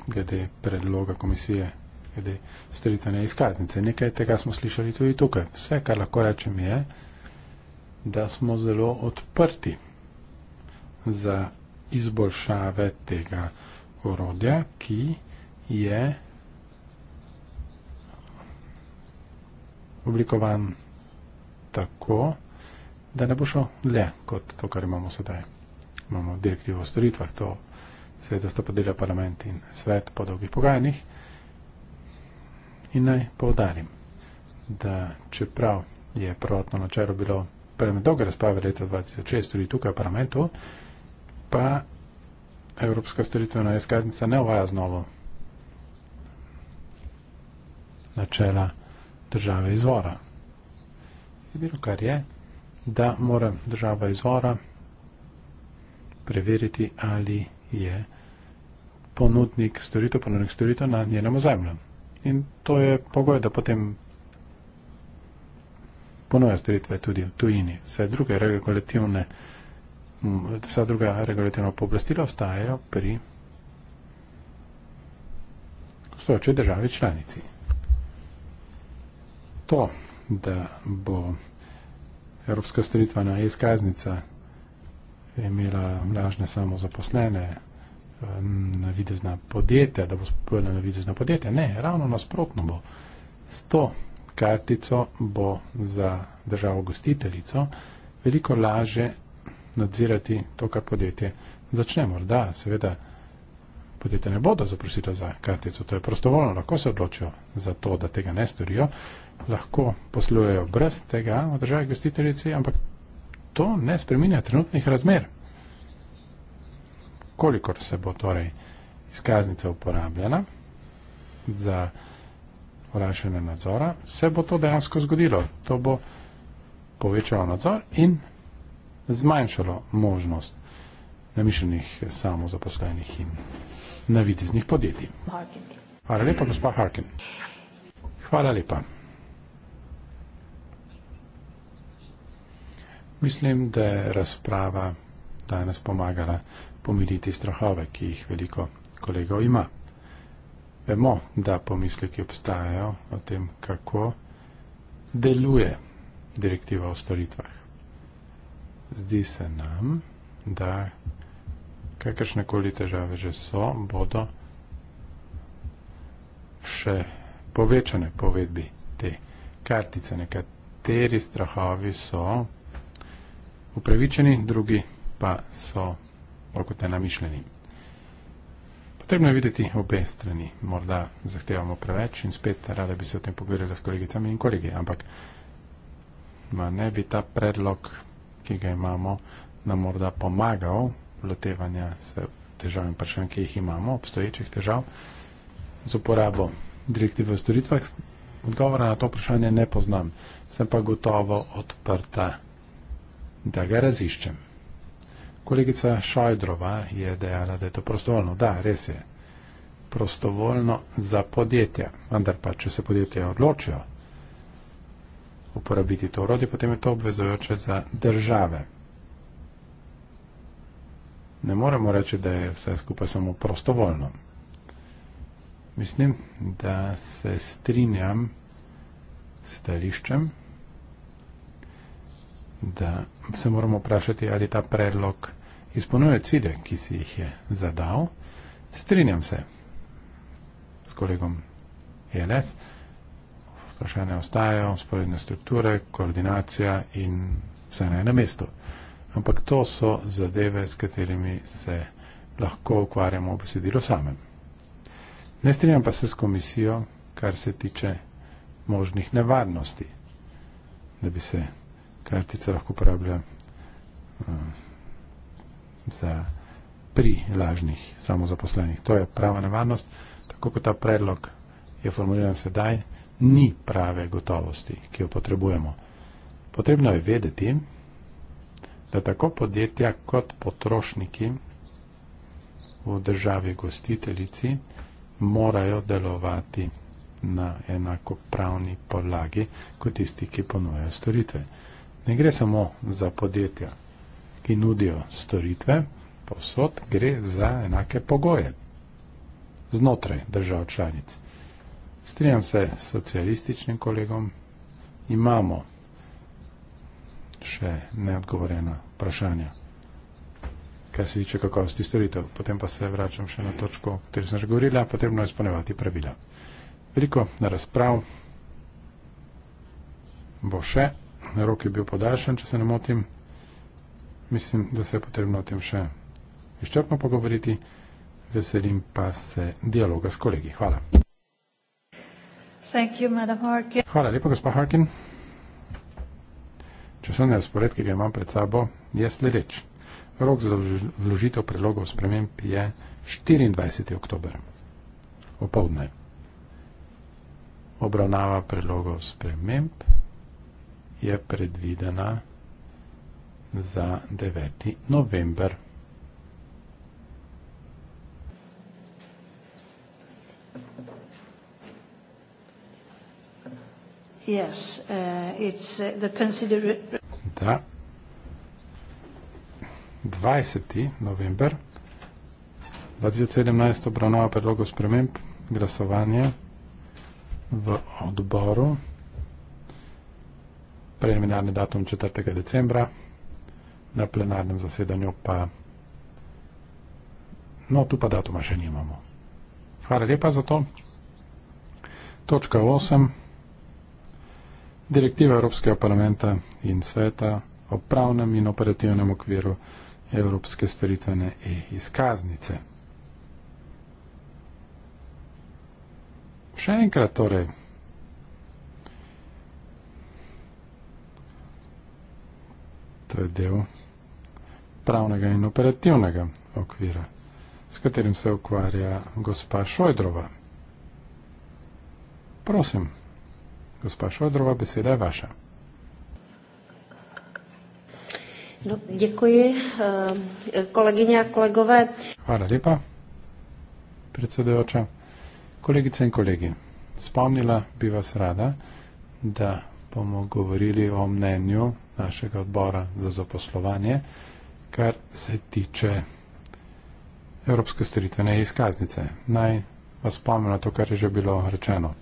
glede predloga komisije, glede stritvene izkaznice. Nekaj tega smo slišali tudi tukaj. Vse, kar lahko rečem, je, da smo zelo odprti za izboljšave tega orodja, ki je oblikovan tako, da ne bo šlo dlje kot to, kar imamo sedaj. Imamo direktivo o storitvah, to seveda sta podelja parlament in svet po dolgih pogajanjih. In naj povdarim, da čeprav je prvotno načelo bilo predmet dolge razprave leta 2006 tudi tukaj v parlamentu, pa Evropska storitvena izkaznica ne uvaja znovo načela države izvora. Edino, kar je, da mora država izvora preveriti, ali je ponudnik storitev, ponudnik storitev na njenem ozemlju. In to je pogoj, da potem ponuja storitve tudi v tujini. Vse druge regulativne, vsa druga regulativna pooblastila ostajajo pri stojoči državi članici. To, da bo Evropska storitvena e-skaznica je imela mlažne samo zaposlene, ehm, na videzna podjetja, da bo spodbojena na videzna podjetja. Ne, ravno nasprotno bo. S to kartico bo za državo gostiteljico veliko laže nadzirati to, kar podjetje začne. Morda, seveda, podjetje ne bodo zaprosila za kartico, to je prostovoljno, lahko se odločijo za to, da tega ne storijo, lahko poslujejo brez tega v državi gostiteljici, ampak to ne spreminja trenutnih razmer. Kolikor se bo torej izkaznica uporabljena za vlašanje nadzora, se bo to dejansko zgodilo. To bo povečalo nadzor in zmanjšalo možnost namišljenih samozaposlenih in navideznih podjetij. Hvala lepa, gospa Harkin. Hvala lepa. Mislim, da je razprava danes pomagala pomiriti strahove, ki jih veliko kolegov ima. Vemo, da pomisleki obstajajo o tem, kako deluje direktiva o storitvah. Zdi se nam, da kakršnekoli težave že so, bodo še povečane povedbi te kartice. Nekateri strahovi so upravičeni, drugi pa so okote namišljeni. Potrebno je videti obe strani. Morda zahtevamo preveč in spet rada bi se o tem pogovarjala s kolegicami in kolegi, ampak ma ne bi ta predlog, ki ga imamo, nam morda pomagal lotevanja s težavami vprašanj, ki jih imamo, obstoječih težav, z uporabo direktive v storitvah. Odgovora na to vprašanje ne poznam. Sem pa gotovo odprta da ga raziščem. Kolegica Šojdrova je dejala, da je to prostovoljno. Da, res je. Prostovoljno za podjetja. Vendar pa, če se podjetja odločijo uporabiti to urodje, potem je to obvezujoče za države. Ne moremo reči, da je vse skupaj samo prostovoljno. Mislim, da se strinjam s stališčem, da se moramo vprašati, ali ta predlog izpolnjuje cilje, ki si jih je zadal. Strinjam se s kolegom ELS. Vprašanje ostajajo, sporedne strukture, koordinacija in vse na enem mestu. Ampak to so zadeve, s katerimi se lahko ukvarjamo v besedilu samem. Ne strinjam pa se s komisijo, kar se tiče možnih nevarnosti, da bi se kartica lahko uporablja eh, za pri lažnih samozaposlenih. To je prava nevarnost. Tako kot ta predlog je formuliran sedaj, ni prave gotovosti, ki jo potrebujemo. Potrebno je vedeti, da tako podjetja kot potrošniki v državi gostiteljici morajo delovati na enakopravni podlagi kot tisti, ki ponujajo storitve ne gre samo za podjetja, ki nudijo storitve, povsod gre za enake pogoje znotraj držav članic. Strinjam se s socialističnim kolegom, imamo še neodgovorjena vprašanja, kar se tiče kakovosti storitev. Potem pa se vračam še na točko, o kateri sem že govorila, potrebno je izpolnevati pravila. Veliko na razprav bo še na rok je bil podaljšan, če se ne motim. Mislim, da se je potrebno o tem še izčrpno pogovoriti. Veselim pa se dialoga s kolegi. Hvala. You, Hvala lepa, gospod Harkin. Časovni razpored, ki ga imam pred sabo, je sledeč. Rok za vložitev predlogov sprememb je 24. oktober. Opovdne. Obravnava predlogov sprememb je predvidena za 9. november. Yes, uh, it's, uh, the da, 20. november 2017 obravnava predlogov sprememb glasovanja v odboru preliminarni datum 4. decembra, na plenarnem zasedanju pa. No, tu pa datuma še nimamo. Hvala lepa za to. Točka 8. Direktiva Evropskega parlamenta in sveta o pravnem in operativnem okviru Evropske storitvene e-izkaznice. Še enkrat torej. to je del pravnega in operativnega okvira, s katerim se ukvarja gospa Šojdrova. Prosim, gospa Šojdrova, beseda je vaša. No, děkuji, eh, kolegyně a kolegové. Hvala lepa, predsedujoča. Kolegice in kolegi, spomnila bi vas rada, da bomo govorili o mnenju našega odbora za zaposlovanje, kar se tiče Evropske storitvene izkaznice. Naj vas spomnim na to, kar je že bilo rečeno.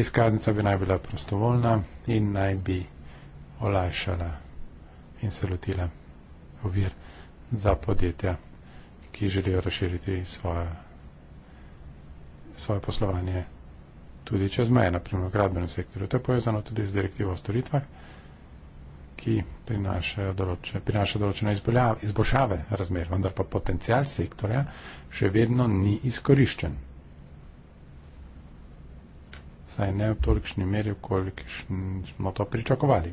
Izkaznica bi naj bila prostovoljna in naj bi olajšala in se lotila ovir za podjetja, ki želijo razširiti svoje, svoje poslovanje tudi čez meje, naprimer v gradbenem sektorju. To je povezano tudi z direktivo o storitvah, ki določene, prinaša določene izboljšave razmer, vendar pa potencial sektorja še vedno ni izkoriščen. Saj ne v tolikšni meri, koliko smo to pričakovali.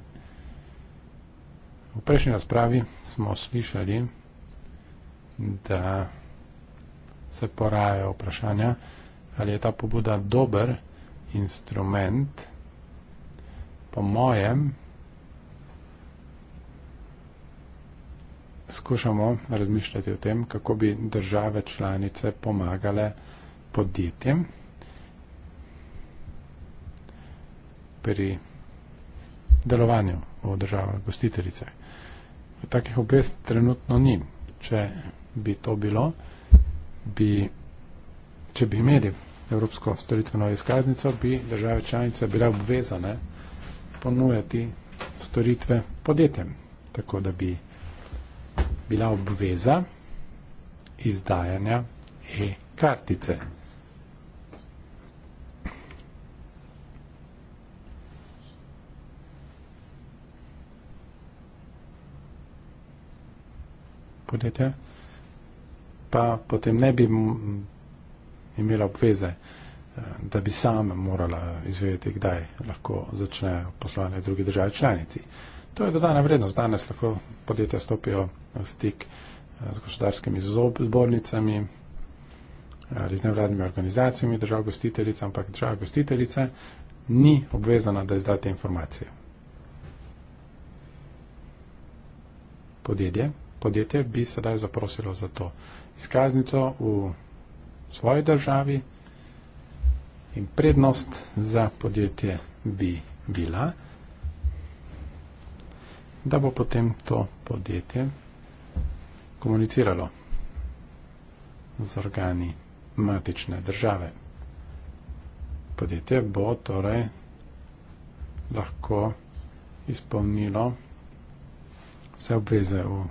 V prejšnji razpravi smo slišali, da se porajajo vprašanja, ali je ta pobuda dober, instrument, po mojem, skušamo razmišljati o tem, kako bi države članice pomagale podjetjem pri delovanju v državah gostiteljice. Takih obvez trenutno ni. Če bi to bilo, bi, če bi imeli evropsko storitveno izkaznico, bi države članice bile obvezane ponujati storitve podjetjem. Tako da bi bila obveza izdajanja e-kartice. Podjetja pa potem ne bi imela obveze, eh, da bi sama morala izvedeti, kdaj lahko začne poslovanje v drugi državi članici. To je dodana vrednost. Danes lahko podjetja stopijo v stik eh, z gospodarskimi zbornicami ali z nevladnimi organizacijami držav gostiteljica, ampak država gostiteljica ni obvezana, da izda te informacije. Podjetje, podjetje bi sedaj zaprosilo za to izkaznico v v svoji državi in prednost za podjetje bi bila, da bo potem to podjetje komuniciralo z organi matične države. Podjetje bo torej lahko izpolnilo vse obveze v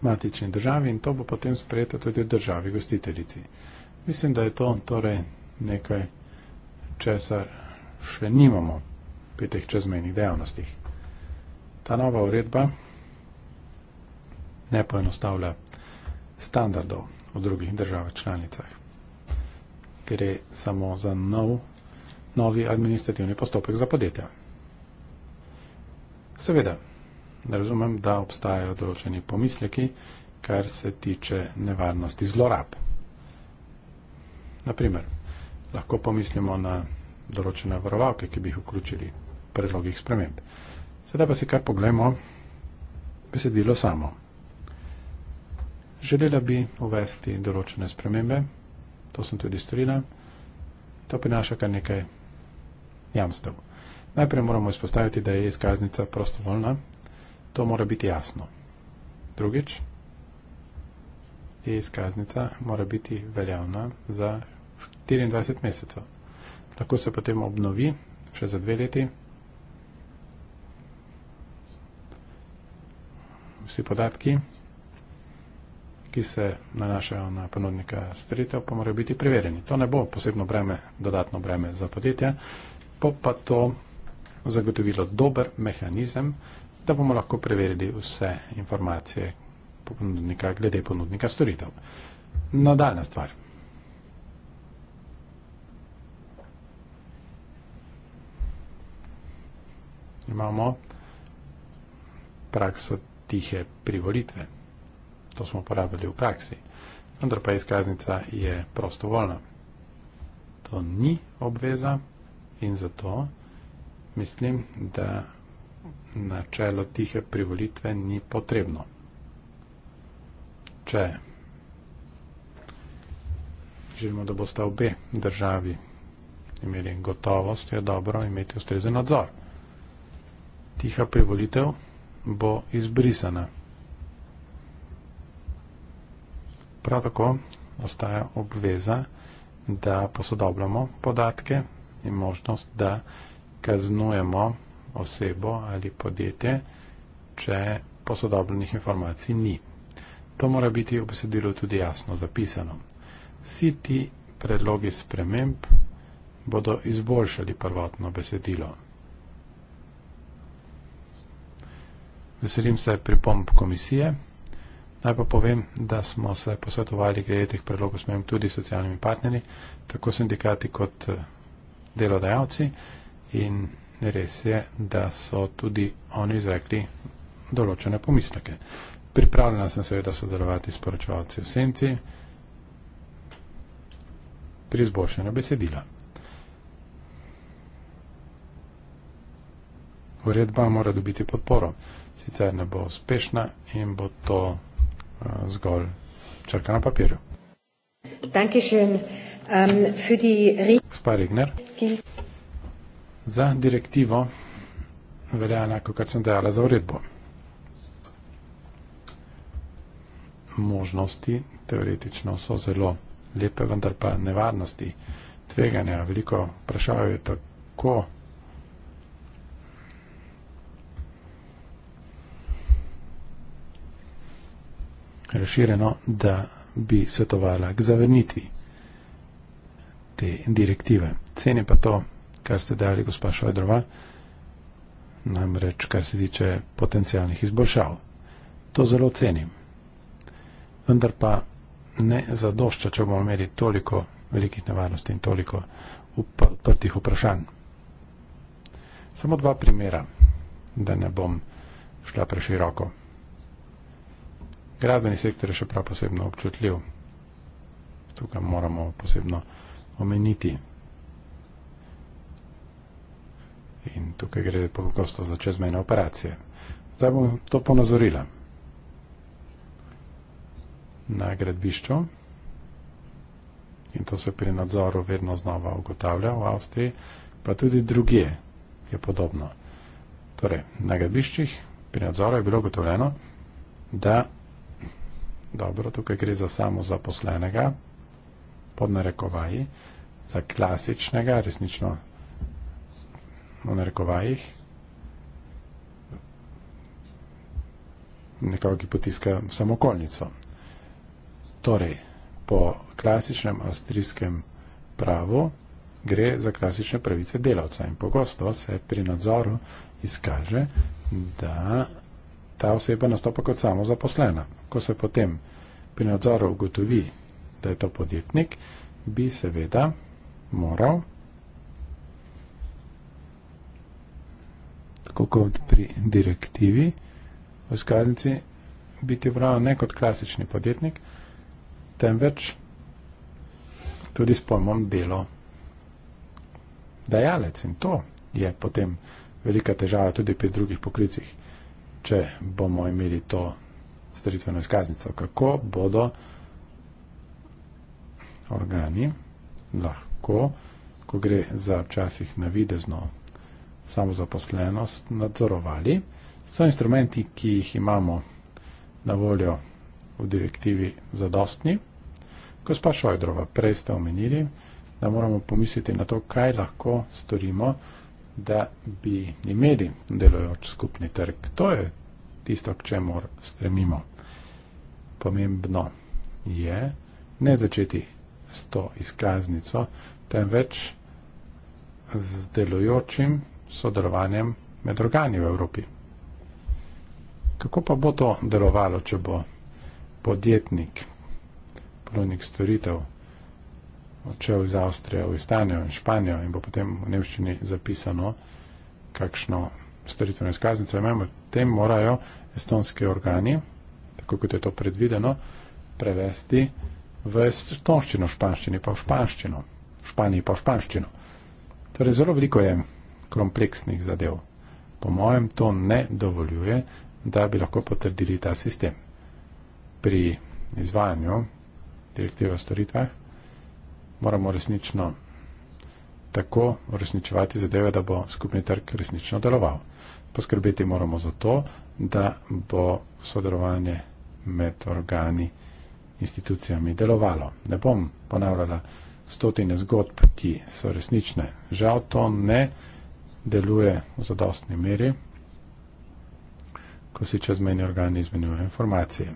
matični državi in to bo potem sprejeto tudi v državi gostiteljici. Mislim, da je to torej nekaj, česar še nimamo pri teh čezmejnih dejavnostih. Ta nova uredba ne poenostavlja standardov v drugih državah članicah. Gre samo za nov, novi administrativni postopek za podjetja. Seveda, ne razumem, da obstajajo določeni pomisleki, kar se tiče nevarnosti zlorab. Naprimer, lahko pomislimo na določene varovalke, ki bi jih vključili v predlogih sprememb. Sedaj pa si kar pogledamo besedilo samo. Želela bi uvesti določene spremembe, to sem tudi storila, to prinaša kar nekaj jamstev. Najprej moramo izpostaviti, da je izkaznica prostovoljna, to mora biti jasno. Drugič, je izkaznica mora biti veljavna za 24 mesecev. Lahko se potem obnovi še za dve leti. Vsi podatki, ki se nanašajo na ponudnika storitev, pa morajo biti preverjeni. To ne bo posebno breme, dodatno breme za podjetja, bo pa to zagotovilo dober mehanizem, da bomo lahko preverili vse informacije ponudnika glede ponudnika storitev. Nadaljna stvar. imamo prakso tihe privolitve. To smo uporabljali v praksi. Vendar pa izkaznica je prostovoljna. To ni obveza in zato mislim, da načelo tihe privolitve ni potrebno. Če želimo, da boste obe državi imeli gotovost, je dobro imeti ustrezen nadzor tiha privolitev bo izbrisana. Prav tako ostaja obveza, da posodobljamo podatke in možnost, da kaznujemo osebo ali podjetje, če posodobljenih informacij ni. To mora biti v besedilu tudi jasno zapisano. Vsi ti predlogi sprememb bodo izboljšali prvotno besedilo. Veselim se pripomb komisije. Naj pa povem, da smo se posvetovali glede teh predlogov s mem tudi socialnimi partnerji, tako sindikati kot eh, delodajalci in res je, da so tudi oni izrekli določene pomisleke. Pripravljena sem seveda sodelovati s poročevalci v senci pri izboljšanju besedila. Uredba mora dobiti podporo sicer ne bo uspešna in bo to uh, zgolj črka na papirju. Ähm, Spaligner. Za direktivo velja enako, kot sem dejala za uredbo. Možnosti teoretično so zelo lepe, vendar pa nevarnosti, tveganja, veliko vprašanje je tako razširjeno, da bi svetovala k zavrnitvi te direktive. Cene pa to, kar ste dali gospa Šojdrova, namreč kar se tiče potencijalnih izboljšav. To zelo cenim. Vendar pa ne zadošča, če bomo imeli toliko velikih nevarnosti in toliko odprtih vprašanj. Samo dva primera, da ne bom šla preširoko. široko. Gradbeni sektor je še prav posebno občutljiv. Tukaj moramo posebno omeniti. In tukaj gre pogosto za čezmejne operacije. Zdaj bom to ponazorila. Na gradbišču, in to se pri nadzoru vedno znova ugotavlja v Avstriji, pa tudi drugje je podobno. Torej, na gradbiščih pri nadzoru je bilo ugotovljeno, da dobro, tukaj gre za samozaposlenega, pod narekovaji, za klasičnega, resnično v narekovajih, nekako, ki potiska samokolnico. Torej, po klasičnem avstrijskem pravu gre za klasične pravice delavca in pogosto se pri nadzoru izkaže, da ta oseba nastopa kot samozaposlena. Ko se potem pri nadzoru ugotovi, da je to podjetnik, bi seveda moral, tako kot pri direktivi v skaznici, biti upravljen ne kot klasični podjetnik, temveč tudi s pojmom delo dajalec. In to je potem velika težava tudi pri drugih poklicih. Če bomo imeli to storitveno izkaznico, kako bodo organi lahko, ko gre za včasih navidezno samozaposlenost, nadzorovali. So instrumenti, ki jih imamo na voljo v direktivi zadostni. Gospa Šojdrova, prej ste omenili, da moramo pomisliti na to, kaj lahko storimo, da bi imeli delojoč skupni trg. To je tisto, k čemu stremimo. Pomembno je ne začeti s to izkaznico, temveč z delujočim sodelovanjem med organi v Evropi. Kako pa bo to delovalo, če bo podjetnik, plovnik storitev, odšel iz Avstrije v Istanijo in Španijo in bo potem v Nemščini zapisano, kakšno storitvene izkaznice, imamo tem morajo estonske organi, tako kot je to predvideno, prevesti v estonščino, španščino pa v španščino, v Španiji pa v španščino. Torej zelo veliko je kompleksnih zadev. Po mojem to ne dovoljuje, da bi lahko potrdili ta sistem. Pri izvajanju direktive o storitvah moramo resnično tako uresničevati zadeve, da bo skupni trg resnično deloval poskrbeti moramo za to, da bo sodelovanje med organi institucijami delovalo. Ne bom ponavljala stotine zgodb, ki so resnične. Žal to ne deluje v zadostni meri, ko si čezmeni organi izmenjujejo informacije.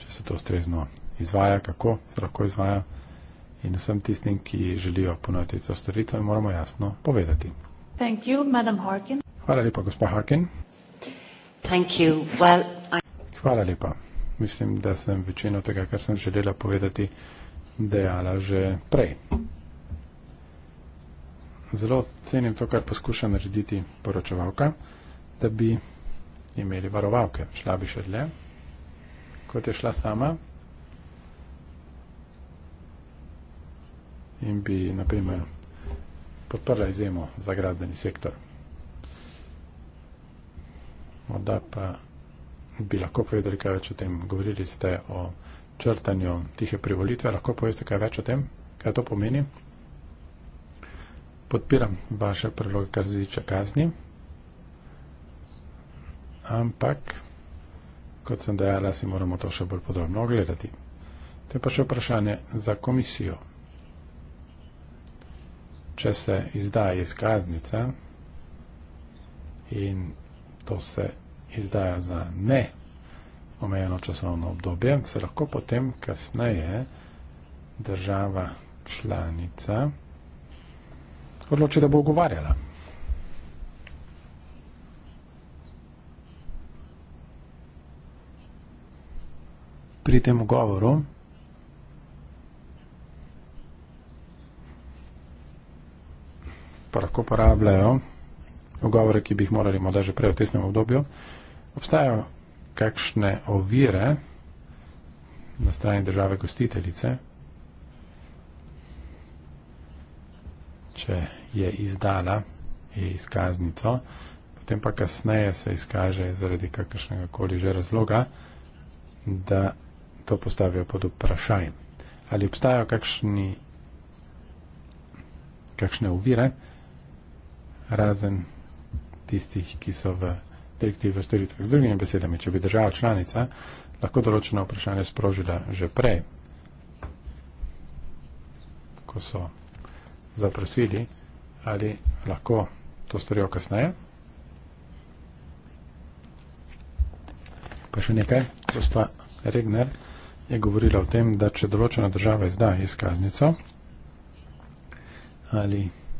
Če se to ustrezno izvaja, kako se lahko izvaja in vsem tistim, ki želijo ponuditi to storitev, moramo jasno povedati. You, Hvala lepa, gospod Harkin. Well, I... Hvala lepa. Mislim, da sem večino tega, kar sem želela povedati, dejala že prej. Zelo cenim to, kar poskuša narediti poročevalka, da bi imeli varovalke. Šla bi še dlje, kot je šla sama, in bi naprimer podprla izjemo za gradbeni sektor. Morda pa bi lahko povedali kaj več o tem. Govorili ste o črtanju tihe privolitve. Lahko poveste kaj več o tem, kaj to pomeni. Podpiram vaše predloge, kar zdiče kazni. Ampak, kot sem dejala, si moramo to še bolj podrobno ogledati. To je pa še vprašanje za komisijo če se izda izkaznica in to se izdaja za ne omejeno časovno obdobje, se lahko potem kasneje država članica odloči, da bo ugovarjala. Pri tem govoru pa lahko uporabljajo ogovore, ki bi jih morali morda že prej v tesnem obdobju, obstajajo kakšne ovire na strani države gostiteljice, če je izdala izkaznico, potem pa kasneje se izkaže zaradi kakršnega koli že razloga, da to postavijo pod vprašaj. Ali obstajajo kakšni, kakšne ovire? razen tistih, ki so v direktivi v storitvah. Z drugimi besedami, če bi država članica lahko določena vprašanja sprožila že prej, ko so zaprosili, ali lahko to storijo kasneje. Pa še nekaj, gospa Regner je govorila o tem, da če določena država izda izkaznico ali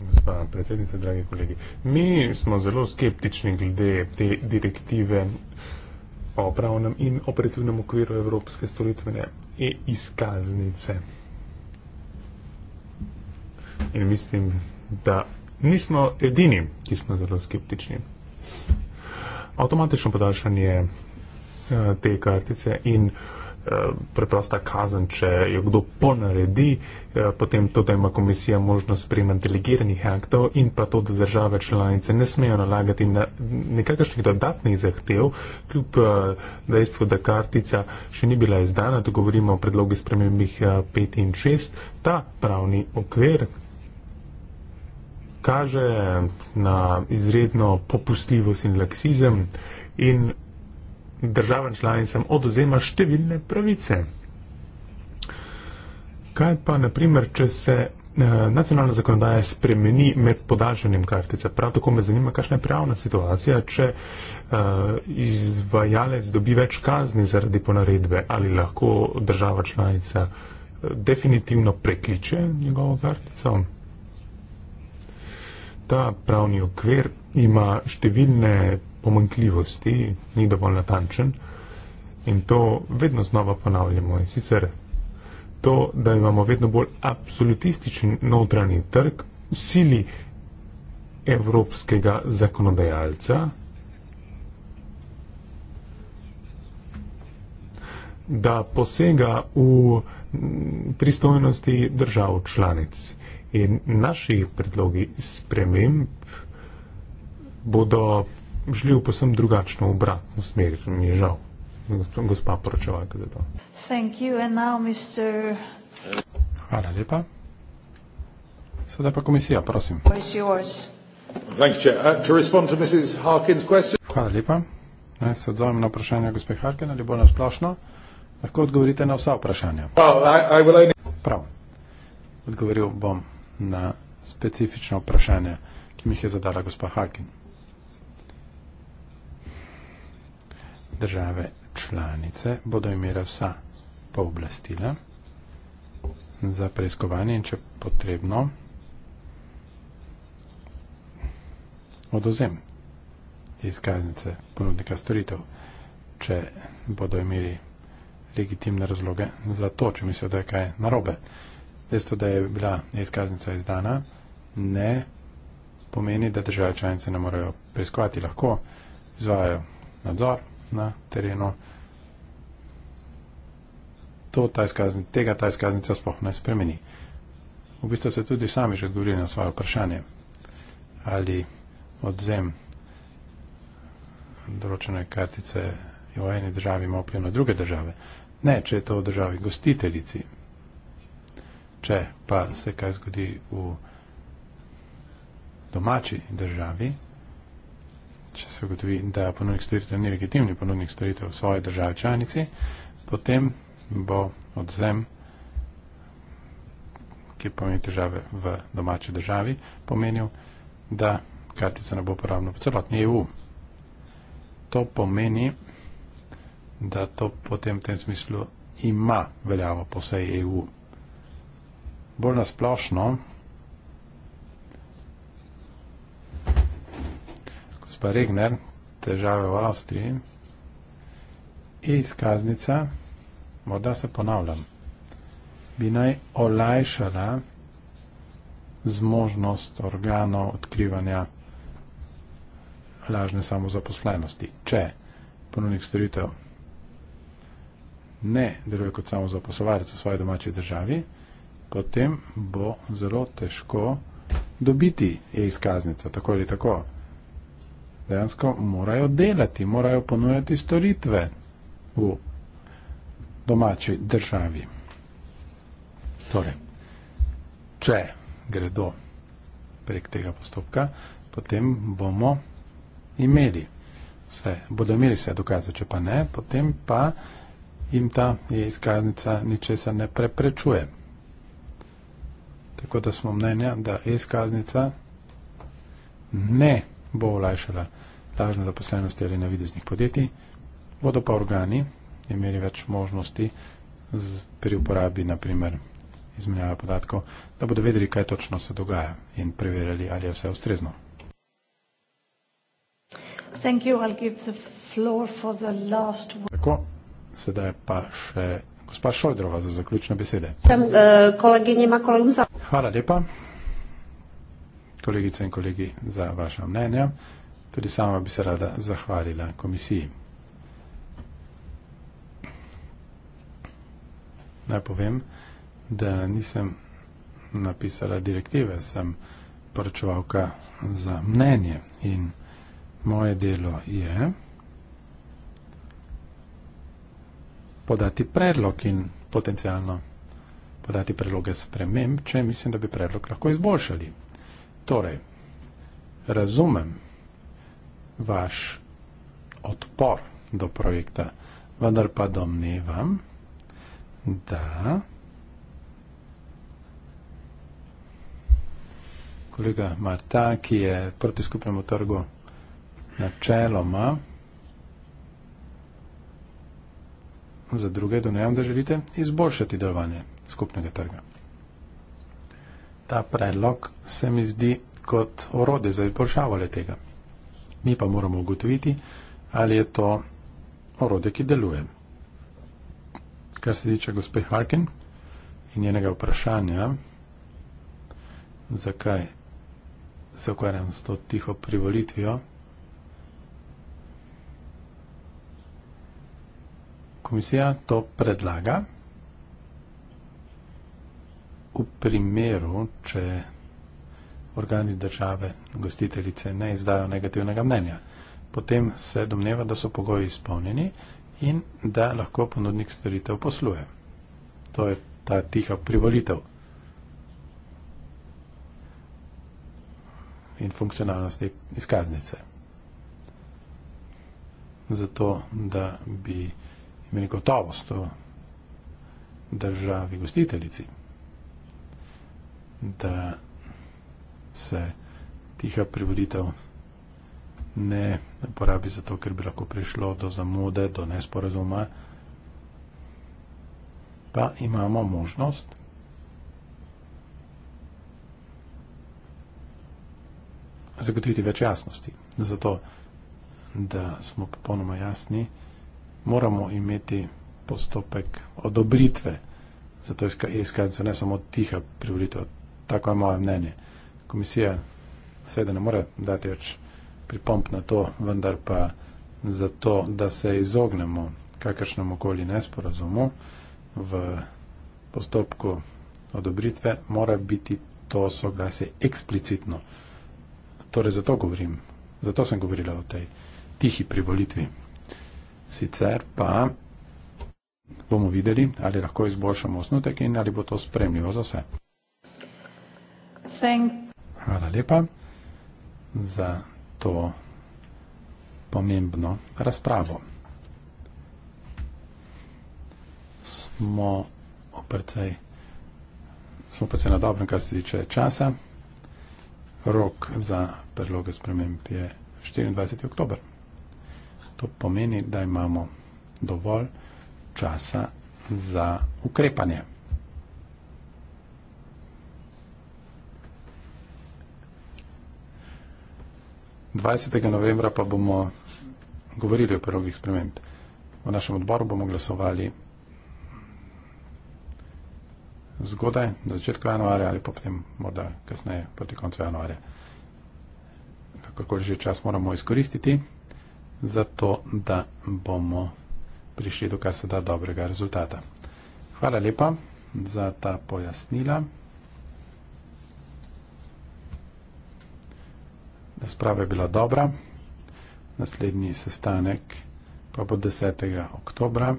gospa predsednica, dragi kolegi. Mi smo zelo skeptični glede te direktive o pravnem in operativnem okviru Evropske storitvene e-izkaznice. In mislim, da nismo edini, ki smo zelo skeptični. Avtomatično podaljšanje eh, te kartice in uh, Eh, preprosta kazen, če jo kdo ponaredi, eh, potem to, da ima komisija možnost sprejema delegiranih aktov in pa to, da države članice ne smejo nalagati na nekakšnih dodatnih zahtev, kljub eh, dejstvu, da kartica še ni bila izdana, to govorimo o predlogi spremembih 5 in 6, ta pravni okvir kaže na izredno popustljivost in laksizem in državam članicam oduzema številne pravice. Kaj pa, na primer, če se eh, nacionalna zakonodaja spremeni med podaljšanjem kartice? Prav tako me zanima, kakšna je pravna situacija, če eh, izvajalec dobi več kazni zaradi ponaredbe ali lahko država članica eh, definitivno prekliče njegovo kartico. Ta pravni okvir ima številne pomankljivosti, ni dovolj natančen in to vedno znova ponavljamo. In sicer to, da imamo vedno bolj absolutističen notranji trg, sili evropskega zakonodajalca, da posega v pristojnosti držav članic. In naši predlogi sprememb bodo šli v posem drugačno obratno smer, mi je žal. Gospa poročevalka za to. Thank you and now Mr. Hvala lepa. Sedaj pa komisija, prosim. What is yours? Thank you, Chair. Uh, to respond to Mrs. Harkin's question. Hvala lepa. Naj se odzovem na vprašanje gospe Harkin ali bolj na splošno. Lahko odgovorite na vsa vprašanja. Well, I, I will only... Prav. Odgovoril bom na specifično vprašanje, ki mi jih je zadala gospa Harkin. države članice bodo imele vsa pooblastila za preiskovanje in če potrebno odozem izkaznice ponudnika storitev, če bodo imeli legitimne razloge za to, če mislijo, da je kaj narobe. Zdaj, da je bila izkaznica izdana, ne pomeni, da države članice ne morejo preiskovati, lahko izvajajo nadzor, na terenu. To ta izkaznica, tega ta izkaznica sploh ne spremeni. V bistvu se tudi sami že odgovorili na svoje vprašanje, ali odzem določene kartice v eni državi ima vpliv na druge države. Ne, če je to v državi gostiteljici. Če pa se kaj zgodi v domači državi, če se gotovi, da ponudnik storitev ni legitimni ponudnik storitev v svoji državi članici, potem bo odzem, ki pomeni težave v domači državi, pomenil, da kartica ne bo uporabna po celotni EU. To pomeni, da to potem v tem smislu ima veljavo po vsej EU. Bolj nasplošno, gospa Regner, težave v Avstriji. Izkaznica, morda se ponavljam, bi naj olajšala zmožnost organov odkrivanja lažne samozaposlenosti, če ponudnik storitev ne deluje kot samozaposlovalec v svoji domači državi, potem bo zelo težko dobiti e-izkaznico, tako ali tako dejansko morajo delati, morajo ponujati storitve v domači državi. Torej, če gredo prek tega postopka, potem bomo imeli vse, bodo imeli vse dokaze, če pa ne, potem pa jim ta e-izkaznica ničesa ne preprečuje. Tako da smo mnenja, da e-izkaznica ne preprečuje bo olajšala lažne zaposlenosti ali navideznih podjetij, bodo pa organi imeli več možnosti z, pri uporabi, naprimer, izmenjava podatkov, da bodo vedeli, kaj točno se dogaja in preverjali, ali je vse ustrezno. Tako, sedaj pa še gospa Šojdrova za zaključne besede. Eh, Hvala lepa kolegice in kolegi, za vaše mnenja. Tudi sama bi se rada zahvalila komisiji. Naj povem, da nisem napisala direktive, sem poročevalka za mnenje in moje delo je podati predlog in potencialno podati predloge sprememb, če mislim, da bi predlog lahko izboljšali. Torej, razumem vaš odpor do projekta, vendar pa domnevam, da kolega Marta, ki je proti skupnemu trgu načeloma, za druge, da ne vem, da želite izboljšati delovanje skupnega trga ta predlog se mi zdi kot orode za izboljšavo le tega. Mi pa moramo ugotoviti, ali je to orode, ki deluje. Kar se tiče gospe Harkin in njenega vprašanja, zakaj se ukvarjam s to tiho privolitvijo, komisija to predlaga v primeru, če organi države gostiteljice ne izdajo negativnega mnenja. Potem se domneva, da so pogoji izpolnjeni in da lahko ponudnik storitev posluje. To je ta tiha privolitev in funkcionalnosti izkaznice. Zato, da bi imeli gotovost v državi gostiteljici da se tiha privolitev ne porabi zato, ker bi lahko prišlo do zamude, do nesporazuma, pa imamo možnost zagotoviti več jasnosti. Zato, da smo popolnoma jasni, moramo imeti postopek odobritve. Zato je izkaznica ne samo tiha privolitev, tako je moje mnenje. Komisija seveda ne more dati več pripomp na to, vendar pa zato, da se izognemo kakršnemu koli nesporazumu v postopku odobritve, mora biti to soglasje eksplicitno. Torej, zato govorim, zato sem govorila o tej tihi privolitvi. Sicer pa bomo videli, ali lahko izboljšamo osnutek in ali bo to spremljivo za vse. Hvala lepa za to pomembno razpravo. Smo v precej smo precej na dobrem, kar se tiče časa. Rok za predloge sprememb je 24. oktober. To pomeni, da imamo dovolj časa za ukrepanje. 20. novembra pa bomo govorili o prvih sprememb. V našem odboru bomo glasovali zgodaj, na začetku januarja ali pa potem morda kasneje, proti koncu januarja. Kakorkoli že čas moramo izkoristiti, zato da bomo prišli do kar se da dobrega rezultata. Hvala lepa za ta pojasnila. Razprava je bila dobra. Naslednji sestanek pa bo 10. oktober.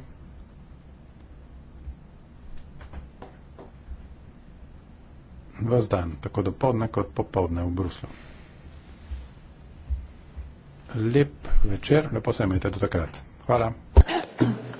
Ves dan, tako dopoledne kot popoldne v Bruslu. Lep večer, lepo se imejte do takrat. Hvala.